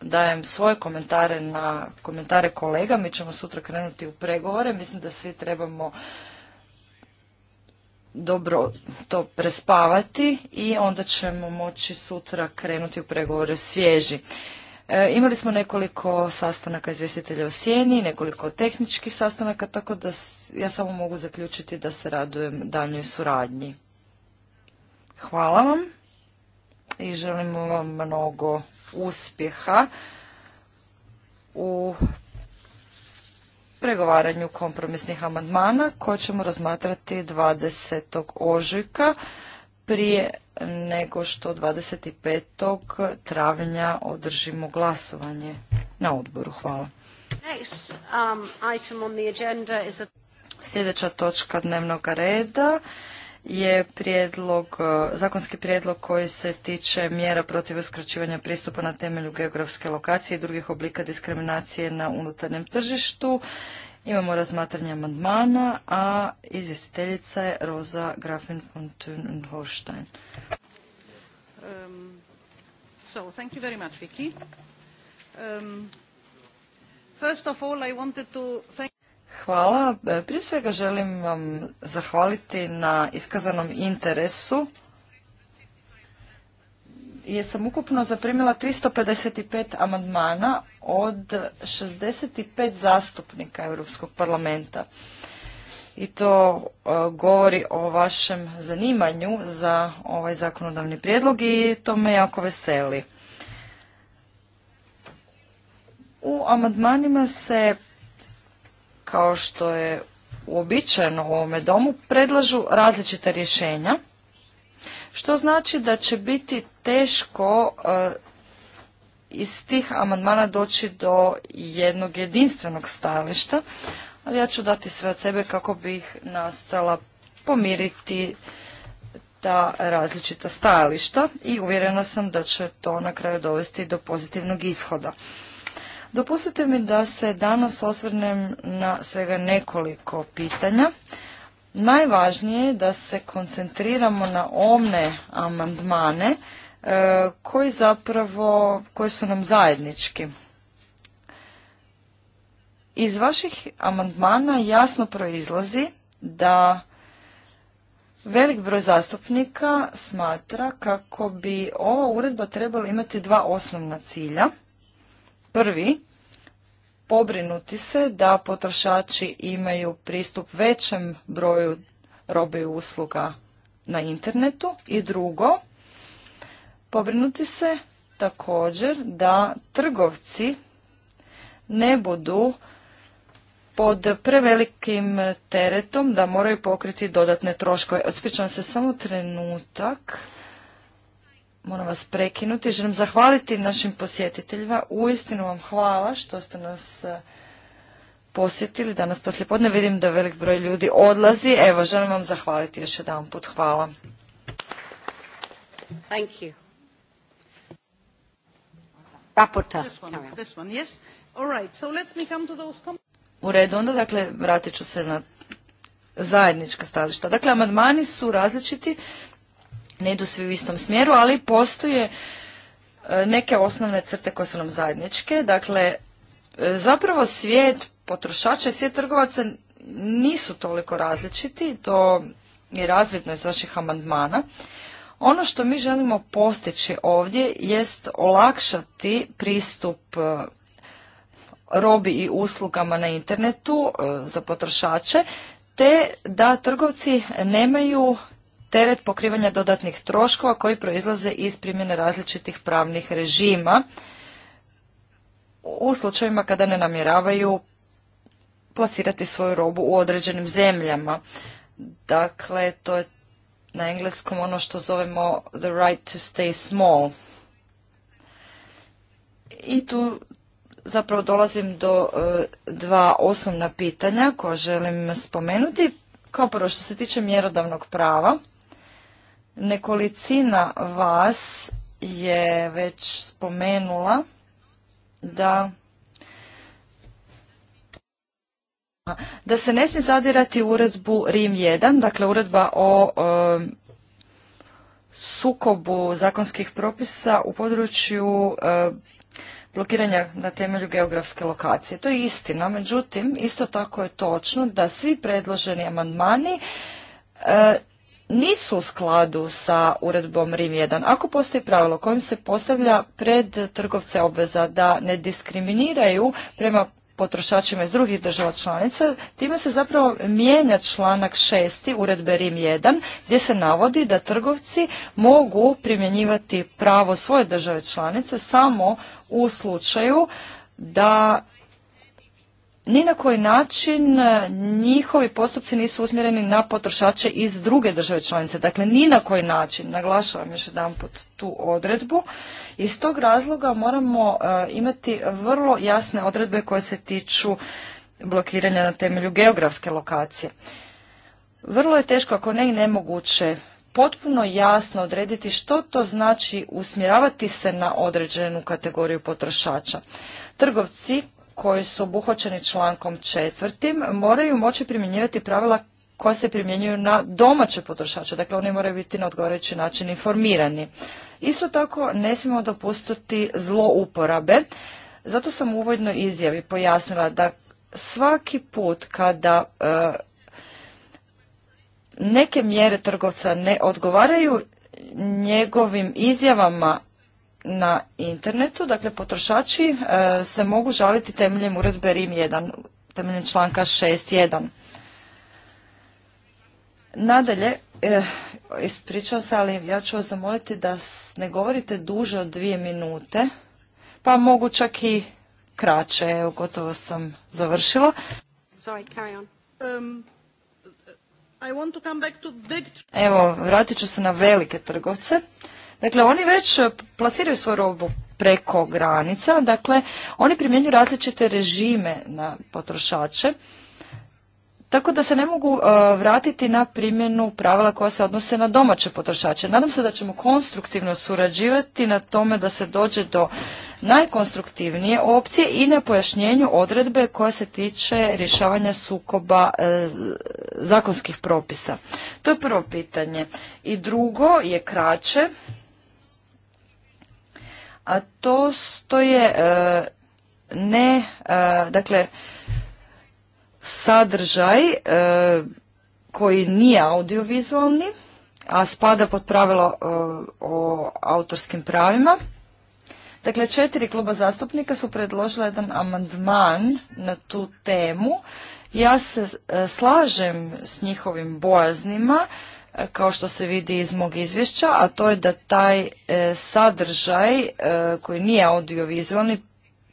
dajem svoje komentare na komentare kolega. Mi ćemo sutra krenuti u pregovore. Mislim da svi trebamo dobro to prespavati i onda ćemo moći sutra krenuti u pregovore svježi. E, imali smo nekoliko sastanaka izvjestitelja u Sjeni, nekoliko tehničkih sastanaka, tako da ja samo mogu zaključiti da se radujem daljnjoj suradnji. Hvala vam i želimo vam mnogo uspjeha u pregovaranju kompromisnih amandmana koje ćemo razmatrati 20. ožujka prije nego što 25. travnja održimo glasovanje na odboru. Hvala. Um, Sljedeća točka dnevnog reda je prijedlog, e, zakonski prijedlog koji se tiče mjera protiv uskraćivanja pristupa na temelju geografske lokacije i drugih oblika diskriminacije na unutarnjem tržištu. Imamo razmatranje amandmana, a izvjestiteljica je Roza Grafin von thun um, um, I Hvala. E, prije svega želim vam zahvaliti na iskazanom interesu. Ja sam ukupno zaprimila 355 amandmana od 65 zastupnika Europskog parlamenta. I to e, govori o vašem zanimanju za ovaj zakonodavni prijedlog i to me jako veseli. U amandmanima se kao što je uobičajeno u ovome domu, predlažu različita rješenja, što znači da će biti teško e, iz tih amandmana doći do jednog jedinstvenog stajališta, ali ja ću dati sve od sebe kako bih nastala pomiriti ta različita stajališta i uvjerena sam da će to na kraju dovesti do pozitivnog ishoda. Dopustite mi da se danas osvrnem na svega nekoliko pitanja. Najvažnije je da se koncentriramo na one amandmane e, koji zapravo, koji su nam zajednički. Iz vaših amandmana jasno proizlazi da velik broj zastupnika smatra kako bi ova uredba trebala imati dva osnovna cilja. Prvi pobrinuti se da potrošači imaju pristup većem broju robe i usluga na internetu i drugo, pobrinuti se također da trgovci ne budu pod prevelikim teretom da moraju pokriti dodatne troškove. Ospjećam se samo trenutak moram vas prekinuti. Želim zahvaliti našim posjetiteljima. Uistinu vam hvala što ste nas e, posjetili danas podne. Vidim da velik broj ljudi odlazi. Evo, želim vam zahvaliti još jedan put. Hvala. Thank you. U redu, onda dakle vratit ću se na zajednička stavišta. Dakle, amandmani su različiti, ne idu svi u istom smjeru, ali postoje e, neke osnovne crte koje su nam zajedničke. Dakle, e, zapravo svijet potrošača i svijet trgovaca nisu toliko različiti, to je razvidno iz vaših amandmana. Ono što mi želimo postići ovdje jest olakšati pristup e, robi i uslugama na internetu za potrošače, te da trgovci nemaju teret pokrivanja dodatnih troškova koji proizlaze iz primjene različitih pravnih režima u slučajevima kada ne namjeravaju plasirati svoju robu u određenim zemljama. Dakle, to je na engleskom ono što zovemo the right to stay small. I tu zapravo dolazim do e, dva osnovna pitanja koja želim spomenuti. Kao prvo što se tiče mjerodavnog prava, Nekolicina vas je već spomenula da da se ne smije zadirati u uredbu Rim 1, dakle uredba o um, sukobu zakonskih propisa u području um, blokiranja na temelju geografske lokacije. To je istina, međutim, isto tako je točno da svi predloženi amandmani um, nisu u skladu sa uredbom RIM 1. Ako postoji pravilo kojim se postavlja pred trgovce obveza da ne diskriminiraju prema potrošačima iz drugih država članica, time se zapravo mijenja članak 6. uredbe RIM 1 gdje se navodi da trgovci mogu primjenjivati pravo svoje države članice samo u slučaju da ni na koji način e, njihovi postupci nisu usmjereni na potrošače iz druge države članice. Dakle, ni na koji način, naglašavam još jedan put tu odredbu. Iz tog razloga moramo e, imati vrlo jasne odredbe koje se tiču blokiranja na temelju geografske lokacije. Vrlo je teško, ako ne i nemoguće, potpuno jasno odrediti što to znači usmjeravati se na određenu kategoriju potrošača. Trgovci koji su obuhvaćeni člankom četvrtim moraju moći primjenjivati pravila koja se primjenjuju na domaće potrošače, dakle oni moraju biti na odgovarajući način informirani. Isto tako ne smijemo dopustiti zlouporabe, zato sam u uvojnoj izjavi pojasnila da svaki put kada e, neke mjere trgovca ne odgovaraju njegovim izjavama na internetu. Dakle, potrošači e, se mogu žaliti temeljem uredbe RIM 1, temeljem članka 6.1. Nadalje, e, ispričao se, ali ja ću vas zamoliti da ne govorite duže od dvije minute, pa mogu čak i kraće. Evo, gotovo sam završila. Evo, vratit ću se na velike trgovce. Dakle, oni već e, plasiraju svoju robu preko granica, dakle, oni primjenjuju različite režime na potrošače, tako da se ne mogu e, vratiti na primjenu pravila koja se odnose na domaće potrošače. Nadam se da ćemo konstruktivno surađivati na tome da se dođe do najkonstruktivnije opcije i na pojašnjenju odredbe koja se tiče rješavanja sukoba e, zakonskih propisa. To je prvo pitanje. I drugo je kraće, a to stoje e, ne, e, dakle, sadržaj e, koji nije audiovizualni, a spada pod pravilo o autorskim pravima. Dakle, četiri kluba zastupnika su predložila jedan amandman na tu temu. Ja se slažem s njihovim bojaznima kao što se vidi iz mog izvješća, a to je da taj e, sadržaj e, koji nije audiovizualni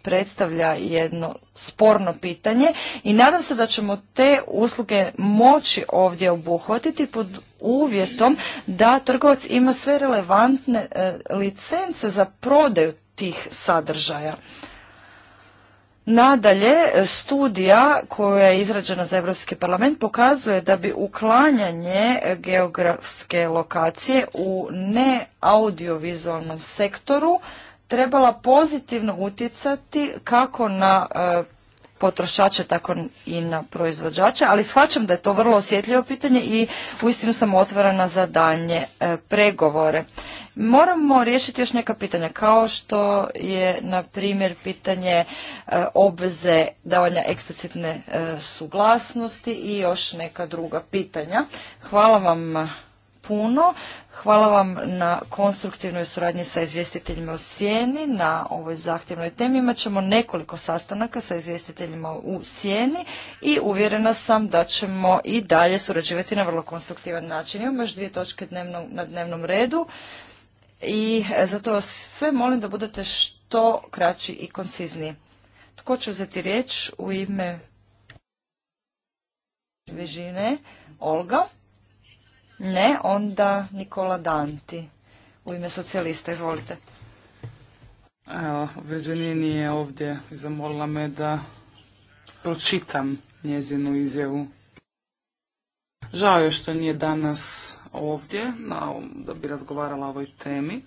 predstavlja jedno sporno pitanje i nadam se da ćemo te usluge moći ovdje obuhvatiti pod uvjetom da trgovac ima sve relevantne e, licence za prodaju tih sadržaja. Nadalje, studija koja je izrađena za Europski parlament pokazuje da bi uklanjanje geografske lokacije u neaudiovizualnom sektoru trebala pozitivno utjecati kako na e, potrošače, tako i na proizvođače, ali shvaćam da je to vrlo osjetljivo pitanje i uistinu sam otvorena za danje e, pregovore. Moramo riješiti još neka pitanja, kao što je, na primjer, pitanje e, obveze davanja eksplicitne e, suglasnosti i još neka druga pitanja. Hvala vam puno. Hvala vam na konstruktivnoj suradnji sa izvjestiteljima u Sjeni na ovoj zahtjevnoj temi. Imat ćemo nekoliko sastanaka sa izvjestiteljima u Sjeni i uvjerena sam da ćemo i dalje surađivati na vrlo konstruktivan način. Imamo još dvije točke na dnevnom redu i e, zato vas sve molim da budete što kraći i koncizniji. Tko će uzeti riječ u ime Vežine? Olga? Ne, onda Nikola Danti u ime socijalista. Izvolite. Evo, je ovdje zamolila me da pročitam njezinu izjavu. Žao je što nije danas ovdje na, da bi razgovarala o ovoj temi.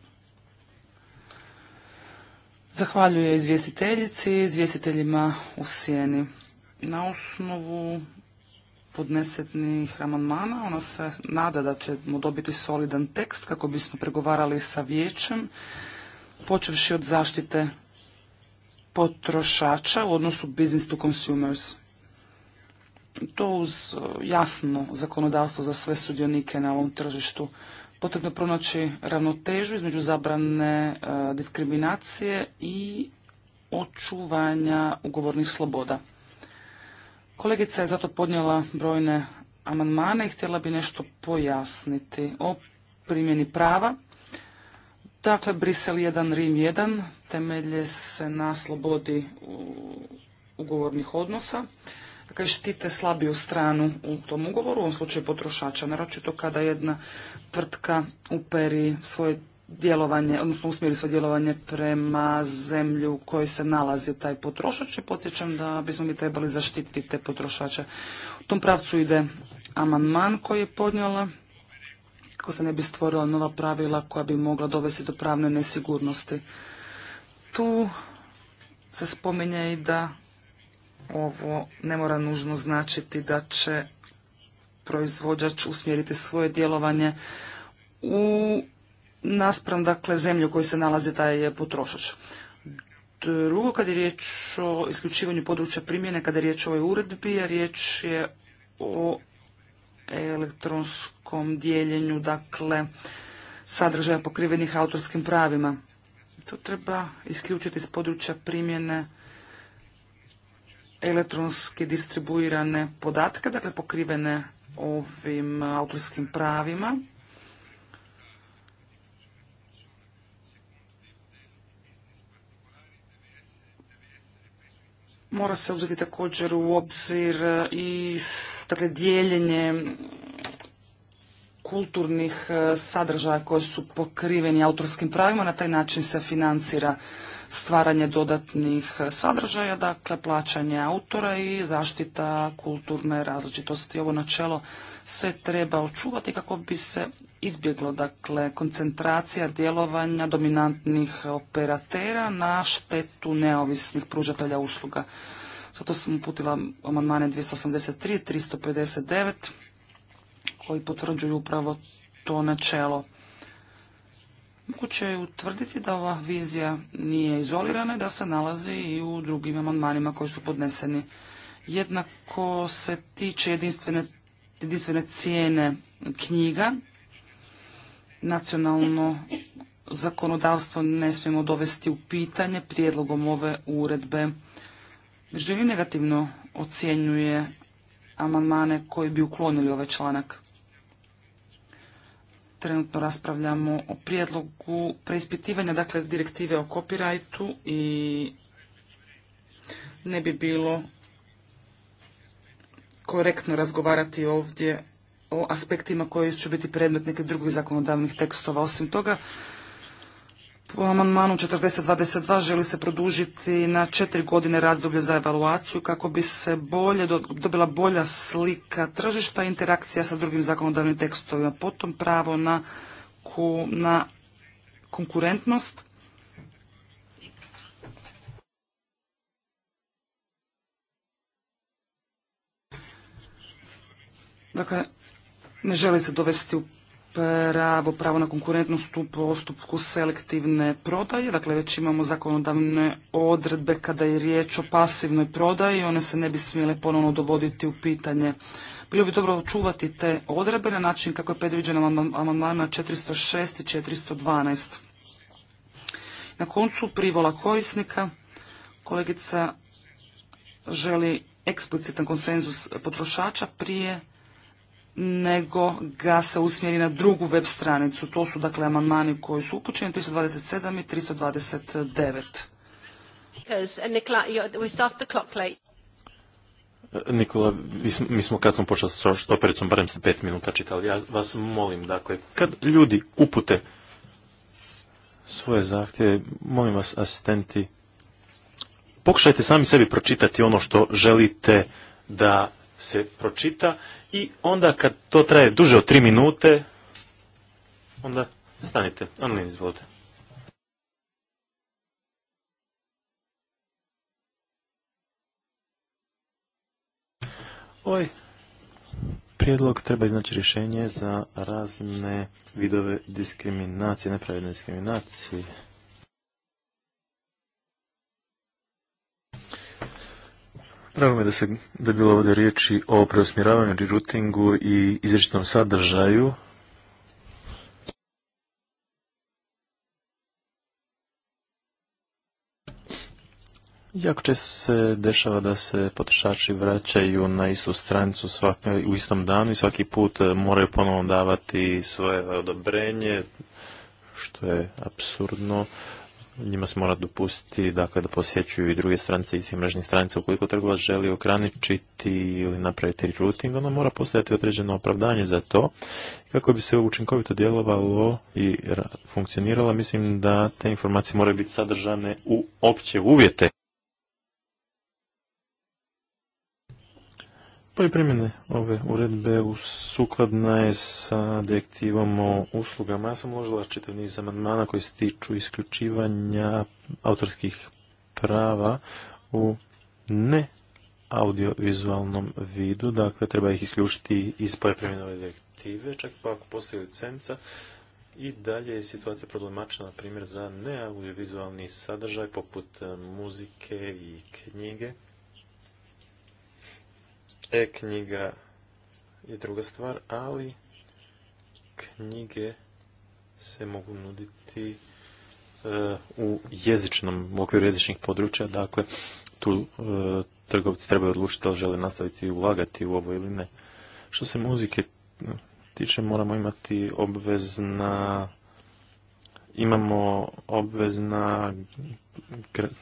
Zahvaljuje izvjestiteljici izvjestiteljima u sjeni. Na osnovu podnesetnih amandmana ona se nada da ćemo dobiti solidan tekst kako bismo pregovarali sa vijećem, počevši od zaštite potrošača u odnosu business to consumers to uz e, jasno zakonodavstvo za sve sudionike na ovom tržištu. Potrebno pronaći ravnotežu između zabrane e, diskriminacije i očuvanja ugovornih sloboda. Kolegica je zato podnijela brojne amandmane i htjela bi nešto pojasniti o primjeni prava. Dakle, Brisel 1, Rim 1 temelje se na slobodi ugovornih odnosa. Dakle, štite slabiju stranu u tom ugovoru, u ovom slučaju potrošača, naročito kada jedna tvrtka uperi svoje djelovanje, odnosno usmjeri svoje djelovanje prema zemlju u kojoj se nalazi taj potrošač i podsjećam da bismo mi trebali zaštititi te potrošače. U tom pravcu ide amandman koji je podnijela kako se ne bi stvorila nova pravila koja bi mogla dovesti do pravne nesigurnosti. Tu se spominje i da ovo ne mora nužno značiti da će proizvođač usmjeriti svoje djelovanje u naspram dakle zemlju u kojoj se nalazi taj potrošač. Drugo, kad je riječ o isključivanju područja primjene, kada je riječ o ovoj uredbi, riječ je o elektronskom dijeljenju, dakle, sadržaja pokrivenih autorskim pravima. To treba isključiti iz područja primjene elektronski distribuirane podatke, dakle pokrivene ovim autorskim pravima. Mora se uzeti također u obzir i dakle, dijeljenje kulturnih eh, sadržaja koji su pokriveni autorskim pravima. Na taj način se financira stvaranje dodatnih sadržaja, dakle plaćanje autora i zaštita kulturne različitosti. Ovo načelo se treba očuvati kako bi se izbjeglo dakle koncentracija djelovanja dominantnih operatera na štetu neovisnih pružatelja usluga. Zato sam uputila amandmane 283, 359 koji potvrđuju upravo to načelo. Moguće je utvrditi da ova vizija nije izolirana i da se nalazi i u drugim amandmanima koji su podneseni. Jednako se tiče jedinstvene, jedinstvene cijene knjiga. Nacionalno zakonodavstvo ne smijemo dovesti u pitanje prijedlogom ove uredbe. Međutim, negativno ocjenjuje amandmane koji bi uklonili ovaj članak trenutno raspravljamo o prijedlogu preispitivanja dakle direktive o copyrightu i ne bi bilo korektno razgovarati ovdje o aspektima koji će biti predmet nekih drugih zakonodavnih tekstova. Osim toga, po amandmanu 4022 želi se produžiti na četiri godine razdoblje za evaluaciju kako bi se bolje dobila bolja slika tržišta i interakcija sa drugim zakonodavnim tekstovima. Potom pravo na, na konkurentnost. Dakle, ne želi se dovesti u pravo, pravo na konkurentnost u postupku selektivne prodaje. Dakle, već imamo zakonodavne odredbe kada je riječ o pasivnoj prodaji. One se ne bi smjele ponovno dovoditi u pitanje. Bilo bi dobro očuvati te odredbe na način kako je predviđeno amandmanima 406 i 412. Na koncu privola korisnika kolegica želi eksplicitan konsenzus potrošača prije nego ga se usmjeri na drugu web stranicu. To su dakle amandmani koji su upućeni 327 i 329. Uh, Nikola, e, mi smo kasno počeli sa štopericom, barem ste pet minuta čitali. Ja vas molim, dakle, kad ljudi upute svoje zahtjeve, molim vas, asistenti, pokušajte sami sebi pročitati ono što želite da se pročita i onda kad to traje duže od tri minute, onda stanite. Anlin, izvolite. Ovaj prijedlog treba iznaći rješenje za razne vidove diskriminacije, nepravedne diskriminacije. Drago mi je da, se, da bilo ovdje riječi o preusmjeravanju, rutingu i izričitom sadržaju. Jako često se dešava da se potrošači vraćaju na istu stranicu u istom danu i svaki put e, moraju ponovno davati svoje odobrenje, što je absurdno njima se mora dopustiti dakle, da posjećuju i druge stranice svi mrežnih stranica. Ukoliko trgovac želi okraničiti ili napraviti routing, onda mora postojati određeno opravdanje za to. Kako bi se učinkovito djelovalo i funkcioniralo, mislim da te informacije moraju biti sadržane u opće uvjete. Pa primjene ove uredbe sukladna je sa direktivom o uslugama. Ja sam uložila čitav niz amandmana koji se tiču isključivanja autorskih prava u ne audiovizualnom vidu, dakle treba ih isključiti iz ove direktive, čak pa ako postoji licenca i dalje je situacija problematična, na primjer, za neaudiovizualni sadržaj poput muzike i knjige E-knjiga je druga stvar, ali knjige se mogu nuditi e, u jezičnom, u okviru jezičnih područja, dakle tu e, trgovci trebaju odlučiti da li žele nastaviti ulagati u ovo ili ne. Što se muzike tiče, moramo imati obvezna imamo obvezna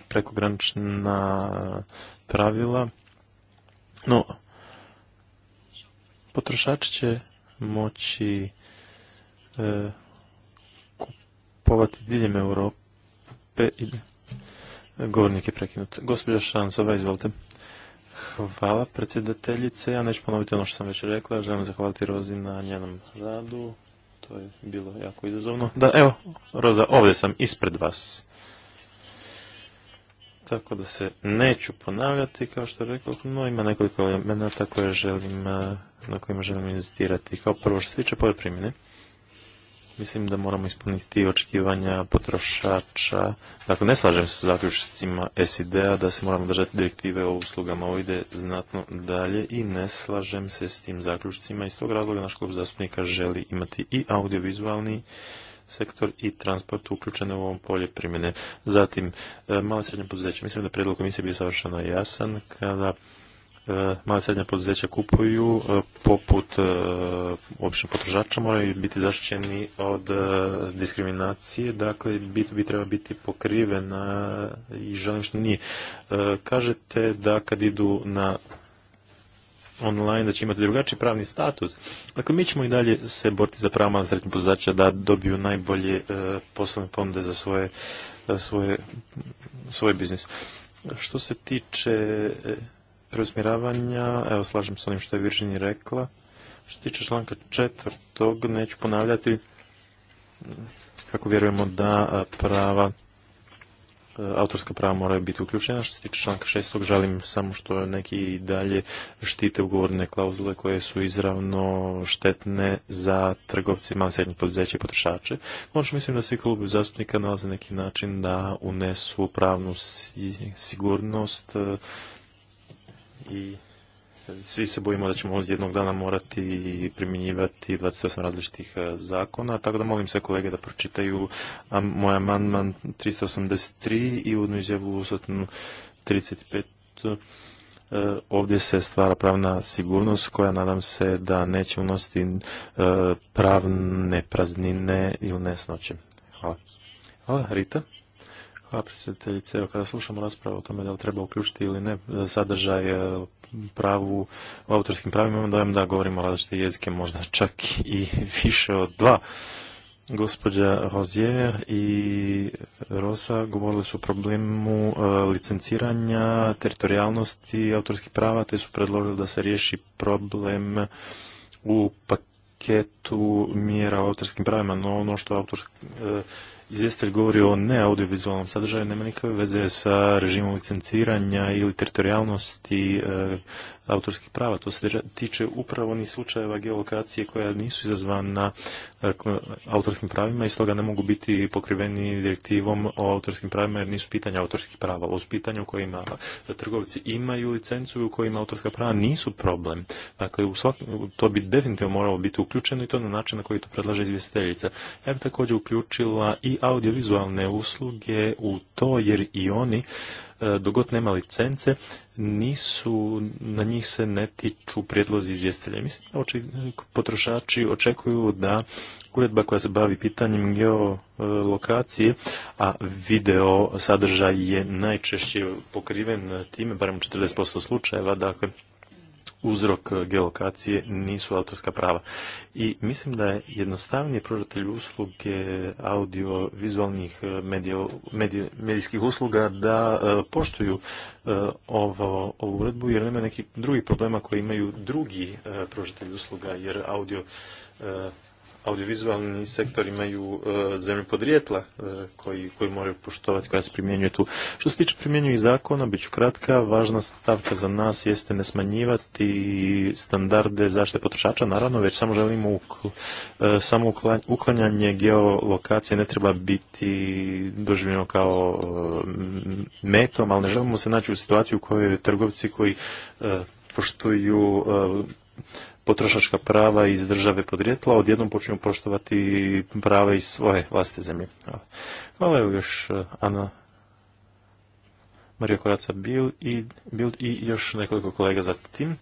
prekogranična pravila, no potrošač će moći e, kupovati diljem Europe i govornik je prekinut. Gospođa Šancova, izvolite. Hvala predsjedateljice. Ja neću ponoviti ono što sam već rekla. Želim zahvaliti Rozi na njenom radu. To je bilo jako izazovno. Da, evo, Roza, ovdje sam ispred vas. Tako da se neću ponavljati, kao što rekao, no ima nekoliko elemenata koje želim e, na kojima želimo inzistirati. Kao prvo što se tiče primjene, mislim da moramo ispuniti očekivanja potrošača. Dakle, ne slažem se sa zaključicima SID-a da se moramo držati direktive o uslugama. Ovo ide znatno dalje i ne slažem se s tim zaključicima. Iz tog razloga naš klub zastupnika želi imati i audiovizualni sektor i transport uključene u ovom polje primjene. Zatim, e, malo srednje poduzeće. Mislim da predlog komisije bio savršeno jasan kada E, mala srednja poduzeća kupuju, e, poput e, običnog potrošača moraju biti zaštićeni od diskriminacije, dakle b 2 treba biti pokrivena i želim što nije. Kažete da kad idu na online da će imati drugačiji pravni status. Dakle, mi ćemo i dalje se boriti za prava malih srednjih poduzeća da dobiju najbolje poslovne ponude za svoje, svoje, svoj biznis. Što se tiče preusmjeravanja, evo slažem s onim što je Viržini rekla. Što se tiče članka četvrtog, neću ponavljati kako vjerujemo da prava autorska prava moraju biti uključena. Što se tiče članka šestog, žalim samo što neki i dalje štite ugovorne klauzule koje su izravno štetne za trgovce, malo srednje poduzeće i potrošače. Možda ono mislim da svi klubi zastupnika nalaze neki način da unesu pravnu sigurnost i svi se bojimo da ćemo jednog dana morati primjenjivati 28 različitih e, zakona, tako da molim sve kolege da pročitaju moj amandman 383 i uvodnu izjavu 35. E, ovdje se stvara pravna sigurnost koja nadam se da neće unositi e, pravne praznine ili nesnoće. Hvala. Hvala, Rita. Hvala pa, predsjedateljice. kada slušamo raspravu o tome da li treba uključiti ili ne sadržaj e, pravu u autorskim pravima, imam da govorimo različite jezike, možda čak i više od dva. Gospođa Rozier i Rosa govorili su o problemu e, licenciranja, teritorijalnosti autorskih prava, te su predložili da se riješi problem u paketu mjera o autorskim pravima, no ono što autorski, e, izvjestelj govori o neaudiovizualnom sadržaju, nema nikakve veze sa režimom licenciranja ili teritorijalnosti e, autorskih prava. To se tiče upravo ni slučajeva geolokacije koja nisu izazvana e, autorskim pravima i stoga ne mogu biti pokriveni direktivom o autorskim pravima jer nisu pitanja autorskih prava. Ovo su pitanja u kojima trgovci imaju licencu i u kojima autorska prava nisu problem. Dakle, to bi definitivno moralo biti uključeno i to na način na koji to predlaže izvjestiteljica. Ja bih također uključila i audiovizualne usluge u to jer i oni E, dogod nema licence, nisu, na njih se ne tiču prijedlozi izvjestelja. Mislim potrošači očekuju da uredba koja se bavi pitanjem geolokacije, a video sadržaj je najčešće pokriven time, barem 40% slučajeva, dakle, uzrok e, geolokacije nisu autorska prava. I mislim da je jednostavnije pružatelj usluge audio-vizualnih e, medijskih usluga da e, poštuju ovu uredbu jer nema nekih drugih problema koji imaju drugi pružatelji usluga jer audio audiovizualni sektor imaju e, zemlje podrijetla e, koji, koji moraju poštovati koja se primjenjuje tu. Što se tiče i zakona, bit ću kratka, važna stavka za nas jeste ne smanjivati standarde zaštite potrošača, naravno već samo želimo e, samo uklanjanje geolokacije ne treba biti doživljeno kao e, metom, ali ne želimo se naći u situaciju u kojoj trgovci koji e, poštuju potrošačka prava iz države podrijetla, odjednom počinju poštovati prava iz svoje vlastite zemlje. Hvala. evo još eh, Ana Marija Koraca Bil i, Bil i još nekoliko kolega za tim.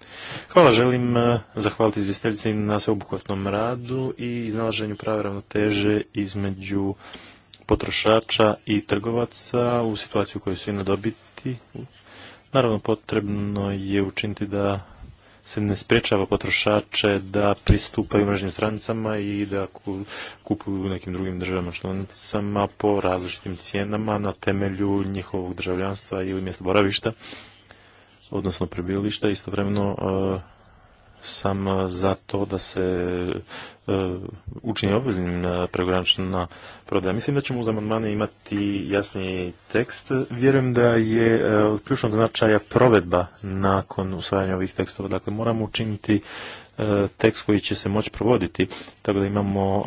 Hvala, želim eh, zahvaliti izvjestiteljici na sveobuhvatnom radu i iznalaženju prave ravnoteže između potrošača i trgovaca u situaciju koju su i dobiti. Naravno, potrebno je učiniti da se ne sprečava potrošače da pristupaju mrežnim stranicama i da kupuju u nekim drugim državama članicama po različitim cijenama na temelju njihovog državljanstva ili mjesta boravišta odnosno prebivališta istovremeno e, sam e, za to da se e, učini obveznim na prodaja. Mislim da ćemo uz amandmane imati jasniji tekst. Vjerujem da je e, od ključnog značaja provedba nakon usvajanja ovih tekstova. Dakle, moramo učiniti tekst koji će se moći provoditi. Tako da imamo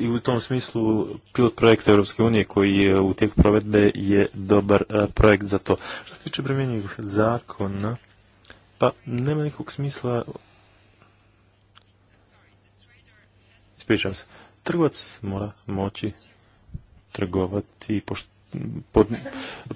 i u tom smislu pilot projekta Europske unije koji je u tijeku provedbe je dobar projekt za to. Što se tiče primjenjivih zakona, pa nema nikog smisla... Ispričavam se. Trgovac mora moći trgovati i pošto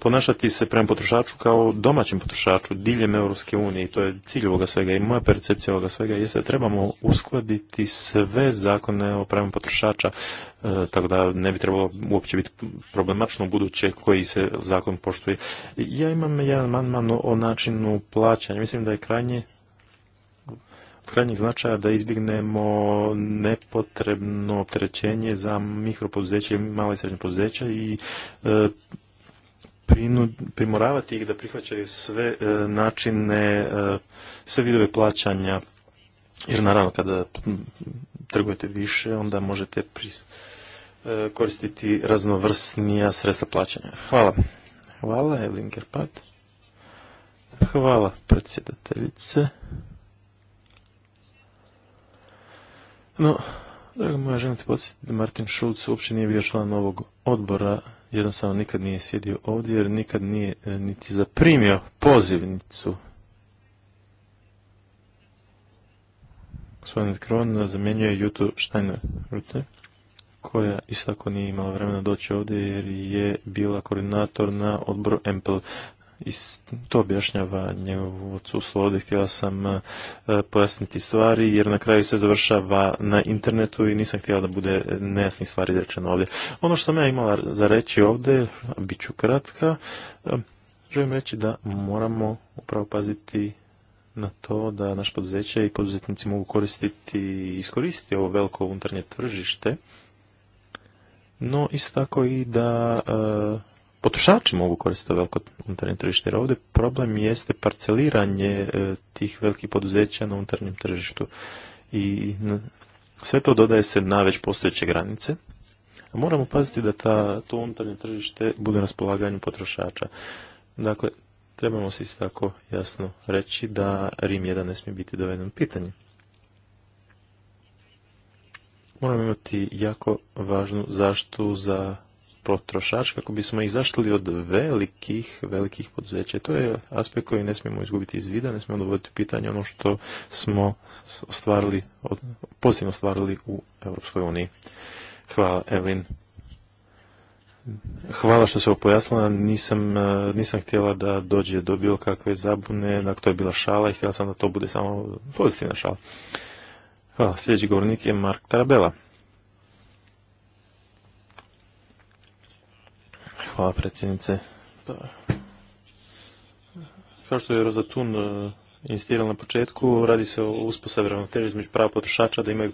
ponašati se prema potrošaču kao domaćem potrošaču diljem Europske unije i to je cilj ovoga svega i moja percepcija ovoga svega je da trebamo uskladiti sve zakone o pravima potrošača e, tako da ne bi trebalo uopće biti problematično buduće koji se zakon poštuje. Ja imam jedan manman o načinu plaćanja. Mislim da je krajnje krajnjeg značaja da izbjegnemo nepotrebno opterećenje za mikropoduzeće i male i srednje poduzeća i e, primoravati ih da prihvaćaju sve e, načine, e, sve vidove plaćanja, jer naravno kada trgujete više, onda možete koristiti raznovrsnija sredstva plaćanja. Hvala. Hvala, Elin Hvala, predsjedateljice. No, draga moja, želim ti podsjetiti da Martin Schulz uopće nije bio član ovog odbora, jednostavno nikad nije sjedio ovdje jer nikad nije e, niti zaprimio pozivnicu. Gospodin Kron zamjenjuje Jutu Steiner, koja isto tako nije imala vremena doći ovdje jer je bila koordinator na odboru empel i to objašnjava njegovu odsustvo. Ovdje htjela sam e, pojasniti stvari jer na kraju se završava na internetu i nisam htjela da bude nejasnih stvari rečeno ovdje. Ono što sam ja imala za reći ovdje, bit ću kratka, e, želim reći da moramo upravo paziti na to da naš poduzeće i poduzetnici mogu koristiti i iskoristiti ovo veliko unutarnje tržište, no isto tako i da e, potrošači mogu koristiti veliko unutarnje tržište, jer ovdje problem jeste parceliranje e, tih velikih poduzeća na unutarnjem tržištu. I sve to dodaje se na već postojeće granice. A moramo paziti da ta, to unutarnje tržište bude na raspolaganju potrošača. Dakle, trebamo se isto tako jasno reći da Rim 1 ne smije biti doveden u pitanje. Moramo imati jako važnu zaštu za potrošač kako bismo ih zaštili od velikih, velikih poduzeća. To je aspekt koji ne smijemo izgubiti iz vida, ne smijemo dovoditi pitanje ono što smo ostvarili, pozitivno ostvarili u Europskoj uniji. Hvala, Evelin. Hvala što se ovo nisam, e, nisam htjela da dođe do bilo kakve zabune, dakle to je bila šala i htjela sam da to bude samo pozitivna šala. Hvala, sljedeći govornik je Mark Tarabela. Hvala predsjednice. Pa, kao što je Rozatun e, insistirala na početku, radi se o uspostavi ravnoteže između prava potrošača da imaju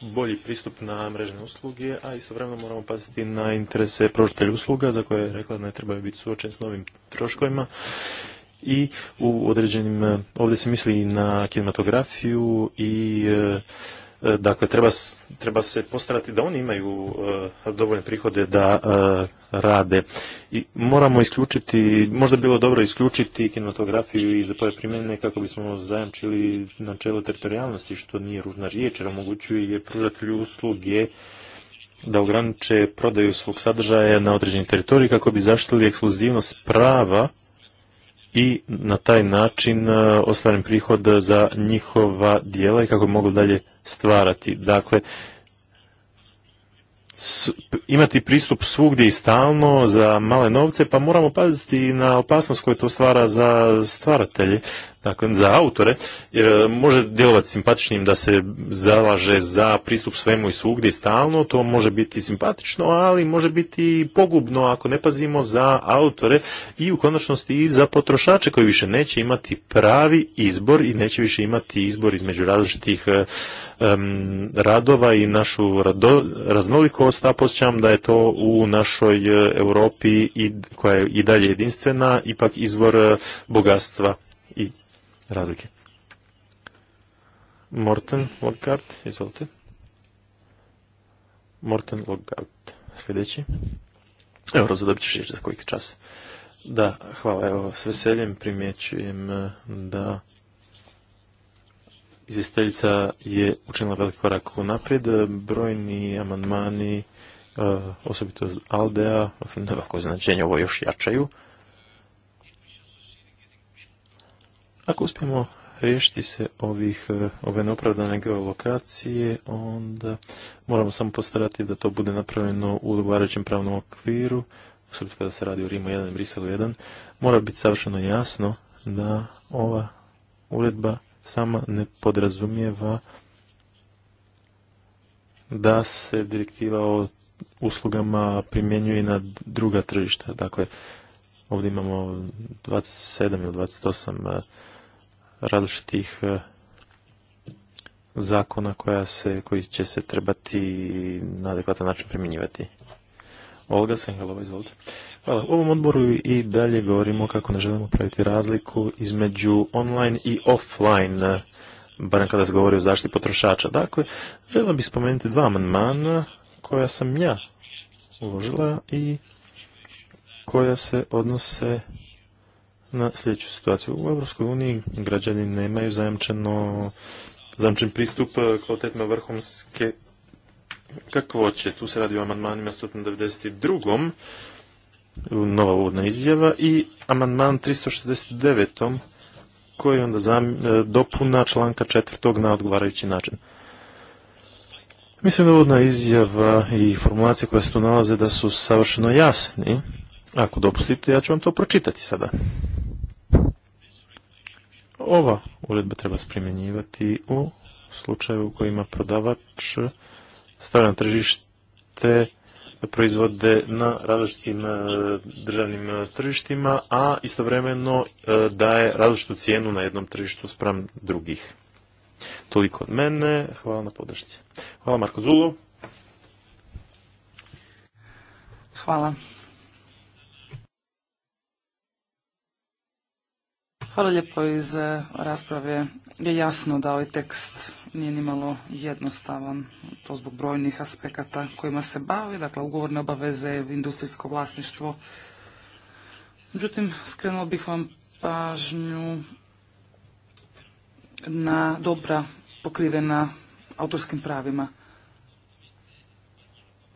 bolji pristup na mrežne usluge, a istovremeno moramo paziti na interese pružatelja usluga za koje je rekla da ne trebaju biti suočeni s novim troškovima i u određenim, e, ovdje se misli i na kinematografiju i e, E, dakle, treba, treba se postarati da oni imaju e, dovoljne prihode da e, rade. I moramo isključiti, možda bi bilo dobro isključiti kinematografiju i iz primjene kako bismo zajamčili načelo teritorijalnosti, što nije ružna riječ, jer omogućuje pružatelju usluge da ograniče prodaju svog sadržaja na određeni teritoriji kako bi zaštili ekskluzivnost prava i na taj način e, ostvarim prihod za njihova dijela i kako bi mogli dalje stvarati. Dakle, imati pristup svugdje i stalno za male novce, pa moramo paziti na opasnost koju to stvara za stvaratelje dakle, za autore, e, može djelovati simpatičnim da se zalaže za pristup svemu i svugdje stalno, to može biti simpatično, ali može biti pogubno ako ne pazimo za autore i u konačnosti i za potrošače koji više neće imati pravi izbor i neće više imati izbor između različitih e, radova i našu raznolikost, a posjećam da je to u našoj e, Europi i, koja je i dalje jedinstvena, ipak izvor bogatstva razlike. Morten Lockhart, izvolite. Morten Lockhart, sljedeći. Evo, razodobit ćeš za kojih čas. Da, hvala, evo, s veseljem primjećujem e, da izvjestiteljica je učinila veliki korak naprijed, Brojni amandmani, e, osobito Aldea, koje značenje, ovo još jačaju. Ako uspijemo riješiti se ovih, e, ove neopravdane geolokacije, onda moramo samo postarati da to bude napravljeno u odgovarajućem pravnom okviru, osobito kada se radi o Rimu 1 i Briselu 1, mora biti savršeno jasno da ova uredba sama ne podrazumijeva da se direktiva o uslugama primjenjuje na druga tržišta. Dakle, ovdje imamo 27 ili 28 različitih e, zakona koja se, koji će se trebati na adekvatan način primjenjivati. Olga Sengalova, izvolite. Hvala. U ovom odboru i dalje govorimo kako ne želimo praviti razliku između online i offline, barem kada se govori o zaštiti potrošača. Dakle, želio bih spomenuti dva amandmana koja sam ja uložila i koja se odnose na sljedeću situaciju. U Europskoj uniji građani nemaju zajamčeno, zajamčen pristup e, kvalitetno vrhomske kakvoće. Tu se radi o amandmanima 192. Nova uvodna izjava i amandman 369. koji onda e, dopuna članka četvrtog na odgovarajući način. Mislim da uvodna izjava i formulacije koje se tu nalaze da su savršeno jasni. Ako dopustite, ja ću vam to pročitati sada ova uredba treba sprimjenjivati u slučaju u kojima prodavač stavlja na tržište proizvode na različitim e, državnim e, tržištima, a istovremeno e, daje različitu cijenu na jednom tržištu spram drugih. Toliko od mene, hvala na podršci. Hvala Marko Zulu. Hvala. Hvala lijepo iz eh, rasprave. Je jasno da ovaj tekst nije nimalo jednostavan, to zbog brojnih aspekata kojima se bavi, dakle ugovorne obaveze, industrijsko vlasništvo. Međutim, skrenuo bih vam pažnju na dobra pokrivena autorskim pravima.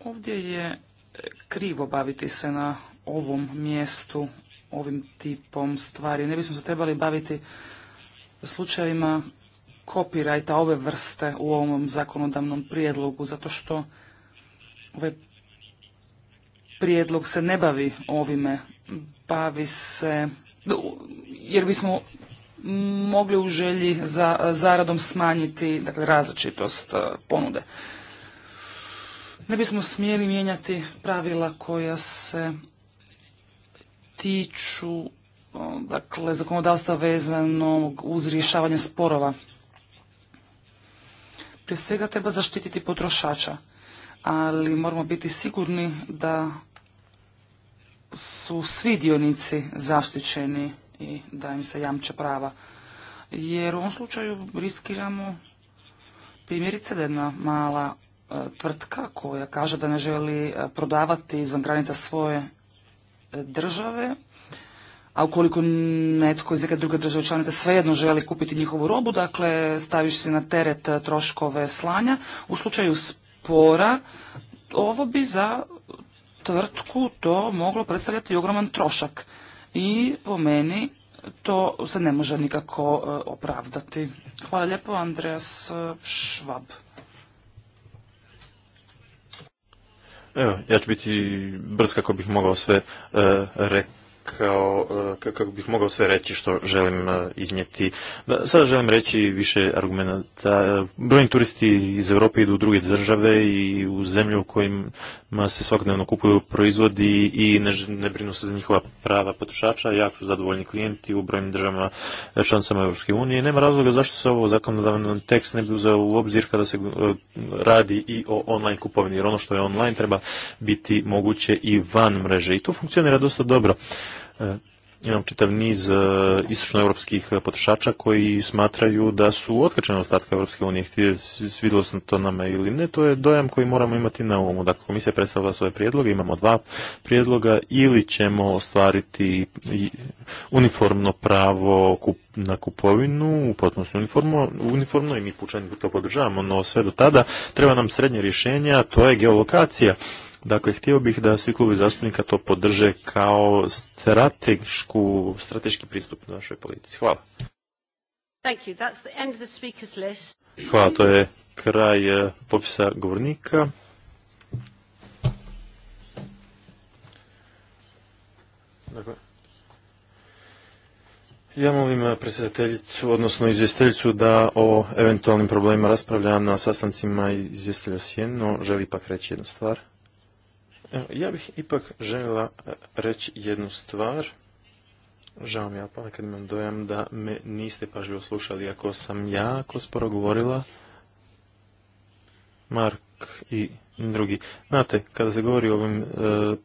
Ovdje je krivo baviti se na ovom mjestu ovim tipom stvari. Ne bismo se trebali baviti slučajevima kopirajta ove vrste u ovom zakonodavnom prijedlogu, zato što ovaj prijedlog se ne bavi ovime, bavi se, jer bismo mogli u želji za zaradom smanjiti dakle, različitost e, ponude. Ne bismo smjeli mijenjati pravila koja se tiču dakle, zakonodavstva vezanog uz rješavanje sporova. Prije svega treba zaštititi potrošača, ali moramo biti sigurni da su svi dionici zaštićeni i da im se jamče prava. Jer u ovom slučaju riskiramo primjerice da jedna mala e, tvrtka koja kaže da ne želi e, prodavati izvan granica svoje države, a ukoliko netko iz neke druge države članice svejedno želi kupiti njihovu robu, dakle staviš se na teret e, troškove slanja, u slučaju spora ovo bi za tvrtku to moglo predstavljati ogroman trošak i po meni to se ne može nikako e, opravdati. Hvala lijepo Andreas Švab. E, Evo, ja ću biti brz kako bih mogao sve e, kao, e, kako bih mogao sve reći što želim e, iznijeti. sada želim reći više argumenta. E, brojni turisti iz Europe idu u druge države i u zemlju u kojima se svakodnevno kupuju proizvodi i ne, brinu se za njihova prava potrošača. Jako su zadovoljni klijenti u brojnim državama članicama Europske unije. Nema razloga zašto se ovo zakonodavni tekst ne bi uzeo u obzir kada se radi i o online kupovini. Jer ono što je online treba biti moguće i van mreže. I to funkcionira dosta dobro. E, imam čitav niz e, istočnoevropskih potrošača koji smatraju da su otkačene ostatka EU unije. Svidilo se to nama ili ne, to je dojam koji moramo imati na umu. Dakle, komisija predstavila svoje prijedloge, imamo dva prijedloga, ili ćemo ostvariti uniformno pravo na kupovinu, u potpunosti uniformno, uniformno i mi pučani to podržavamo, no sve do tada treba nam srednje rješenje, a to je geolokacija. Dakle, htio bih da svi klubi zastupnika to podrže kao strateški pristup na našoj politici. Hvala. Hvala, to je kraj eh, popisa govornika. Dakle, ja molim eh, predsjedateljicu, odnosno izvjestiteljicu da o eventualnim problemima raspravlja na sastancima izvjestitelja Sjeno. Želi pak reći jednu stvar. Ja bih ipak željela e, reći jednu stvar. Žao mi je, pa ponekad imam dojam da me niste pažljivo slušali, ako sam jako sporo govorila, Mark i drugi. Znate, kada se govori o ovom e,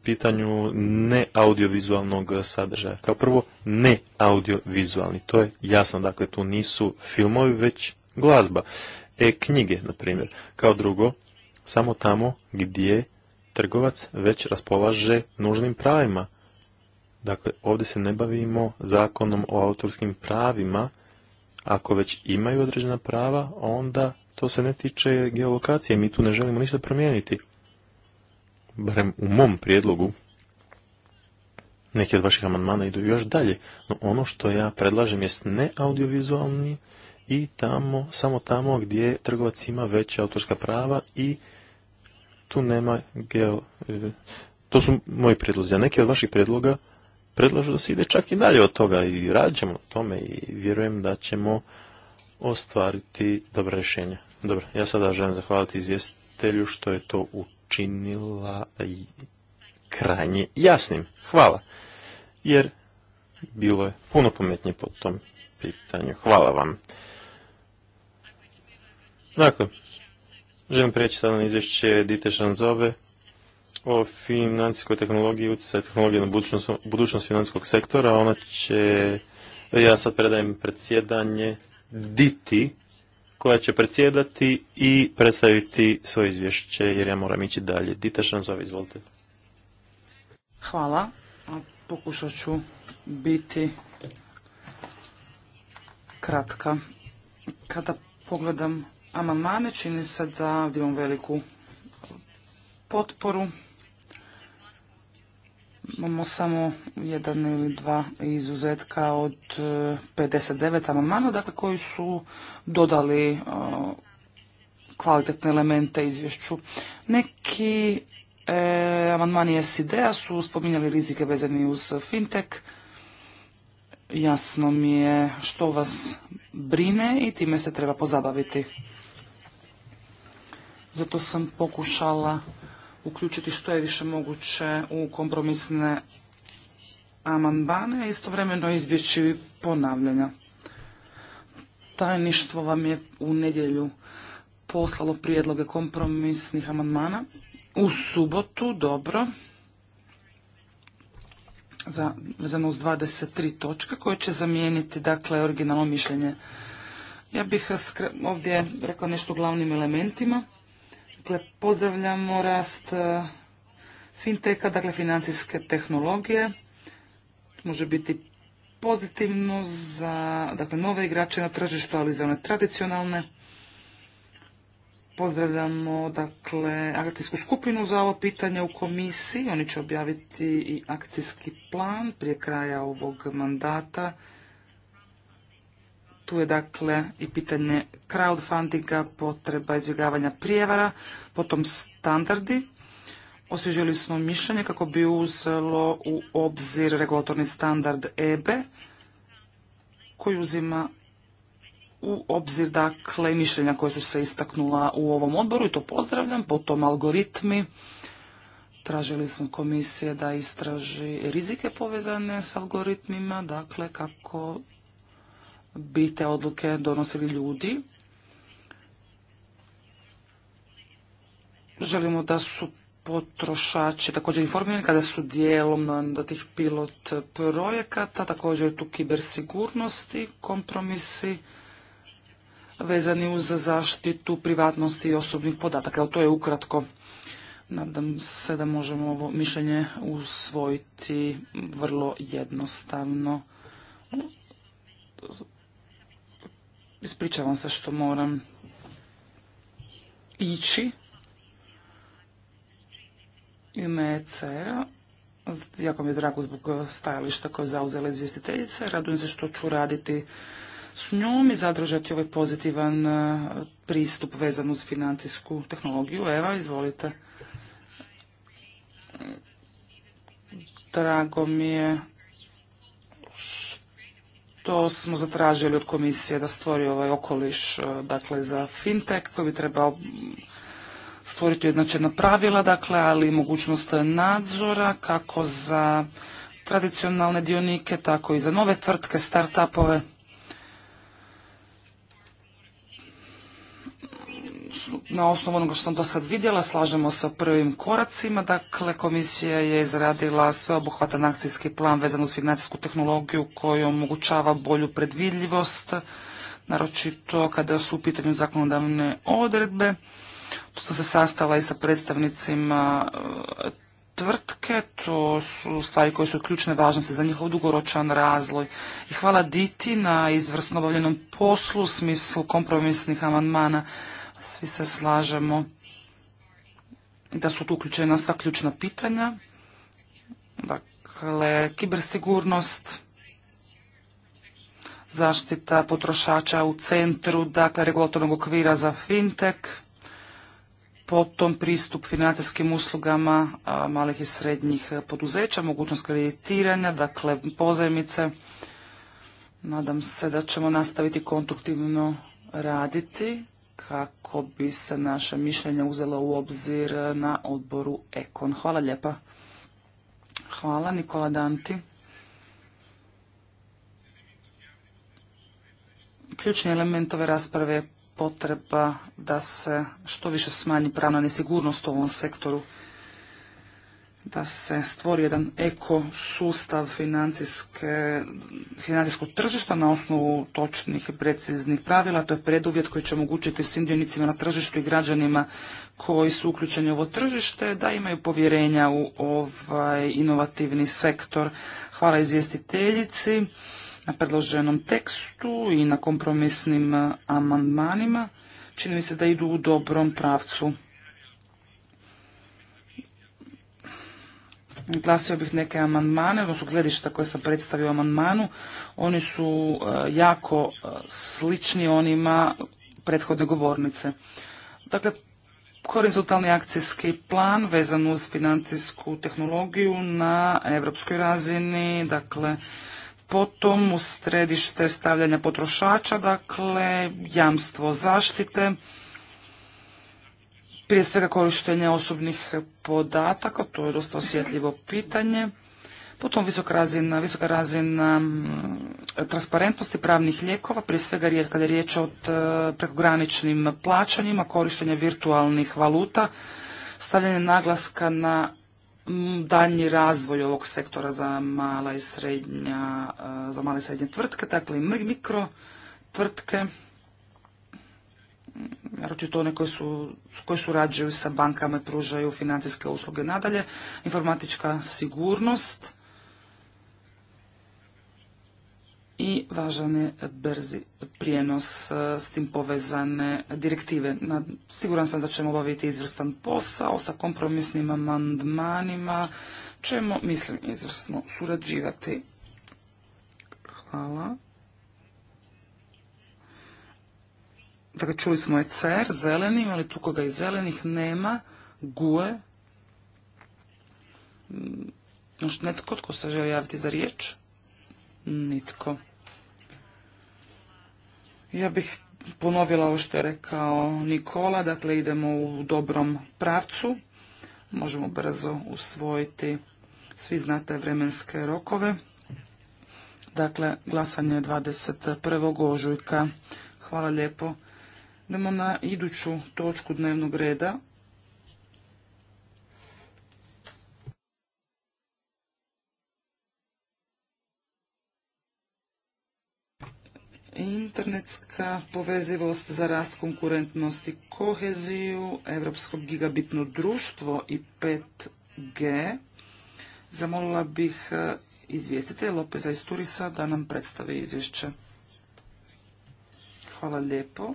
pitanju neaudiovizualnog sadržaja, kao prvo neaudiovizualni, to je jasno, dakle tu nisu filmovi, već glazba. E, knjige, na primjer. Kao drugo, samo tamo gdje trgovac već raspolaže nužnim pravima. Dakle, ovdje se ne bavimo zakonom o autorskim pravima. Ako već imaju određena prava, onda to se ne tiče geolokacije. Mi tu ne želimo ništa promijeniti. Barem u mom prijedlogu neki od vaših amandmana idu još dalje. No ono što ja predlažem jest ne audiovizualni i tamo, samo tamo gdje trgovac ima veća autorska prava i tu nema geo... E, to su moji predlozi, a neki od vaših predloga predlažu da se ide čak i dalje od toga i radit o tome i vjerujem da ćemo ostvariti dobra rješenja. Dobro, ja sada želim zahvaliti izvjestitelju što je to učinila i krajnje jasnim. Hvala. Jer bilo je puno pametnije po tom pitanju. Hvala vam. Dakle, Želim prijeći sada na izvješće Dite Šanzove o financijskoj tehnologiji, utjecaj tehnologije na budućnost, budućnost financijskog sektora. Ona će, ja sad predajem predsjedanje Diti, koja će predsjedati i predstaviti svoje izvješće, jer ja moram ići dalje. Dita Šanzove, izvolite. Hvala. Pokušat ću biti kratka. Kada pogledam amandmane. Čini se da ovdje imamo veliku potporu. Imamo samo jedan ili dva izuzetka od 59 e, amandmana, dakle koji su dodali e, kvalitetne elemente izvješću. Neki e, amandmani SID-a su spominjali rizike vezani uz fintech. Jasno mi je što vas brine i time se treba pozabaviti. Zato sam pokušala uključiti što je više moguće u kompromisne amandmane, a istovremeno izbjeći ponavljanja. Tajništvo vam je u nedjelju poslalo prijedloge kompromisnih amandmana. U subotu, dobro, za, vezano uz 23 točke koje će zamijeniti dakle originalno mišljenje. Ja bih ovdje rekla nešto o glavnim elementima. Dakle, pozdravljamo rast e, finteka, dakle financijske tehnologije. Može biti pozitivno za dakle, nove igrače na tržištu, ali za one tradicionalne. Pozdravljamo dakle, akcijsku skupinu za ovo pitanje u komisiji. Oni će objaviti i akcijski plan prije kraja ovog mandata tu je dakle i pitanje crowdfundinga, potreba izbjegavanja prijevara, potom standardi. Osvježili smo mišljenje kako bi uzelo u obzir regulatorni standard EBE koji uzima u obzir dakle mišljenja koje su se istaknula u ovom odboru i to pozdravljam. Potom algoritmi. Tražili smo komisije da istraži rizike povezane s algoritmima, dakle kako bi te odluke donosili ljudi. Želimo da su potrošači također informirani kada su dijelom da tih pilot projekata, također tu kibersigurnosti, kompromisi vezani uz zaštitu privatnosti i osobnih podataka. to je ukratko. Nadam se da možemo ovo mišljenje usvojiti vrlo jednostavno. Ispričavam se što moram ići. Ime je a Jako mi je drago zbog stajališta koje je zauzela izvjestiteljica. Radujem se što ću raditi s njom i zadržati ovaj pozitivan e, pristup vezan uz financijsku tehnologiju. Eva, izvolite. Drago mi je to smo zatražili od komisije da stvori ovaj okoliš e, dakle, za fintech koji bi trebao stvoriti jednačena pravila, dakle, ali i mogućnost nadzora kako za tradicionalne dionike, tako i za nove tvrtke, start-upove. na osnovu onoga što sam do sad vidjela, slažemo sa prvim koracima. Dakle, komisija je izradila sveobuhvatan akcijski plan vezan uz financijsku tehnologiju koji omogućava bolju predvidljivost, naročito kada su u pitanju zakonodavne odredbe. to sam se sastala i sa predstavnicima e, tvrtke, to su stvari koje su ključne važnosti za njihov dugoročan razloj. I hvala Diti na izvrsno obavljenom poslu u smislu kompromisnih amandmana. Svi se slažemo da su tu uključena sva ključna pitanja. Dakle, kibersigurnost, zaštita potrošača u centru, dakle, regulatornog okvira za fintech, potom pristup financijskim uslugama malih i srednjih poduzeća, mogućnost kreditiranja, dakle, pozajmice. Nadam se da ćemo nastaviti konstruktivno raditi kako bi se naše mišljenje uzela u obzir na odboru Ekon. Hvala lijepa. Hvala Nikola Danti. Ključni element ove rasprave je potreba da se što više smanji pravna nesigurnost u ovom sektoru da se stvori jedan eko sustav financijskog tržišta na osnovu točnih i preciznih pravila. To je preduvjet koji će omogućiti svim na tržištu i građanima koji su uključeni u ovo tržište da imaju povjerenja u ovaj inovativni sektor. Hvala izvjestiteljici na predloženom tekstu i na kompromisnim amandmanima. Čini mi se da idu u dobrom pravcu. Glasio bih neke amandmane, odnosno gledišta koje sam predstavio amandmanu. Oni su e, jako e, slični onima prethodne govornice. Dakle, horizontalni akcijski plan vezan uz financijsku tehnologiju na europskoj razini, dakle, potom u središte stavljanja potrošača, dakle, jamstvo zaštite, prije svega korištenje osobnih podataka, to je dosta osjetljivo pitanje. Potom visoka razina, visoka razina mm, transparentnosti pravnih lijekova, prije svega kada je riječ o prekograničnim plaćanjima, korištenje virtualnih valuta, stavljanje naglaska na mm, daljnji razvoj ovog sektora za mala i srednja, e, za male i srednje tvrtke, dakle i mikro tvrtke naročito one koji, su, surađuju sa bankama i pružaju financijske usluge. Nadalje, informatička sigurnost i važan je brzi prijenos e, s tim povezane direktive. Siguran sam da ćemo obaviti izvrstan posao sa kompromisnim amandmanima. ćemo mislim, izvrsno surađivati. Hvala. Dakle, čuli smo CER, zeleni, ali tu koga i zelenih? Nema. GUE. Znači, netko tko se želi javiti za riječ? Nitko. Ja bih ponovila ovo što je rekao Nikola, dakle idemo u dobrom pravcu. Možemo brzo usvojiti, svi znate vremenske rokove. Dakle, glasanje je 21. ožujka. Hvala lijepo Idemo na iduću točku dnevnog reda. Internetska povezivost za rast konkurentnosti koheziju, Europsko gigabitno društvo i 5G. Zamolila bih e, izvjestitelja Lopeza Turisa da nam predstave izvješće. Hvala lijepo.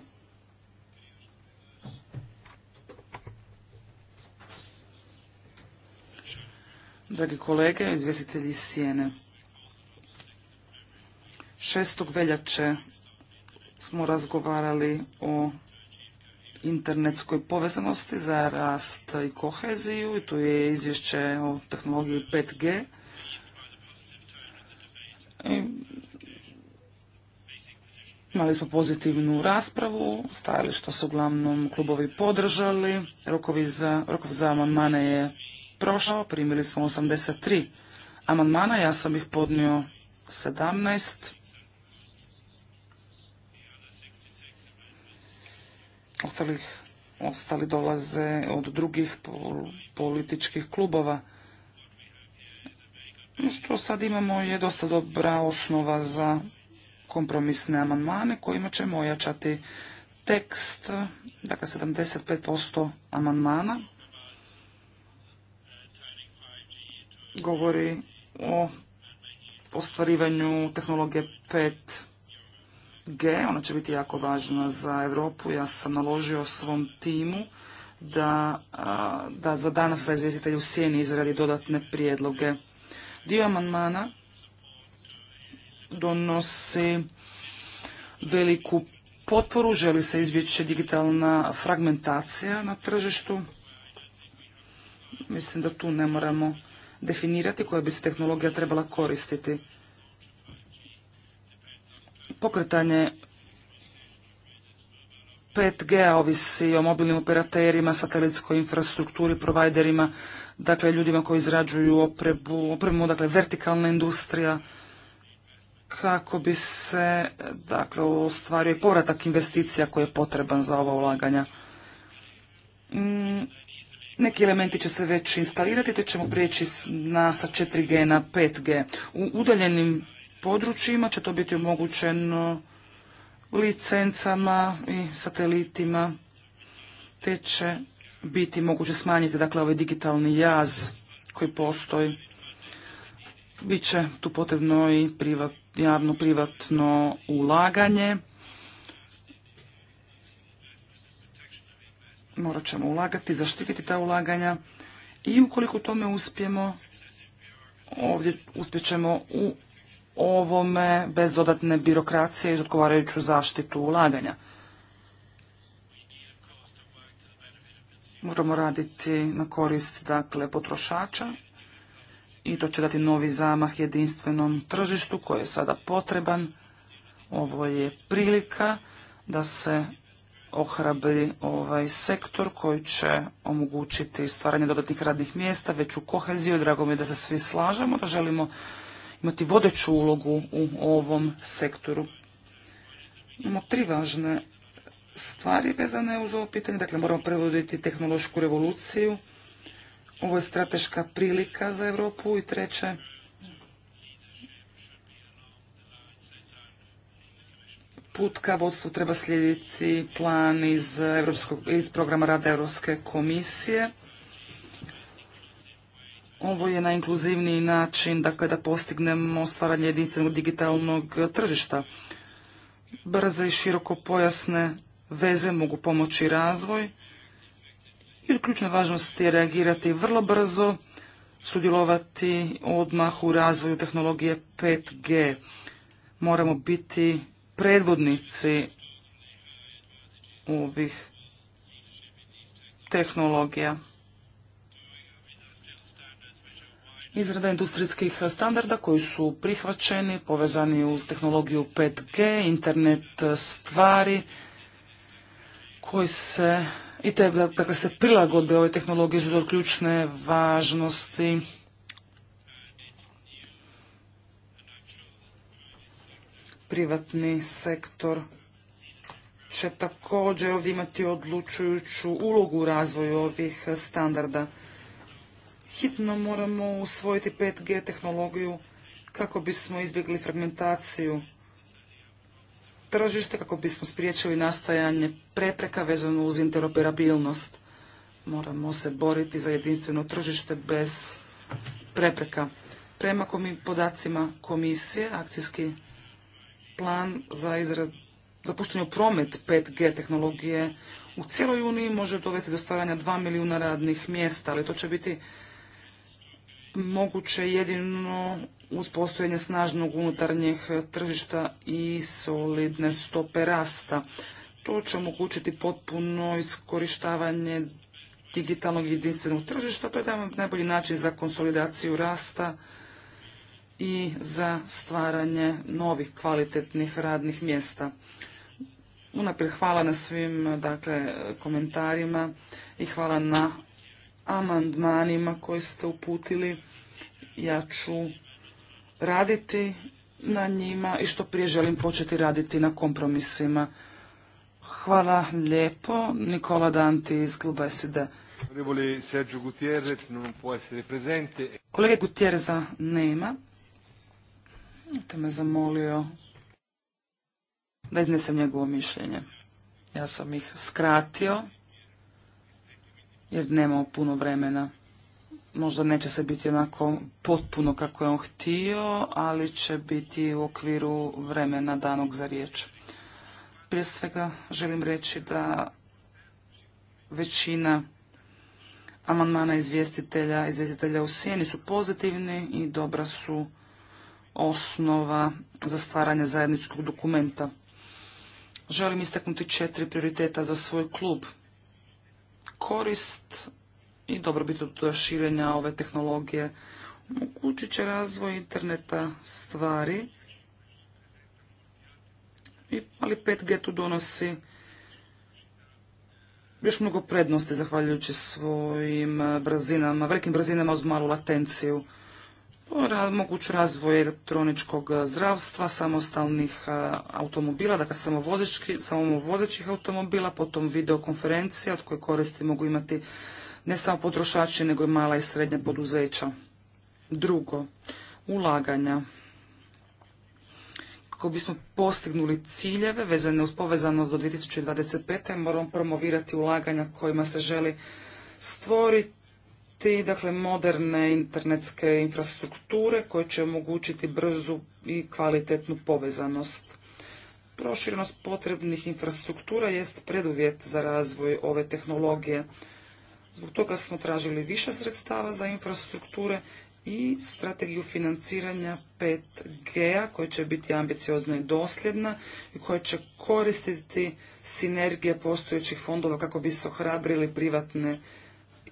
dragi kolege, izvjestitelji iz Sijene. 6. veljače smo razgovarali o internetskoj povezanosti za rast i koheziju i tu je izvješće o tehnologiji 5G. I imali smo pozitivnu raspravu, stajali što su uglavnom klubovi podržali, rokovi za, rokov za amandmane je prošao, primili smo 83 amandmana, ja sam ih podnio 17. Ostalih, ostali dolaze od drugih političkih klubova. No što sad imamo je dosta dobra osnova za kompromisne amandmane kojima ćemo ojačati tekst, dakle 75% amandmana govori o ostvarivanju tehnologije 5G. Ona će biti jako važna za Europu. Ja sam naložio svom timu da, za danas za izvjestitelj u Sijeni izradi dodatne prijedloge. Dio amandmana donosi veliku potporu, želi se izbjeći digitalna fragmentacija na tržištu. Mislim da tu ne moramo definirati, koja bi se tehnologija trebala koristiti. Pokretanje 5G ovisi o mobilnim operaterima, satelitskoj infrastrukturi, providerima, dakle ljudima koji izrađuju opremu, opremu dakle vertikalna industrija, kako bi se dakle ostvario povratak investicija koji je potreban za ova ulaganja. Mm, neki elementi će se već instalirati te ćemo prijeći na, sa 4G na 5G. U udaljenim područjima će to biti omogućeno licencama i satelitima te će biti moguće smanjiti dakle ovaj digitalni jaz koji postoji. Biće tu potrebno i privat, javno privatno ulaganje morat ćemo ulagati, zaštititi ta ulaganja i ukoliko tome uspijemo, ovdje ćemo u ovome bez dodatne birokracije i odgovarajuću zaštitu ulaganja. Moramo raditi na korist dakle, potrošača i to će dati novi zamah jedinstvenom tržištu koji je sada potreban. Ovo je prilika da se ohrabri ovaj sektor koji će omogućiti stvaranje dodatnih radnih mjesta, u koheziju. Drago mi je da se svi slažemo, da želimo imati vodeću ulogu u ovom sektoru. Imamo tri važne stvari vezane uz ovo pitanje. Dakle, moramo prevoditi tehnološku revoluciju. Ovo je strateška prilika za Europu i treće, put ka treba slijediti plan iz, iz programa rada Europske komisije. Ovo je na inkluzivniji način dakle, da postignemo stvaranje jedinstvenog digitalnog tržišta. Brze i široko pojasne veze mogu pomoći razvoj i od ključne važnosti je reagirati vrlo brzo, sudjelovati odmah u razvoju tehnologije 5G. Moramo biti predvodnici ovih tehnologija. Izrada industrijskih standarda koji su prihvaćeni, povezani uz tehnologiju 5G, internet stvari, koji se i te, dakle, se prilagode ove tehnologije su od ključne važnosti. Privatni sektor će također ovdje imati odlučujuću ulogu u razvoju ovih standarda. Hitno moramo usvojiti 5G tehnologiju kako bismo izbjegli fragmentaciju tržište kako bismo spriječili nastajanje prepreka vezano uz interoperabilnost. Moramo se boriti za jedinstveno tržište bez prepreka. Prema podacima komisije, akcijski plan za izradu promet 5G tehnologije u cijeloj Uniji može dovesti do stvaranja 2 milijuna radnih mjesta, ali to će biti moguće jedino uz postojanje snažnog unutarnjeg tržišta i solidne stope rasta. To će omogućiti potpuno iskorištavanje digitalnog jedinstvenog tržišta. To je najbolji način za konsolidaciju rasta i za stvaranje novih kvalitetnih radnih mjesta. Unaprijed hvala na svim dakle, komentarima i hvala na amandmanima koji ste uputili. Ja ću raditi na njima i što prije želim početi raditi na kompromisima. Hvala lijepo. Nikola Danti iz kluba SID. Kolege Gutjereza nema, te me zamolio da iznesem njegovo mišljenje. Ja sam ih skratio, jer nemao puno vremena. Možda neće se biti onako potpuno kako je on htio, ali će biti u okviru vremena danog za riječ. Prije svega želim reći da većina amandmana izvjestitelja, izvjestitelja u sjeni su pozitivni i dobra su osnova za stvaranje zajedničkog dokumenta. Želim istaknuti četiri prioriteta za svoj klub. Korist i dobrobit od širenja ove tehnologije omogućit će razvoj interneta stvari, ali 5G tu donosi još mnogo prednosti zahvaljujući svojim brzinama, velikim brzinama uz malu latenciju moguć razvoj elektroničkog e, zdravstva, samostalnih e, automobila, dakle samovozećih automobila, potom videokonferencija od koje koristi mogu imati ne samo potrošači nego i mala i srednja poduzeća. Drugo, ulaganja. Kako bismo postignuli ciljeve vezane uz povezanost do 2025. moramo promovirati ulaganja kojima se želi stvoriti i dakle, moderne internetske infrastrukture koje će omogućiti brzu i kvalitetnu povezanost. Proširenost potrebnih infrastruktura jest preduvjet za razvoj ove tehnologije. Zbog toga smo tražili više sredstava za infrastrukture i strategiju financiranja 5G-a koja će biti ambiciozna i dosljedna i koja će koristiti sinergije postojećih fondova kako bi se ohrabrili privatne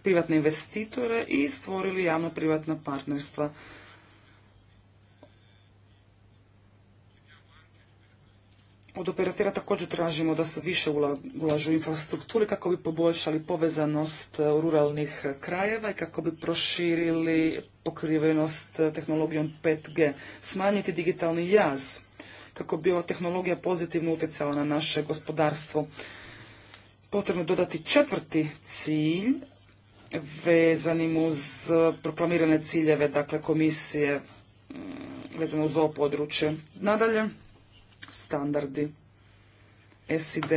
privatne investitore i stvorili javno-privatna partnerstva. Od operatera također tražimo da se više ulažu u infrastrukturi kako bi poboljšali povezanost e, ruralnih krajeva i kako bi proširili pokrivenost e, tehnologijom 5G, smanjiti digitalni jaz kako bi ova tehnologija pozitivno utjecala na naše gospodarstvo. Potrebno je dodati četvrti cilj, vezanim uz proklamirane ciljeve, dakle komisije mm, vezano uz ovo područje. Nadalje, standardi. SID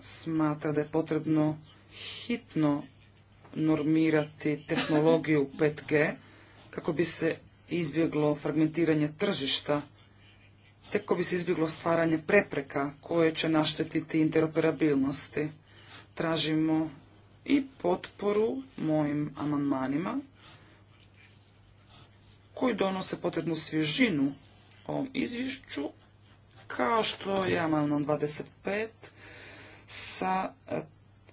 smatra da je potrebno hitno normirati tehnologiju 5G kako bi se izbjeglo fragmentiranje tržišta, teko bi se izbjeglo stvaranje prepreka koje će naštetiti interoperabilnosti. Tražimo i potporu mojim amandmanima koji donose potrebnu svježinu ovom izvješću, kao što je amandman 25 sa e,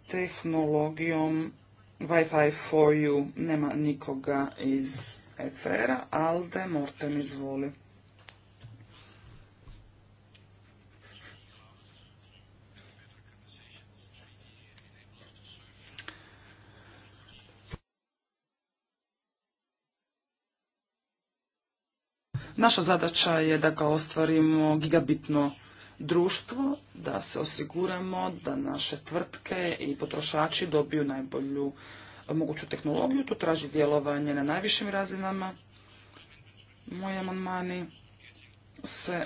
tehnologijom Wi-Fi for you. Nema nikoga iz ECR-a. Alde, Morten, izvoli. Naša zadaća je da ga ostvarimo gigabitno društvo, da se osiguramo da naše tvrtke i potrošači dobiju najbolju e, moguću tehnologiju. Tu traži djelovanje na najvišim razinama. Moji amandmani se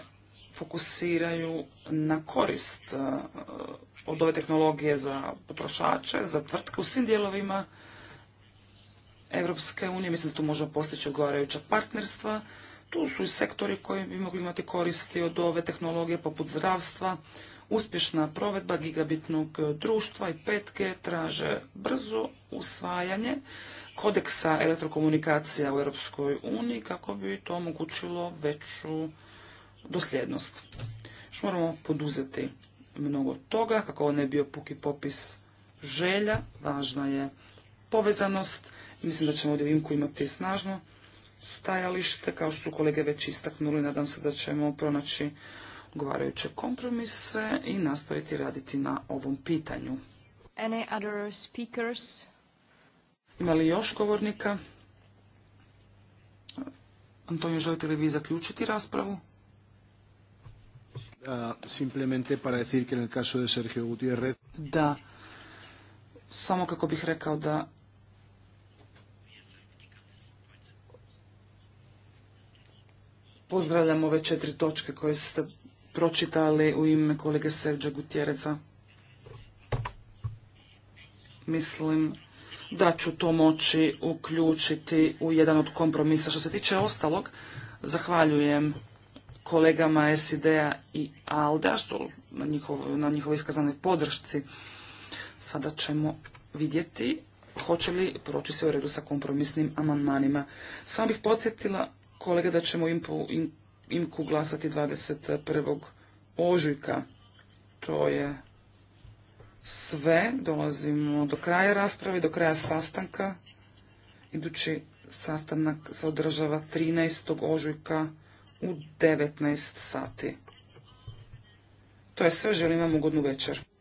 fokusiraju na korist e, od ove tehnologije za potrošače, za tvrtke u svim dijelovima Evropske unije. Mislim da tu možemo postići odgovarajuća partnerstva tu su i sektori koji bi mogli imati koristi od ove tehnologije poput zdravstva. Uspješna provedba gigabitnog društva i petke traže brzo usvajanje kodeksa elektrokomunikacija u Europskoj uniji kako bi to omogućilo veću dosljednost. Što moramo poduzeti mnogo toga kako on ne bio puki popis želja, važna je povezanost. Mislim da ćemo ovdje u imati snažno stajalište, kao što su kolege već istaknuli, nadam se da ćemo pronaći odgovarajuće kompromise i nastaviti raditi na ovom pitanju. Any Ima li još govornika? Antonio, želite li vi zaključiti raspravu? simplemente para Da, samo kako bih rekao da Pozdravljam ove četiri točke koje ste pročitali u ime kolege Sevđa Gutjereza. Mislim da ću to moći uključiti u jedan od kompromisa. Što se tiče ostalog, zahvaljujem kolegama SID-a i ALDA na njihovoj na njihovo iskazanoj podršci. Sada ćemo vidjeti hoće li proći se u redu sa kompromisnim amandmanima. Sam bih podsjetila Kolega, da ćemo impu, imku glasati 21. ožujka. To je sve. Dolazimo do kraja rasprave, do kraja sastanka. Idući sastanak se održava 13. ožujka u 19 sati. To je sve, želim vam ugodnu večer.